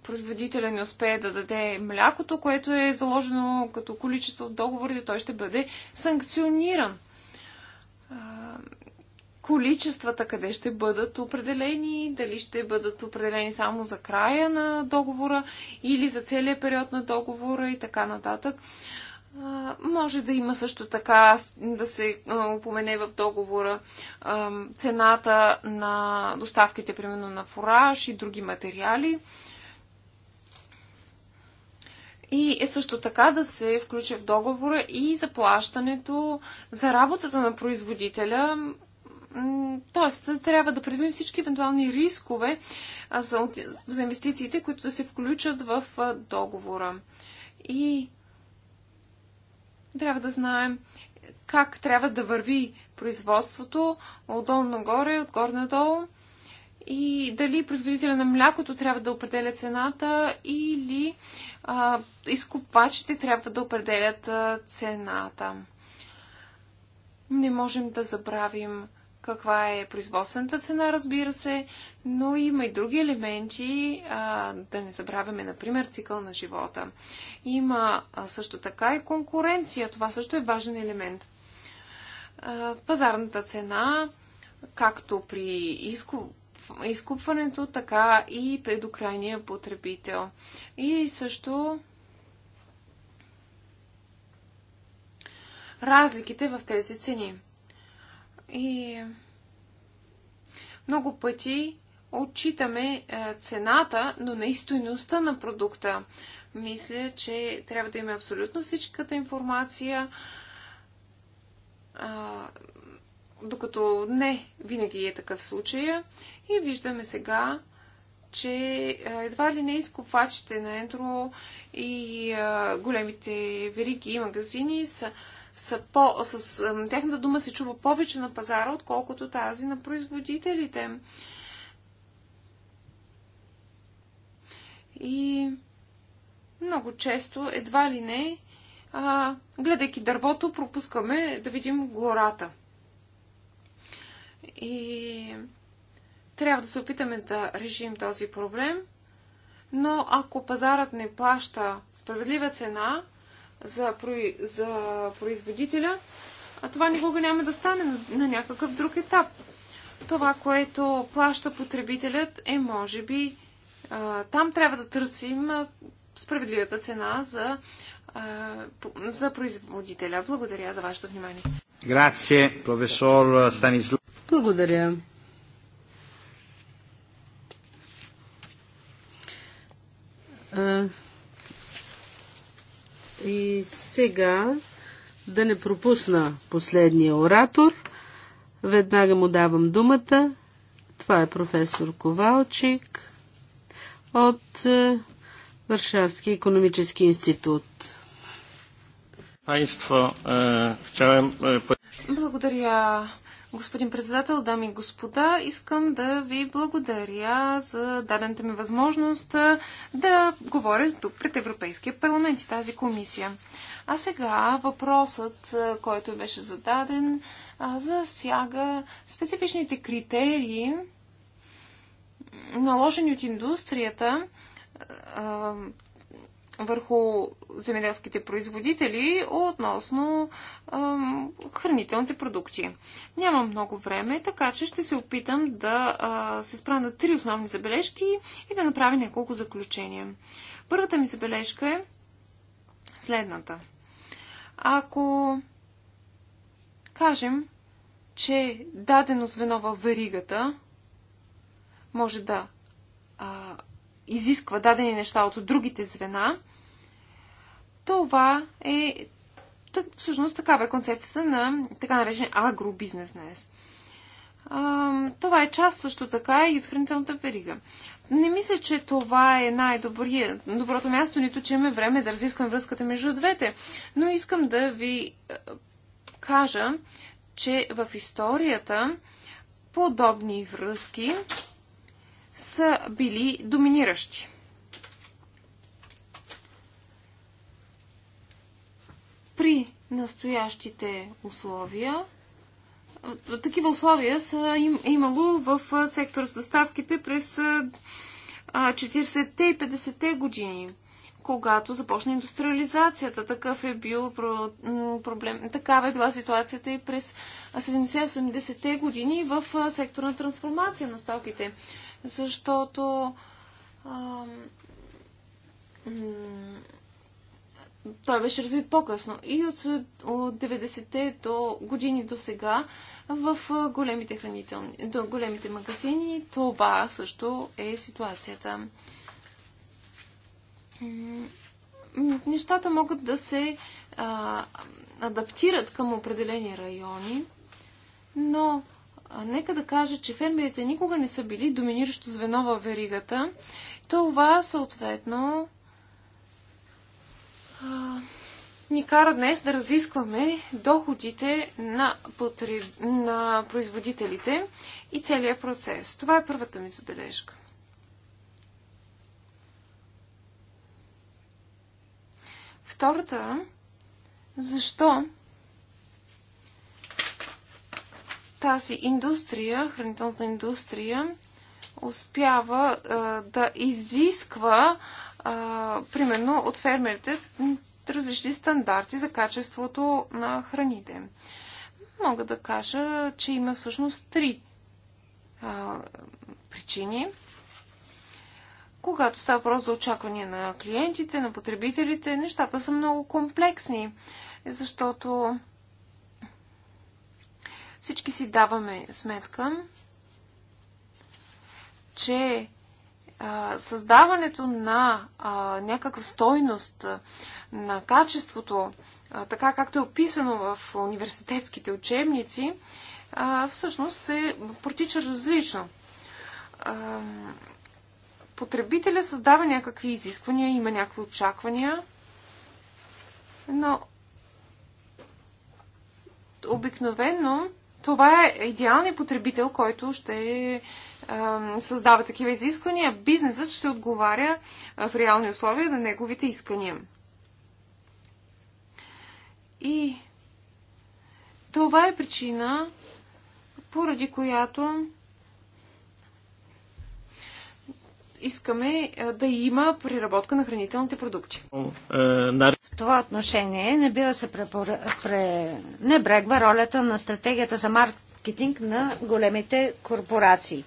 производителя не успее да даде млякото, което е заложено като количество в договорите, той ще бъде санкциониран. Количествата къде ще бъдат определени, дали ще бъдат определени само за края на договора или за целия период на договора и така нататък. Може да има също така да се упомене в договора цената на доставките, примерно на фураж и други материали. И е също така да се включи в договора и заплащането за работата на производителя. Тоест, трябва да предвидим всички евентуални рискове за, за инвестициите, които да се включат в договора. И трябва да знаем как трябва да върви производството отдолу нагоре, отгоре надолу и дали производителя на млякото трябва да определя цената или а, изкупачите трябва да определят а, цената. Не можем да забравим каква е производствената цена, разбира се, но има и други елементи, а, да не забравяме, например, цикъл на живота. Има а, също така и конкуренция, това също е важен елемент. А, пазарната цена, както при изкуп изкупването, така и до крайния потребител. И също разликите в тези цени. И много пъти отчитаме е, цената, но не и стоеността на продукта. Мисля, че трябва да имаме абсолютно всичката информация, докато не винаги е такъв случай. И виждаме сега, че е, едва ли не изкупвачите на Ендро и е, големите вериги и магазини са, са по, с е, тяхната дума се чува повече на пазара, отколкото тази на производителите. И много често, едва ли не, а, гледайки дървото, пропускаме да видим гората. И трябва да се опитаме да решим този проблем, но ако пазарът не плаща справедлива цена за, за производителя, а това никога няма да стане на някакъв друг етап. Това, което плаща потребителят е, може би, там трябва да търсим справедливата цена за, за производителя. Благодаря за вашето внимание. Благодаря, професор Станислав. Благодаря, И сега да не пропусна последния оратор. Веднага му давам думата. Това е професор Ковалчик от е, Варшавски економически институт. Е, е, Благодаря, Господин председател, дами и господа, искам да ви благодаря за дадената ми възможност да говоря тук пред Европейския парламент и тази комисия. А сега въпросът, който беше зададен, засяга специфичните критерии, наложени от индустрията върху земеделските производители относно хранителните продукти. Няма много време, така че ще се опитам да се спра на три основни забележки и да направя няколко заключения. Първата ми забележка е следната. Ако кажем, че дадено звено във веригата може да а, изисква дадени неща от другите звена, това е всъщност такава е концепцията на така наречен агробизнес днес. Това е част също така и от хранителната верига. Не мисля, че това е най-доброто място, нито че имаме време да разискваме връзката между двете, но искам да ви кажа, че в историята подобни връзки са били доминиращи. При настоящите условия, е, такива условия са имало в е, сектора с доставките през 40-те е, и 50-те години, когато започна индустриализацията. Такъв е бил проблем. Такава е била ситуацията и през 70-80-те години в сектора на трансформация на стоките. Защото а, той беше развит по-късно. И от, от 90-те до години до сега в големите, хранителни, до големите магазини това също е ситуацията. Нещата могат да се а, адаптират към определени райони, но а, нека да кажа, че фермерите никога не са били доминиращо звено във веригата. Това съответно ни кара днес да разискваме доходите на, потри... на производителите и целият процес. Това е първата ми забележка. Втората, защо тази индустрия, хранителната индустрия, успява а, да изисква а, а, примерно от фермерите различни стандарти за качеството на храните. Мога да кажа, че има всъщност три а, причини. Когато става въпрос за очаквания на клиентите, на потребителите, нещата са много комплексни, защото всички си даваме сметка, че създаването на някаква стойност на качеството, така както е описано в университетските учебници, всъщност се протича различно. потребителя създава някакви изисквания, има някакви очаквания, но обикновено това е идеалният потребител, който ще създава такива изисквания, бизнесът ще отговаря в реални условия на неговите искания. И това е причина, поради която искаме да има преработка на хранителните продукти. Е, в това отношение не бива се пренебрегва ролята на стратегията за маркетинг маркетинг на големите корпорации.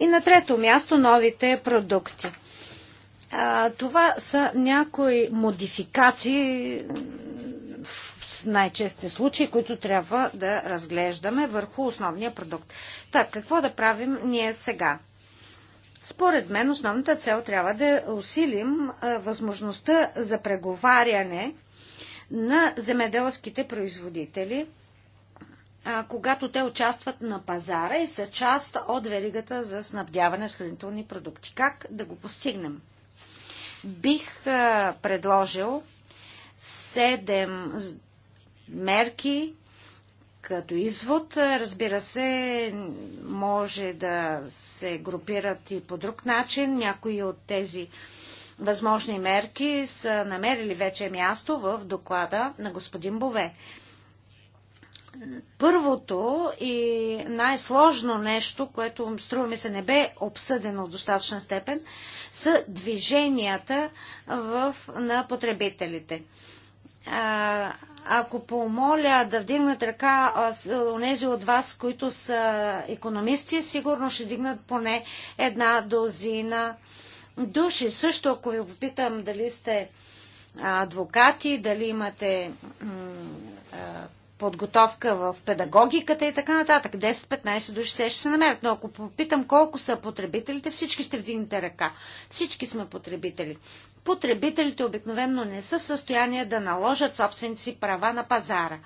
И на трето място новите продукти. А, това са някои модификации в най-честите случаи, които трябва да разглеждаме върху основния продукт. Так, какво да правим ние сега? Според мен основната цел трябва да усилим а, възможността за преговаряне на земеделските производители – когато те участват на пазара и са част от веригата за снабдяване с хранителни продукти. Как да го постигнем? Бих предложил 7 мерки като извод. Разбира се, може да се групират и по друг начин. Някои от тези възможни мерки са намерили вече място в доклада на господин Бове първото и най-сложно нещо, което струва ми се не бе обсъдено в достатъчна степен, са движенията в, на потребителите. А, ако помоля да вдигнат ръка онези от вас, които са економисти, сигурно ще дигнат поне една дозина души. Също, ако ви попитам дали сте адвокати, дали имате подготовка в педагогиката и така нататък. 10-15 души се ще се намерят. Но ако попитам колко са потребителите, всички ще вдигнете ръка. Всички сме потребители. Потребителите обикновенно не са в състояние да наложат собствените си права на пазара.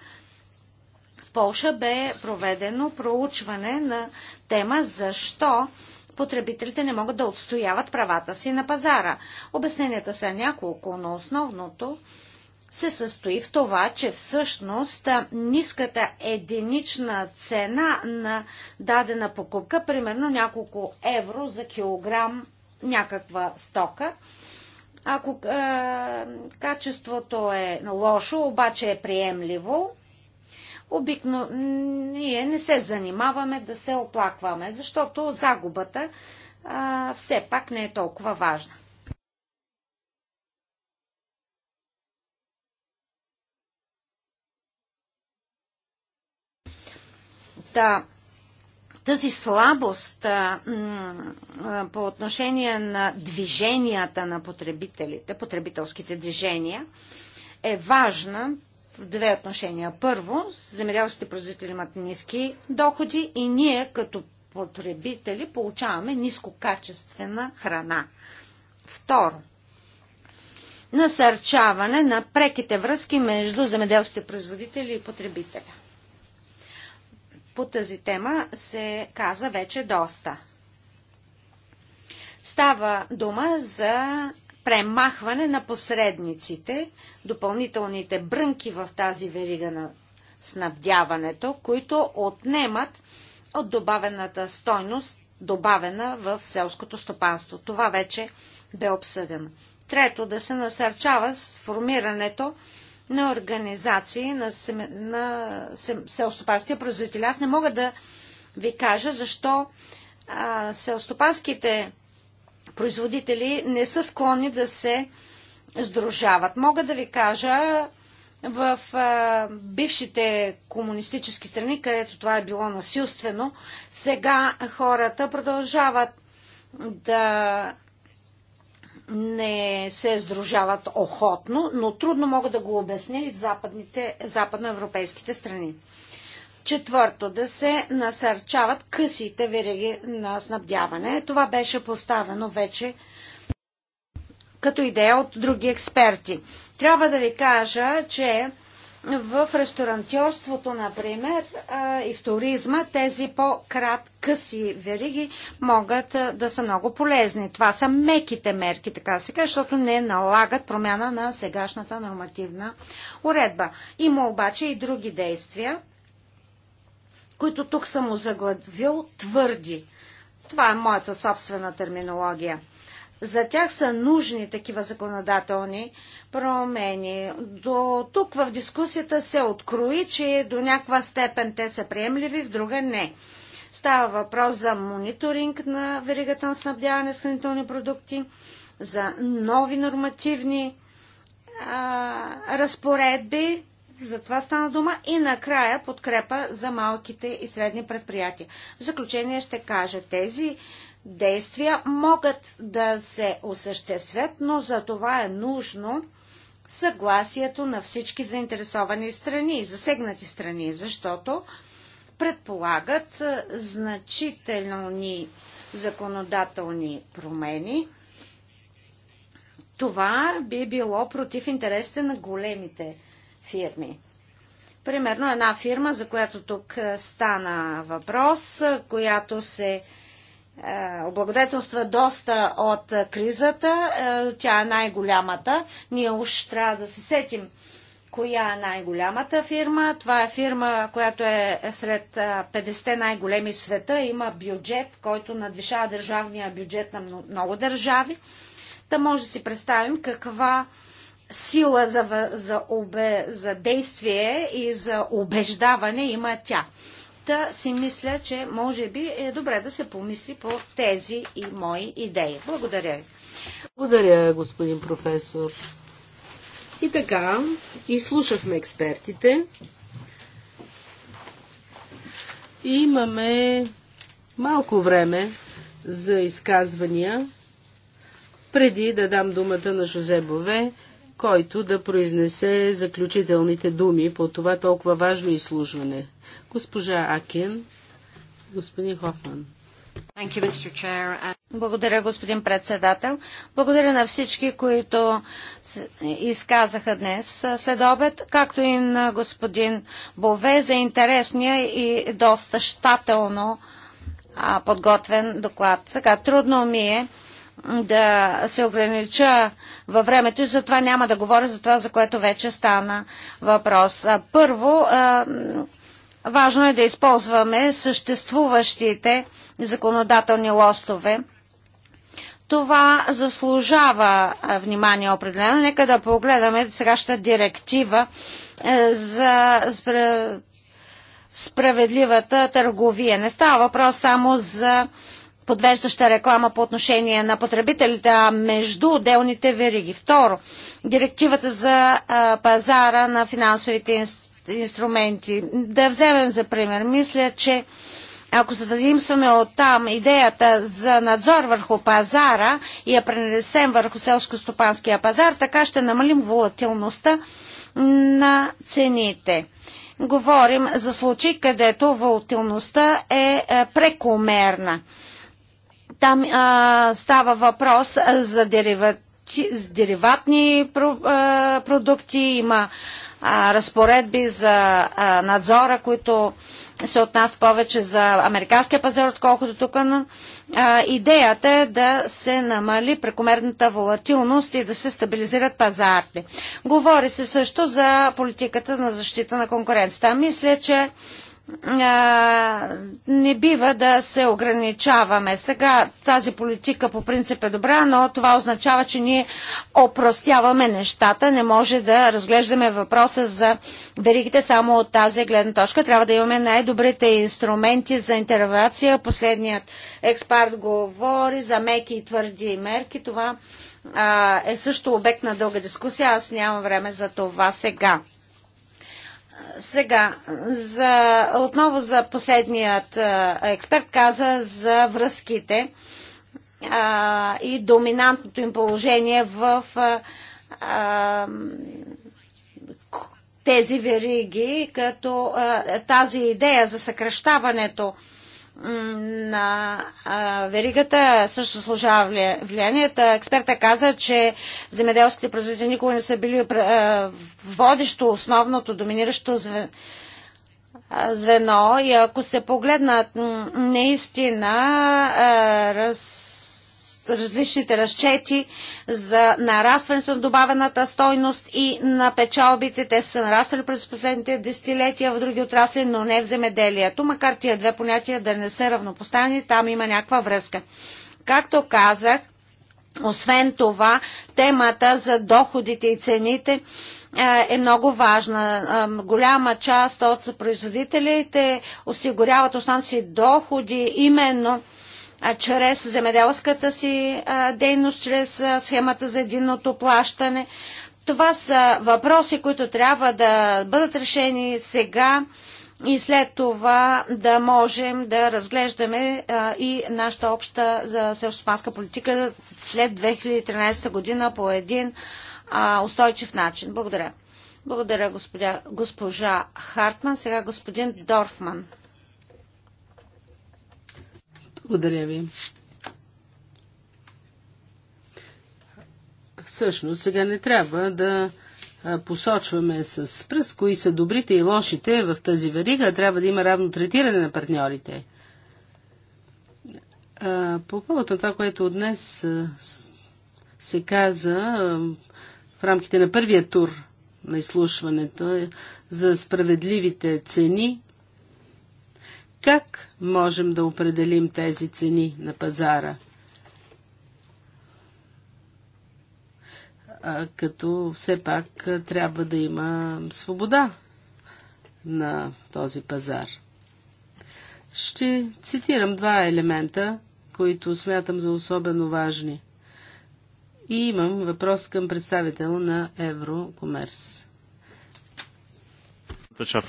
В Полша бе проведено проучване на тема защо потребителите не могат да отстояват правата си на пазара. Обясненията са няколко, но основното се състои в това, че всъщност ниската единична цена на дадена покупка, примерно няколко евро за килограм някаква стока, ако е, качеството е лошо, обаче е приемливо, обикно ние не се занимаваме да се оплакваме, защото загубата е, все пак не е толкова важна. тази слабост по отношение на движенията на потребителите, потребителските движения, е важна в две отношения. Първо, земеделските производители имат ниски доходи и ние като потребители получаваме нискокачествена храна. Второ, насърчаване на преките връзки между земеделските производители и потребителя по тази тема се каза вече доста. Става дума за премахване на посредниците, допълнителните брънки в тази верига на снабдяването, които отнемат от добавената стойност, добавена в селското стопанство. Това вече бе обсъдено. Трето, да се насърчава с формирането на организации на, сем... на сем... селстопанските производители. Аз не мога да ви кажа защо а, селстопанските производители не са склонни да се сдружават. Мога да ви кажа в а, бившите комунистически страни, където това е било насилствено, сега хората продължават да не се сдружават охотно, но трудно мога да го обясня и в западните, западноевропейските страни. Четвърто, да се насърчават късите вериги на снабдяване. Това беше поставено вече като идея от други експерти. Трябва да ви кажа, че в ресторантьорството, например, и в туризма, тези по-крат-къси вериги могат да са много полезни. Това са меките мерки, така се каже, защото не налагат промяна на сегашната нормативна уредба. Има обаче и други действия, които тук съм озаглавил твърди. Това е моята собствена терминология. За тях са нужни такива законодателни промени. До тук в дискусията се открои, че до някаква степен те са приемливи, в друга не. Става въпрос за мониторинг на веригата на снабдяване с хранителни продукти, за нови нормативни а, разпоредби, за това стана дума. И накрая подкрепа за малките и средни предприятия. В заключение ще кажа, тези действия могат да се осъществят, но за това е нужно съгласието на всички заинтересовани страни, засегнати страни, защото предполагат значителни законодателни промени. Това би било против интересите на големите фирми. Примерно една фирма, за която тук стана въпрос, която се е, облагодетелства доста от кризата. Е, тя е най-голямата. Ние уж трябва да се сетим коя е най-голямата фирма. Това е фирма, която е сред 50-те е, най-големи света. Има бюджет, който надвишава държавния бюджет на много държави. Та може да си представим каква сила за, за, за действие и за убеждаване има тя. Та си мисля, че може би е добре да се помисли по тези и мои идеи. Благодаря ви. Благодаря, господин професор. И така, изслушахме експертите. и Имаме малко време за изказвания, преди да дам думата на Жозе Бове, който да произнесе заключителните думи по това толкова важно изслужване. Госпожа Акин, господин Хофман. Благодаря, господин председател. Благодаря на всички, които изказаха днес след обед, както и на господин Бове за интересния и доста щателно подготвен доклад. Сега трудно ми е да се огранича във времето и затова няма да говоря за това, за което вече стана въпрос. Първо, Важно е да използваме съществуващите законодателни лостове. Това заслужава внимание определено. Нека да погледаме сегашната директива е, за справедливата търговия. Не става въпрос само за подвеждаща реклама по отношение на потребителите, а между отделните вериги. Второ, директивата за пазара на финансовите институции инструменти. Да вземем за пример. Мисля, че ако се задимстваме от там идеята за надзор върху пазара и я пренесем върху селско-стопанския пазар, така ще намалим волатилността на цените. Говорим за случаи, където волатилността е, е прекомерна. Там а, става въпрос за деривати, дериватни продукти, има разпоредби за надзора, които се отнасят повече за американския пазар, отколкото тук, но идеята е да се намали прекомерната волатилност и да се стабилизират пазарите. Говори се също за политиката на защита на конкуренцията. Мисля, че не бива да се ограничаваме. Сега тази политика по принцип е добра, но това означава, че ние опростяваме нещата. Не може да разглеждаме въпроса за веригите само от тази гледна точка. Трябва да имаме най-добрите инструменти за интервация. Последният експарт говори за меки и твърди мерки. Това а, е също обект на дълга дискусия. Аз нямам време за това сега. Сега, за, отново за последният експерт каза за връзките а, и доминантното им положение в а, а, тези вериги, като а, тази идея за съкръщаването на веригата също служава влиянието. Експерта каза, че земеделските производители никога не са били водещо, основното, доминиращо звено. И ако се погледнат наистина раз различните разчети за нарастването на добавената стойност и на печалбите. Те са нараствали през последните десетилетия в други отрасли, но не в земеделието. Макар тия две понятия да не са равнопоставени, там има някаква връзка. Както казах, освен това, темата за доходите и цените е много важна. Голяма част от производителите осигуряват основните доходи именно чрез земеделската си дейност, чрез схемата за единното плащане. Това са въпроси, които трябва да бъдат решени сега и след това да можем да разглеждаме а, и нашата обща за селскостопанска политика след 2013 година по един а, устойчив начин. Благодаря. Благодаря, госпожа Хартман. Сега господин Дорфман. Благодаря ви. Всъщност, сега не трябва да посочваме с пръст кои са добрите и лошите в тази верига. Трябва да има равно третиране на партньорите. По повод на това, което днес се каза в рамките на първия тур на изслушването е, за справедливите цени, как можем да определим тези цени на пазара? А, като все пак трябва да има свобода на този пазар. Ще цитирам два елемента, които смятам за особено важни. И имам въпрос към представител на Еврокомерс.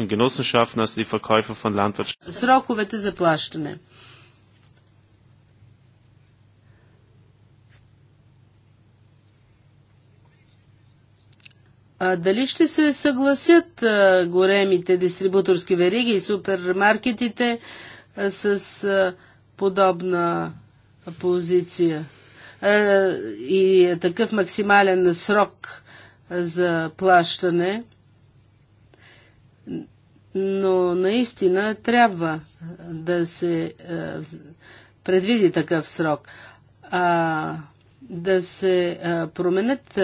Genossenschaften die Verkäufer von Сроковете за плащане. дали ще се съгласят горемите големите дистрибуторски вериги и супермаркетите с подобна позиция и такъв максимален срок за плащане? но наистина трябва да се предвиди такъв срок. А, да се променят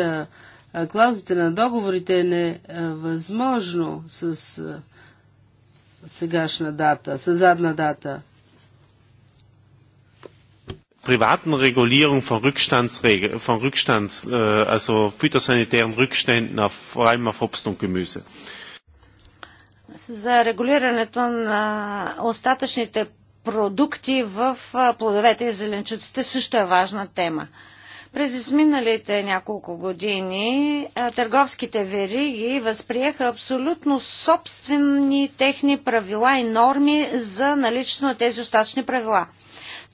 клаузите на договорите е невъзможно с сегашна дата, с задна дата. privaten Regulierung von, Rückstandsregel, von Rückstands, äh, also phytosanitären Rückständen auf vor allem auf Obst und Gemüse. Äh, за регулирането на остатъчните продукти в плодовете и зеленчуците също е важна тема. През изминалите няколко години търговските вериги възприеха абсолютно собствени техни правила и норми за налично на тези остатъчни правила.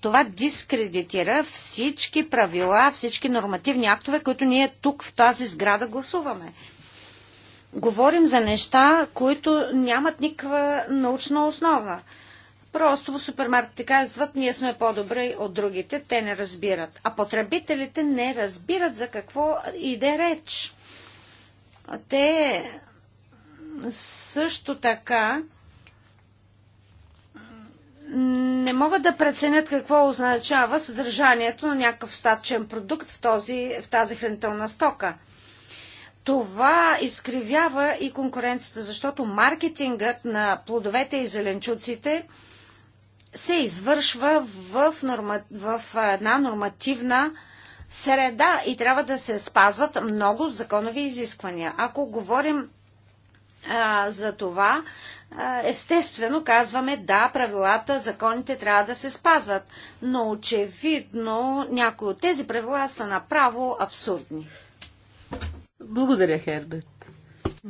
Това дискредитира всички правила, всички нормативни актове, които ние тук в тази сграда гласуваме говорим за неща, които нямат никаква научна основа. Просто в супермаркетите казват, ние сме по-добри от другите, те не разбират. А потребителите не разбират за какво иде реч. Те също така не могат да преценят какво означава съдържанието на някакъв статчен продукт в, този, в тази хранителна стока – това изкривява и конкуренцията, защото маркетингът на плодовете и зеленчуците се извършва в, норма, в една нормативна среда и трябва да се спазват много законови изисквания. Ако говорим а, за това, а, естествено казваме да, правилата, законите трябва да се спазват, но очевидно някои от тези правила са направо абсурдни. Благодаря, Херберт.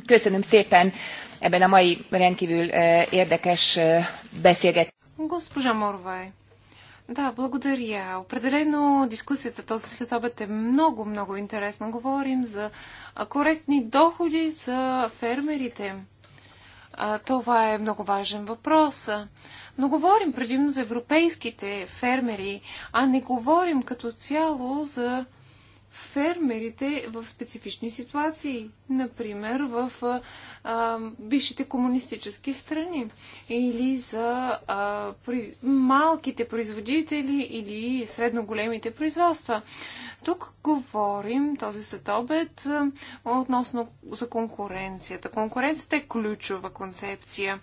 Köszönöm szépen ebben a mai rendkívül eh, érdekes eh, beszélget. Госпожа Морвай. Да, благодаря. Определено дискусията този следобед е много, много интересна. Говорим за коректни доходи за фермерите. Това е много важен въпрос. Но говорим предимно за европейските фермери, а не говорим като цяло за фермерите в специфични ситуации, например в а, бившите комунистически страни или за а, при, малките производители или средно-големите производства. Тук говорим този следобед относно за конкуренцията. Конкуренцията е ключова концепция,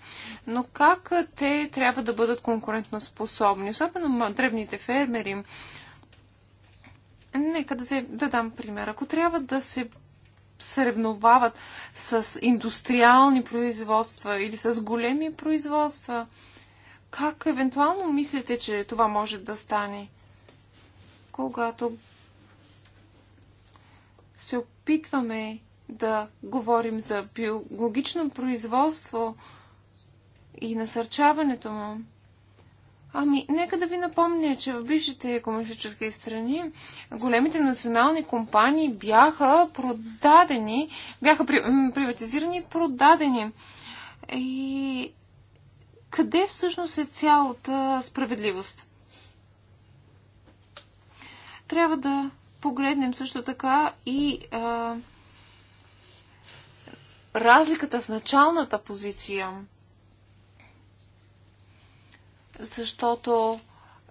но как те трябва да бъдат конкурентно способни, особено древните фермери, Нека да, се, да дам пример. Ако трябва да се съревновават с индустриални производства или с големи производства, как евентуално мислите, че това може да стане? Когато се опитваме да говорим за биологично производство и насърчаването му, Ами, нека да ви напомня, че в бившите комунистически страни големите национални компании бяха продадени, бяха при, приватизирани и продадени. И къде всъщност е цялата справедливост? Трябва да погледнем също така и а, разликата в началната позиция – защото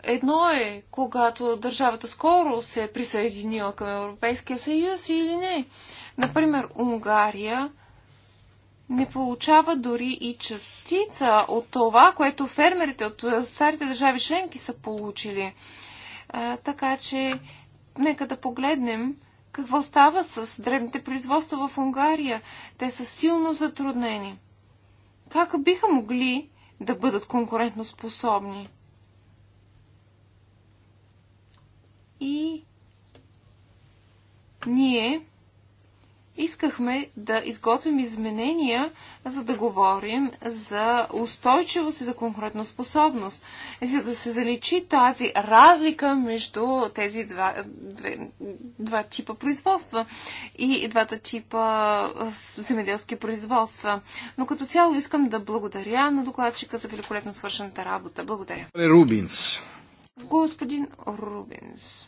едно е, когато държавата скоро се е присъединила към Европейския съюз или не. Например, Унгария не получава дори и частица от това, което фермерите от старите държави членки са получили. А, така че, нека да погледнем какво става с древните производства в Унгария. Те са силно затруднени. Как биха могли да бъдат конкурентоспособни. И ние искахме да изготвим изменения, за да говорим за устойчивост и за конкурентоспособност, за да се заличи тази разлика между тези два, две, два типа производства и двата типа земеделски производства. Но като цяло искам да благодаря на докладчика за великолепно свършената работа. Благодаря. Рубинс. Господин Рубинс.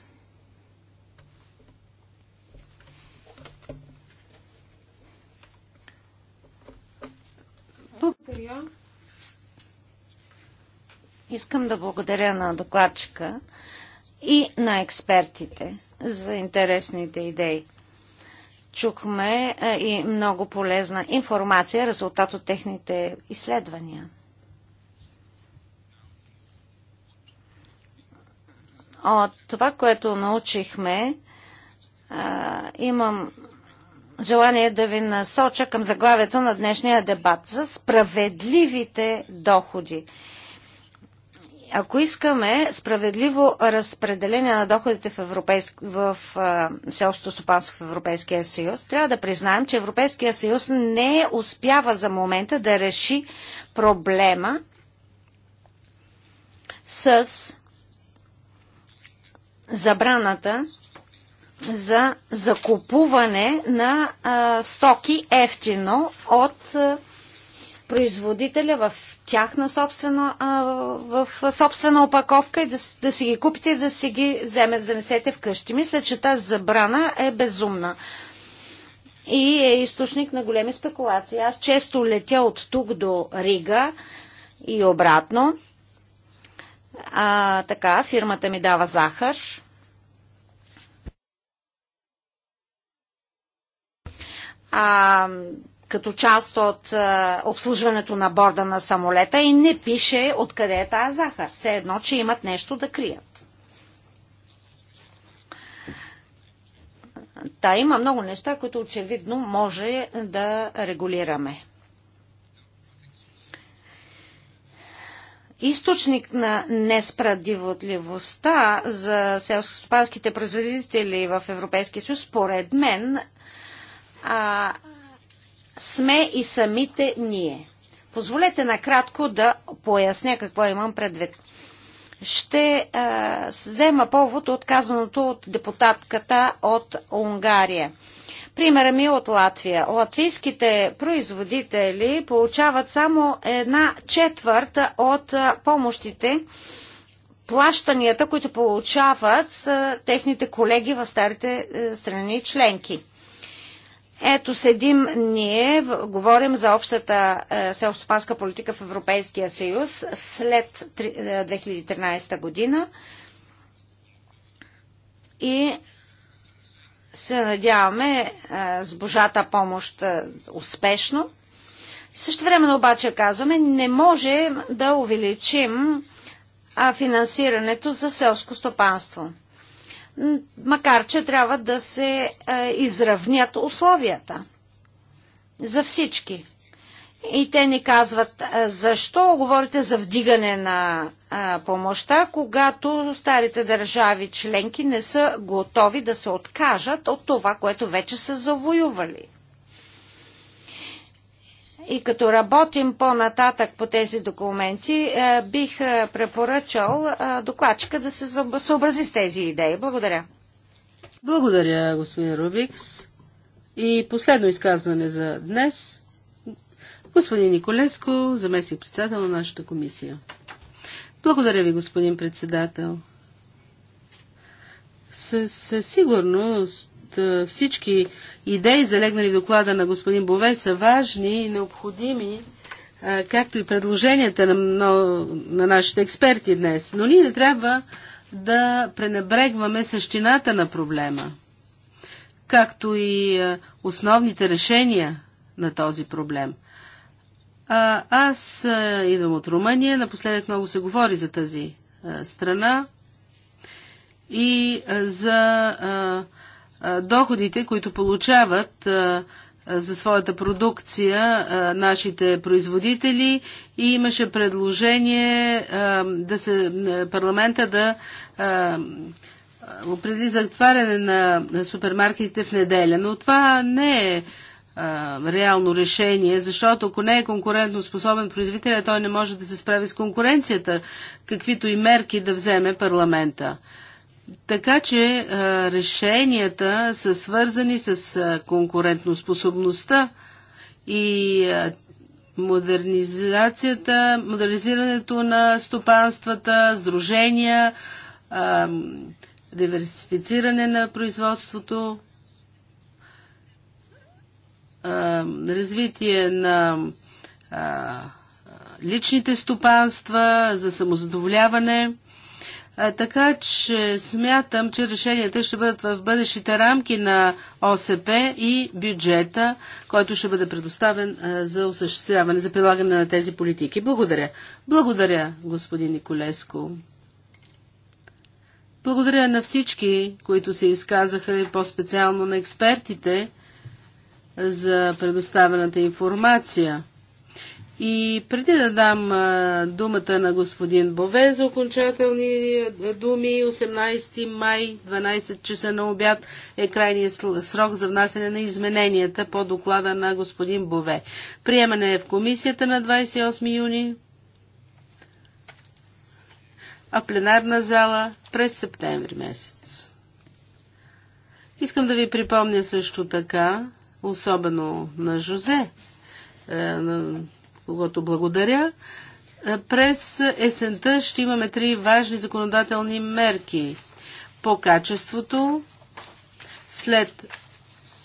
Благодаря. Искам да благодаря на докладчика и на експертите за интересните идеи. Чухме е, и много полезна информация, резултат от техните изследвания. От това, което научихме, имам желание да ви насоча към заглавието на днешния дебат за справедливите доходи. Ако искаме справедливо разпределение на доходите в, европейск... в а, селското стопанство в Европейския съюз, трябва да признаем, че Европейския съюз не успява за момента да реши проблема с забраната за закупуване на а, стоки ефтино от а, производителя в тяхна собствена, а, в собствена опаковка и да, да си ги купите и да си ги вземете, занесете вкъщи. Мисля, че тази забрана е безумна и е източник на големи спекулации. Аз често летя от тук до Рига и обратно. А, така, фирмата ми дава захар, а, като част от а, обслужването на борда на самолета и не пише откъде е тази захар. Все едно, че имат нещо да крият. Та има много неща, които очевидно може да регулираме. Източник на несправедливостта за селскостопанските производители в Европейския съюз, според мен, а, сме и самите ние. Позволете накратко да поясня какво имам предвид. Ще а, взема повод от казаното от депутатката от Унгария. Примера ми е от Латвия. Латвийските производители получават само една четвърта от помощите, плащанията, които получават техните колеги в старите страни членки. Ето седим ние, говорим за общата е, селстопанска политика в Европейския съюз след 2013 е, година и се надяваме е, с божата помощ успешно. Също време обаче казваме, не може да увеличим финансирането за селско стопанство макар че трябва да се е, изравнят условията за всички. И те ни казват, е, защо говорите за вдигане на е, помощта, когато старите държави членки не са готови да се откажат от това, което вече са завоювали. И като работим по-нататък по тези документи, е, бих е, препоръчал е, докладчика да се съобрази с тези идеи. Благодаря. Благодаря, господин Рубикс. И последно изказване за днес. Господин Николеско, заместник председател на нашата комисия. Благодаря ви, господин председател. Със сигурност е, всички идеи, залегнали в доклада на господин Бове, са важни и необходими, е, както и предложенията на, на, на нашите експерти днес. Но ние не трябва да пренебрегваме същината на проблема, както и е, основните решения на този проблем. А, аз идвам от Румъния, напоследък много се говори за тази страна и за доходите, които получават за своята продукция нашите производители и имаше предложение да се, парламента да определи за отваряне на супермаркетите в неделя. Но това не е реално решение, защото ако не е конкурентно способен производителя, той не може да се справи с конкуренцията, каквито и мерки да вземе парламента. Така че е, решенията са свързани с е, конкурентноспособността и е, модернизацията, модернизирането на стопанствата, сдружения, диверсифициране на производството, развитие на личните стопанства за самозадоволяване – така че смятам, че решенията ще бъдат в бъдещите рамки на ОСП и бюджета, който ще бъде предоставен за осъществяване, за прилагане на тези политики. Благодаря. Благодаря, господин Николеско. Благодаря на всички, които се изказаха и по-специално на експертите за предоставената информация. И преди да дам а, думата на господин Бове за окончателни думи, 18 май, 12 часа на обяд е крайният срок за внасяне на измененията по доклада на господин Бове. Приемане е в комисията на 28 юни, а пленарна зала през септември месец. Искам да ви припомня също така, особено на Жозе, е, на когато благодаря. Е, през есента ще имаме три важни законодателни мерки по качеството, след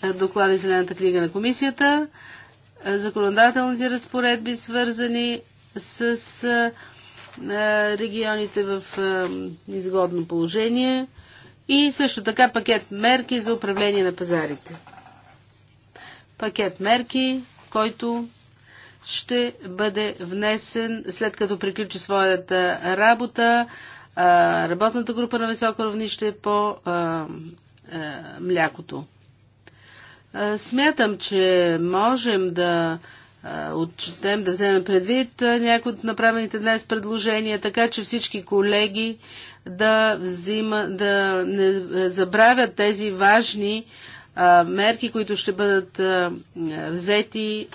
е, доклада и Зелената книга на комисията, е, законодателните разпоредби, свързани с регионите в изгодно положение и също така пакет мерки за управление на пазарите. Пакет мерки, който ще бъде внесен след като приключи своята работа работната група на високо равнище по млякото. Смятам, че можем да отчетем, да вземем предвид някои от направените днес предложения, така че всички колеги да, взима, да не забравят тези важни мерки, които ще бъдат взети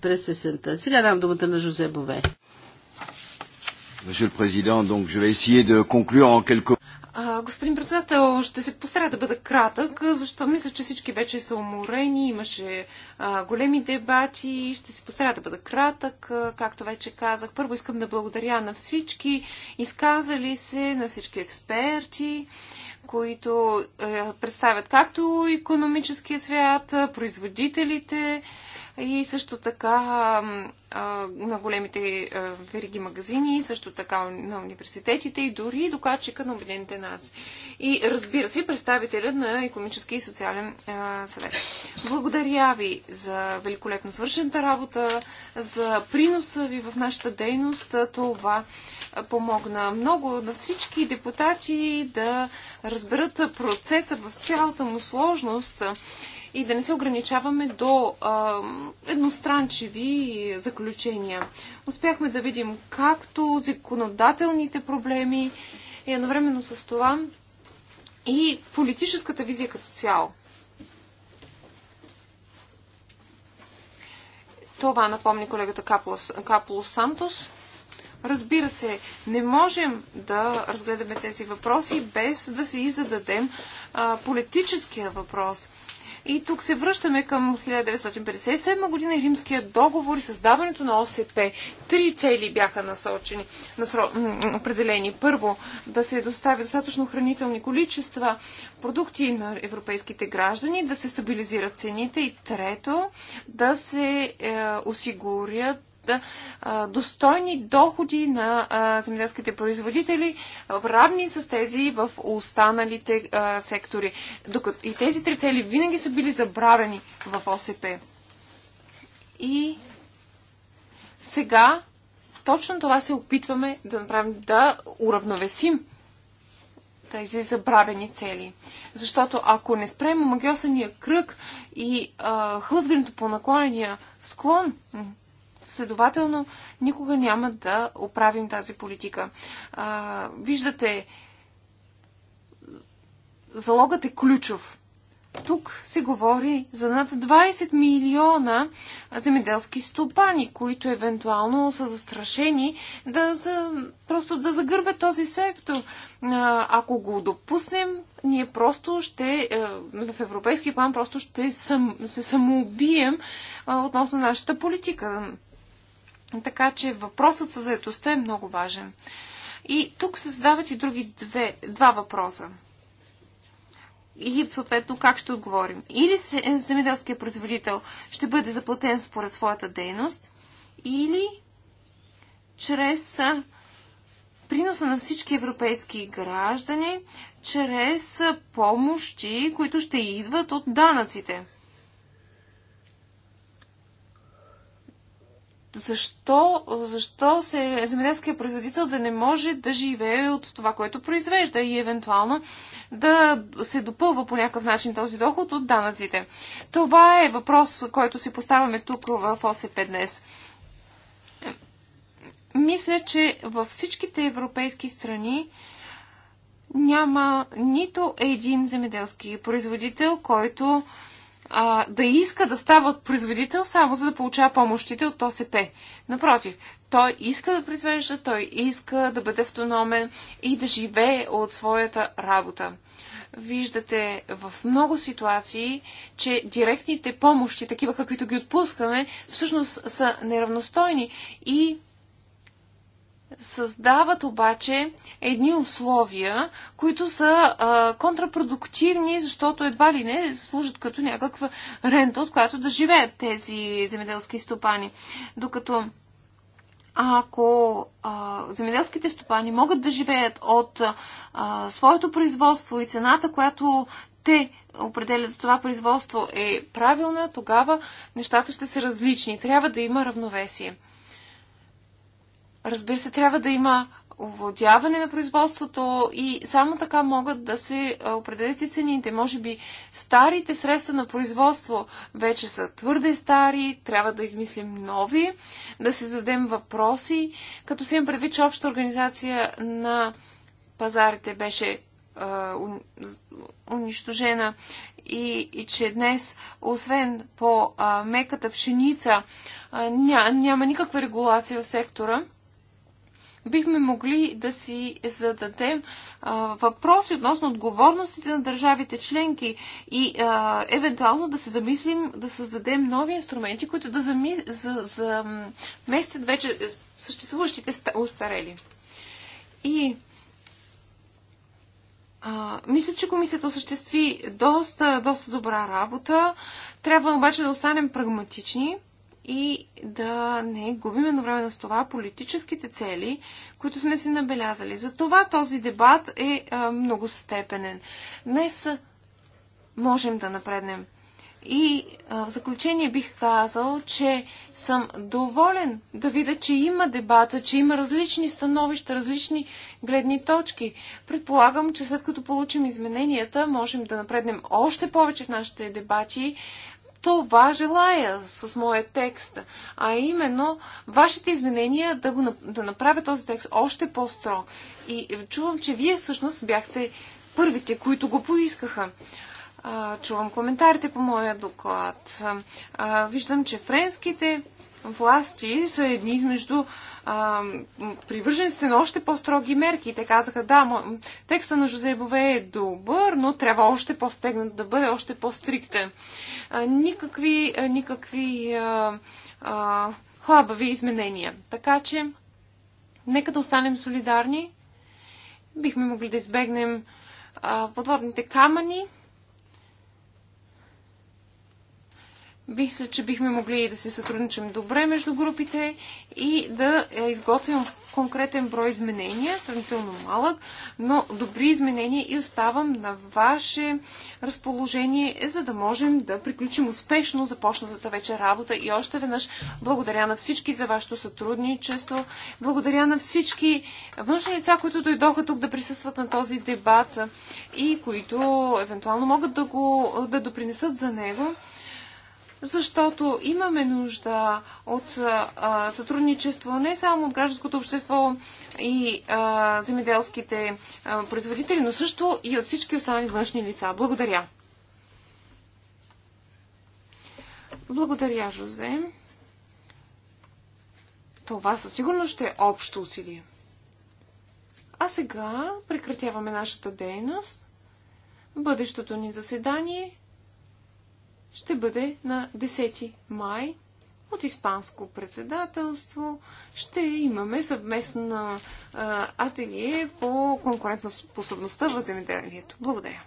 през сесента. Сега дам думата на Жозе Бове. Господин председател, ще се постарая да бъда кратък, защото мисля, че всички вече са уморени, имаше а, големи дебати, ще се постарая да бъда кратък, а, както вече казах. Първо искам да благодаря на всички изказали се, на всички експерти които е, представят както економическия свят, производителите и също така е, на големите е, вериги магазини, също така на университетите и дори докладчика на Обединените нации. И разбира се, представителя на економически и социален е, съвет. Благодаря ви за великолепно свършената работа, за приноса ви в нашата дейност. Това помогна много на всички депутати да разберат процеса в цялата му сложност и да не се ограничаваме до а, едностранчиви заключения. Успяхме да видим както законодателните проблеми и едновременно с това и политическата визия като цяло. Това напомни колегата Каплос, Каплос Сантос – Разбира се, не можем да разгледаме тези въпроси без да се зададем а, политическия въпрос. И тук се връщаме към 1957 година и римския договор и създаването на ОСП. Три цели бяха насочени, насро... определени. Първо, да се достави достатъчно хранителни количества продукти на европейските граждани, да се стабилизират цените и трето, да се е, осигурят достойни доходи на земеделските производители, равни с тези в останалите сектори. Докато и тези три цели винаги са били забравени в ОСП. И сега точно това се опитваме да направим, да уравновесим тези забравени цели. Защото ако не спрем магиосания кръг и а, хлъзгането по наклонения склон, Следователно, никога няма да оправим тази политика. А, виждате, залогът е ключов. Тук се говори за над 20 милиона земеделски стопани, които евентуално са застрашени да за, просто да загърбят този сектор. Ако го допуснем, ние просто ще, е, в европейски план просто ще съм, се самоубием относно нашата политика. Така че въпросът със заедостта е много важен. И тук се задават и други две, два въпроса. И съответно как ще отговорим. Или земеделският производител ще бъде заплатен според своята дейност, или чрез приноса на всички европейски граждани, чрез помощи, които ще идват от данъците. защо, защо се, земеделският производител да не може да живее от това, което произвежда и евентуално да се допълва по някакъв начин този доход от данъците. Това е въпрос, който си поставяме тук в ОСП днес. Мисля, че във всичките европейски страни няма нито един земеделски производител, който а, да иска да става производител само за да получава помощите от ОСП. Напротив, той иска да произвежда, той иска да бъде автономен и да живее от своята работа. Виждате в много ситуации, че директните помощи, такива каквито ги отпускаме, всъщност са неравностойни и създават обаче едни условия, които са а, контрапродуктивни, защото едва ли не служат като някаква рента, от която да живеят тези земеделски стопани. Докато ако а, земеделските стопани могат да живеят от а, своето производство и цената, която те определят за това производство е правилна, тогава нещата ще са различни. Трябва да има равновесие. Разбира се, трябва да има овладяване на производството и само така могат да се определят и цените. Може би старите средства на производство вече са твърде стари, трябва да измислим нови, да се зададем въпроси, като си им предвид, че общата организация на пазарите беше унищожена и, и че днес, освен по а, меката пшеница, а, ня, няма никаква регулация в сектора бихме могли да си зададем въпроси относно отговорностите на държавите членки и а, евентуално да се замислим да създадем нови инструменти, които да заместят за, за, местят вече съществуващите устарели. И а, мисля, че комисията осъществи доста, доста добра работа. Трябва обаче да останем прагматични и да не губим едновременно с това политическите цели, които сме си набелязали. Затова този дебат е многостепенен. Днес можем да напреднем. И а, в заключение бих казал, че съм доволен да видя, че има дебата, че има различни становища, различни гледни точки. Предполагам, че след като получим измененията, можем да напреднем още повече в нашите дебати, това желая с моя текст, а именно вашите изменения да, го, да направя този текст още по-строг. И чувам, че вие всъщност бяхте първите, които го поискаха. А, чувам коментарите по моя доклад. А, виждам, че френските власти са едни между а, привържени сте на още по-строги мерки. те казаха, да, текста на Жозе Бове е добър, но трябва още по-стегнат, да бъде още по-стриктен. никакви, никакви а, а, хлабави изменения. Така че, нека да останем солидарни. Бихме могли да избегнем а, подводните камъни Мисля, че бихме могли да се сътрудничим добре между групите и да изготвим конкретен брой изменения, сравнително малък, но добри изменения и оставам на ваше разположение, за да можем да приключим успешно започнатата вече работа. И още веднъж благодаря на всички за вашето сътрудничество. Благодаря на всички външни лица, които дойдоха тук да присъстват на този дебат и които евентуално могат да, го, да допринесат за него защото имаме нужда от а, сътрудничество не само от гражданското общество и а, земеделските а, производители, но също и от всички останали външни лица. Благодаря. Благодаря, Жозе. Това със сигурност ще е общо усилие. А сега прекратяваме нашата дейност. Бъдещото ни заседание ще бъде на 10 май от Испанско председателство. Ще имаме съвместна ателие по конкурентоспособността в земеделието. Благодаря.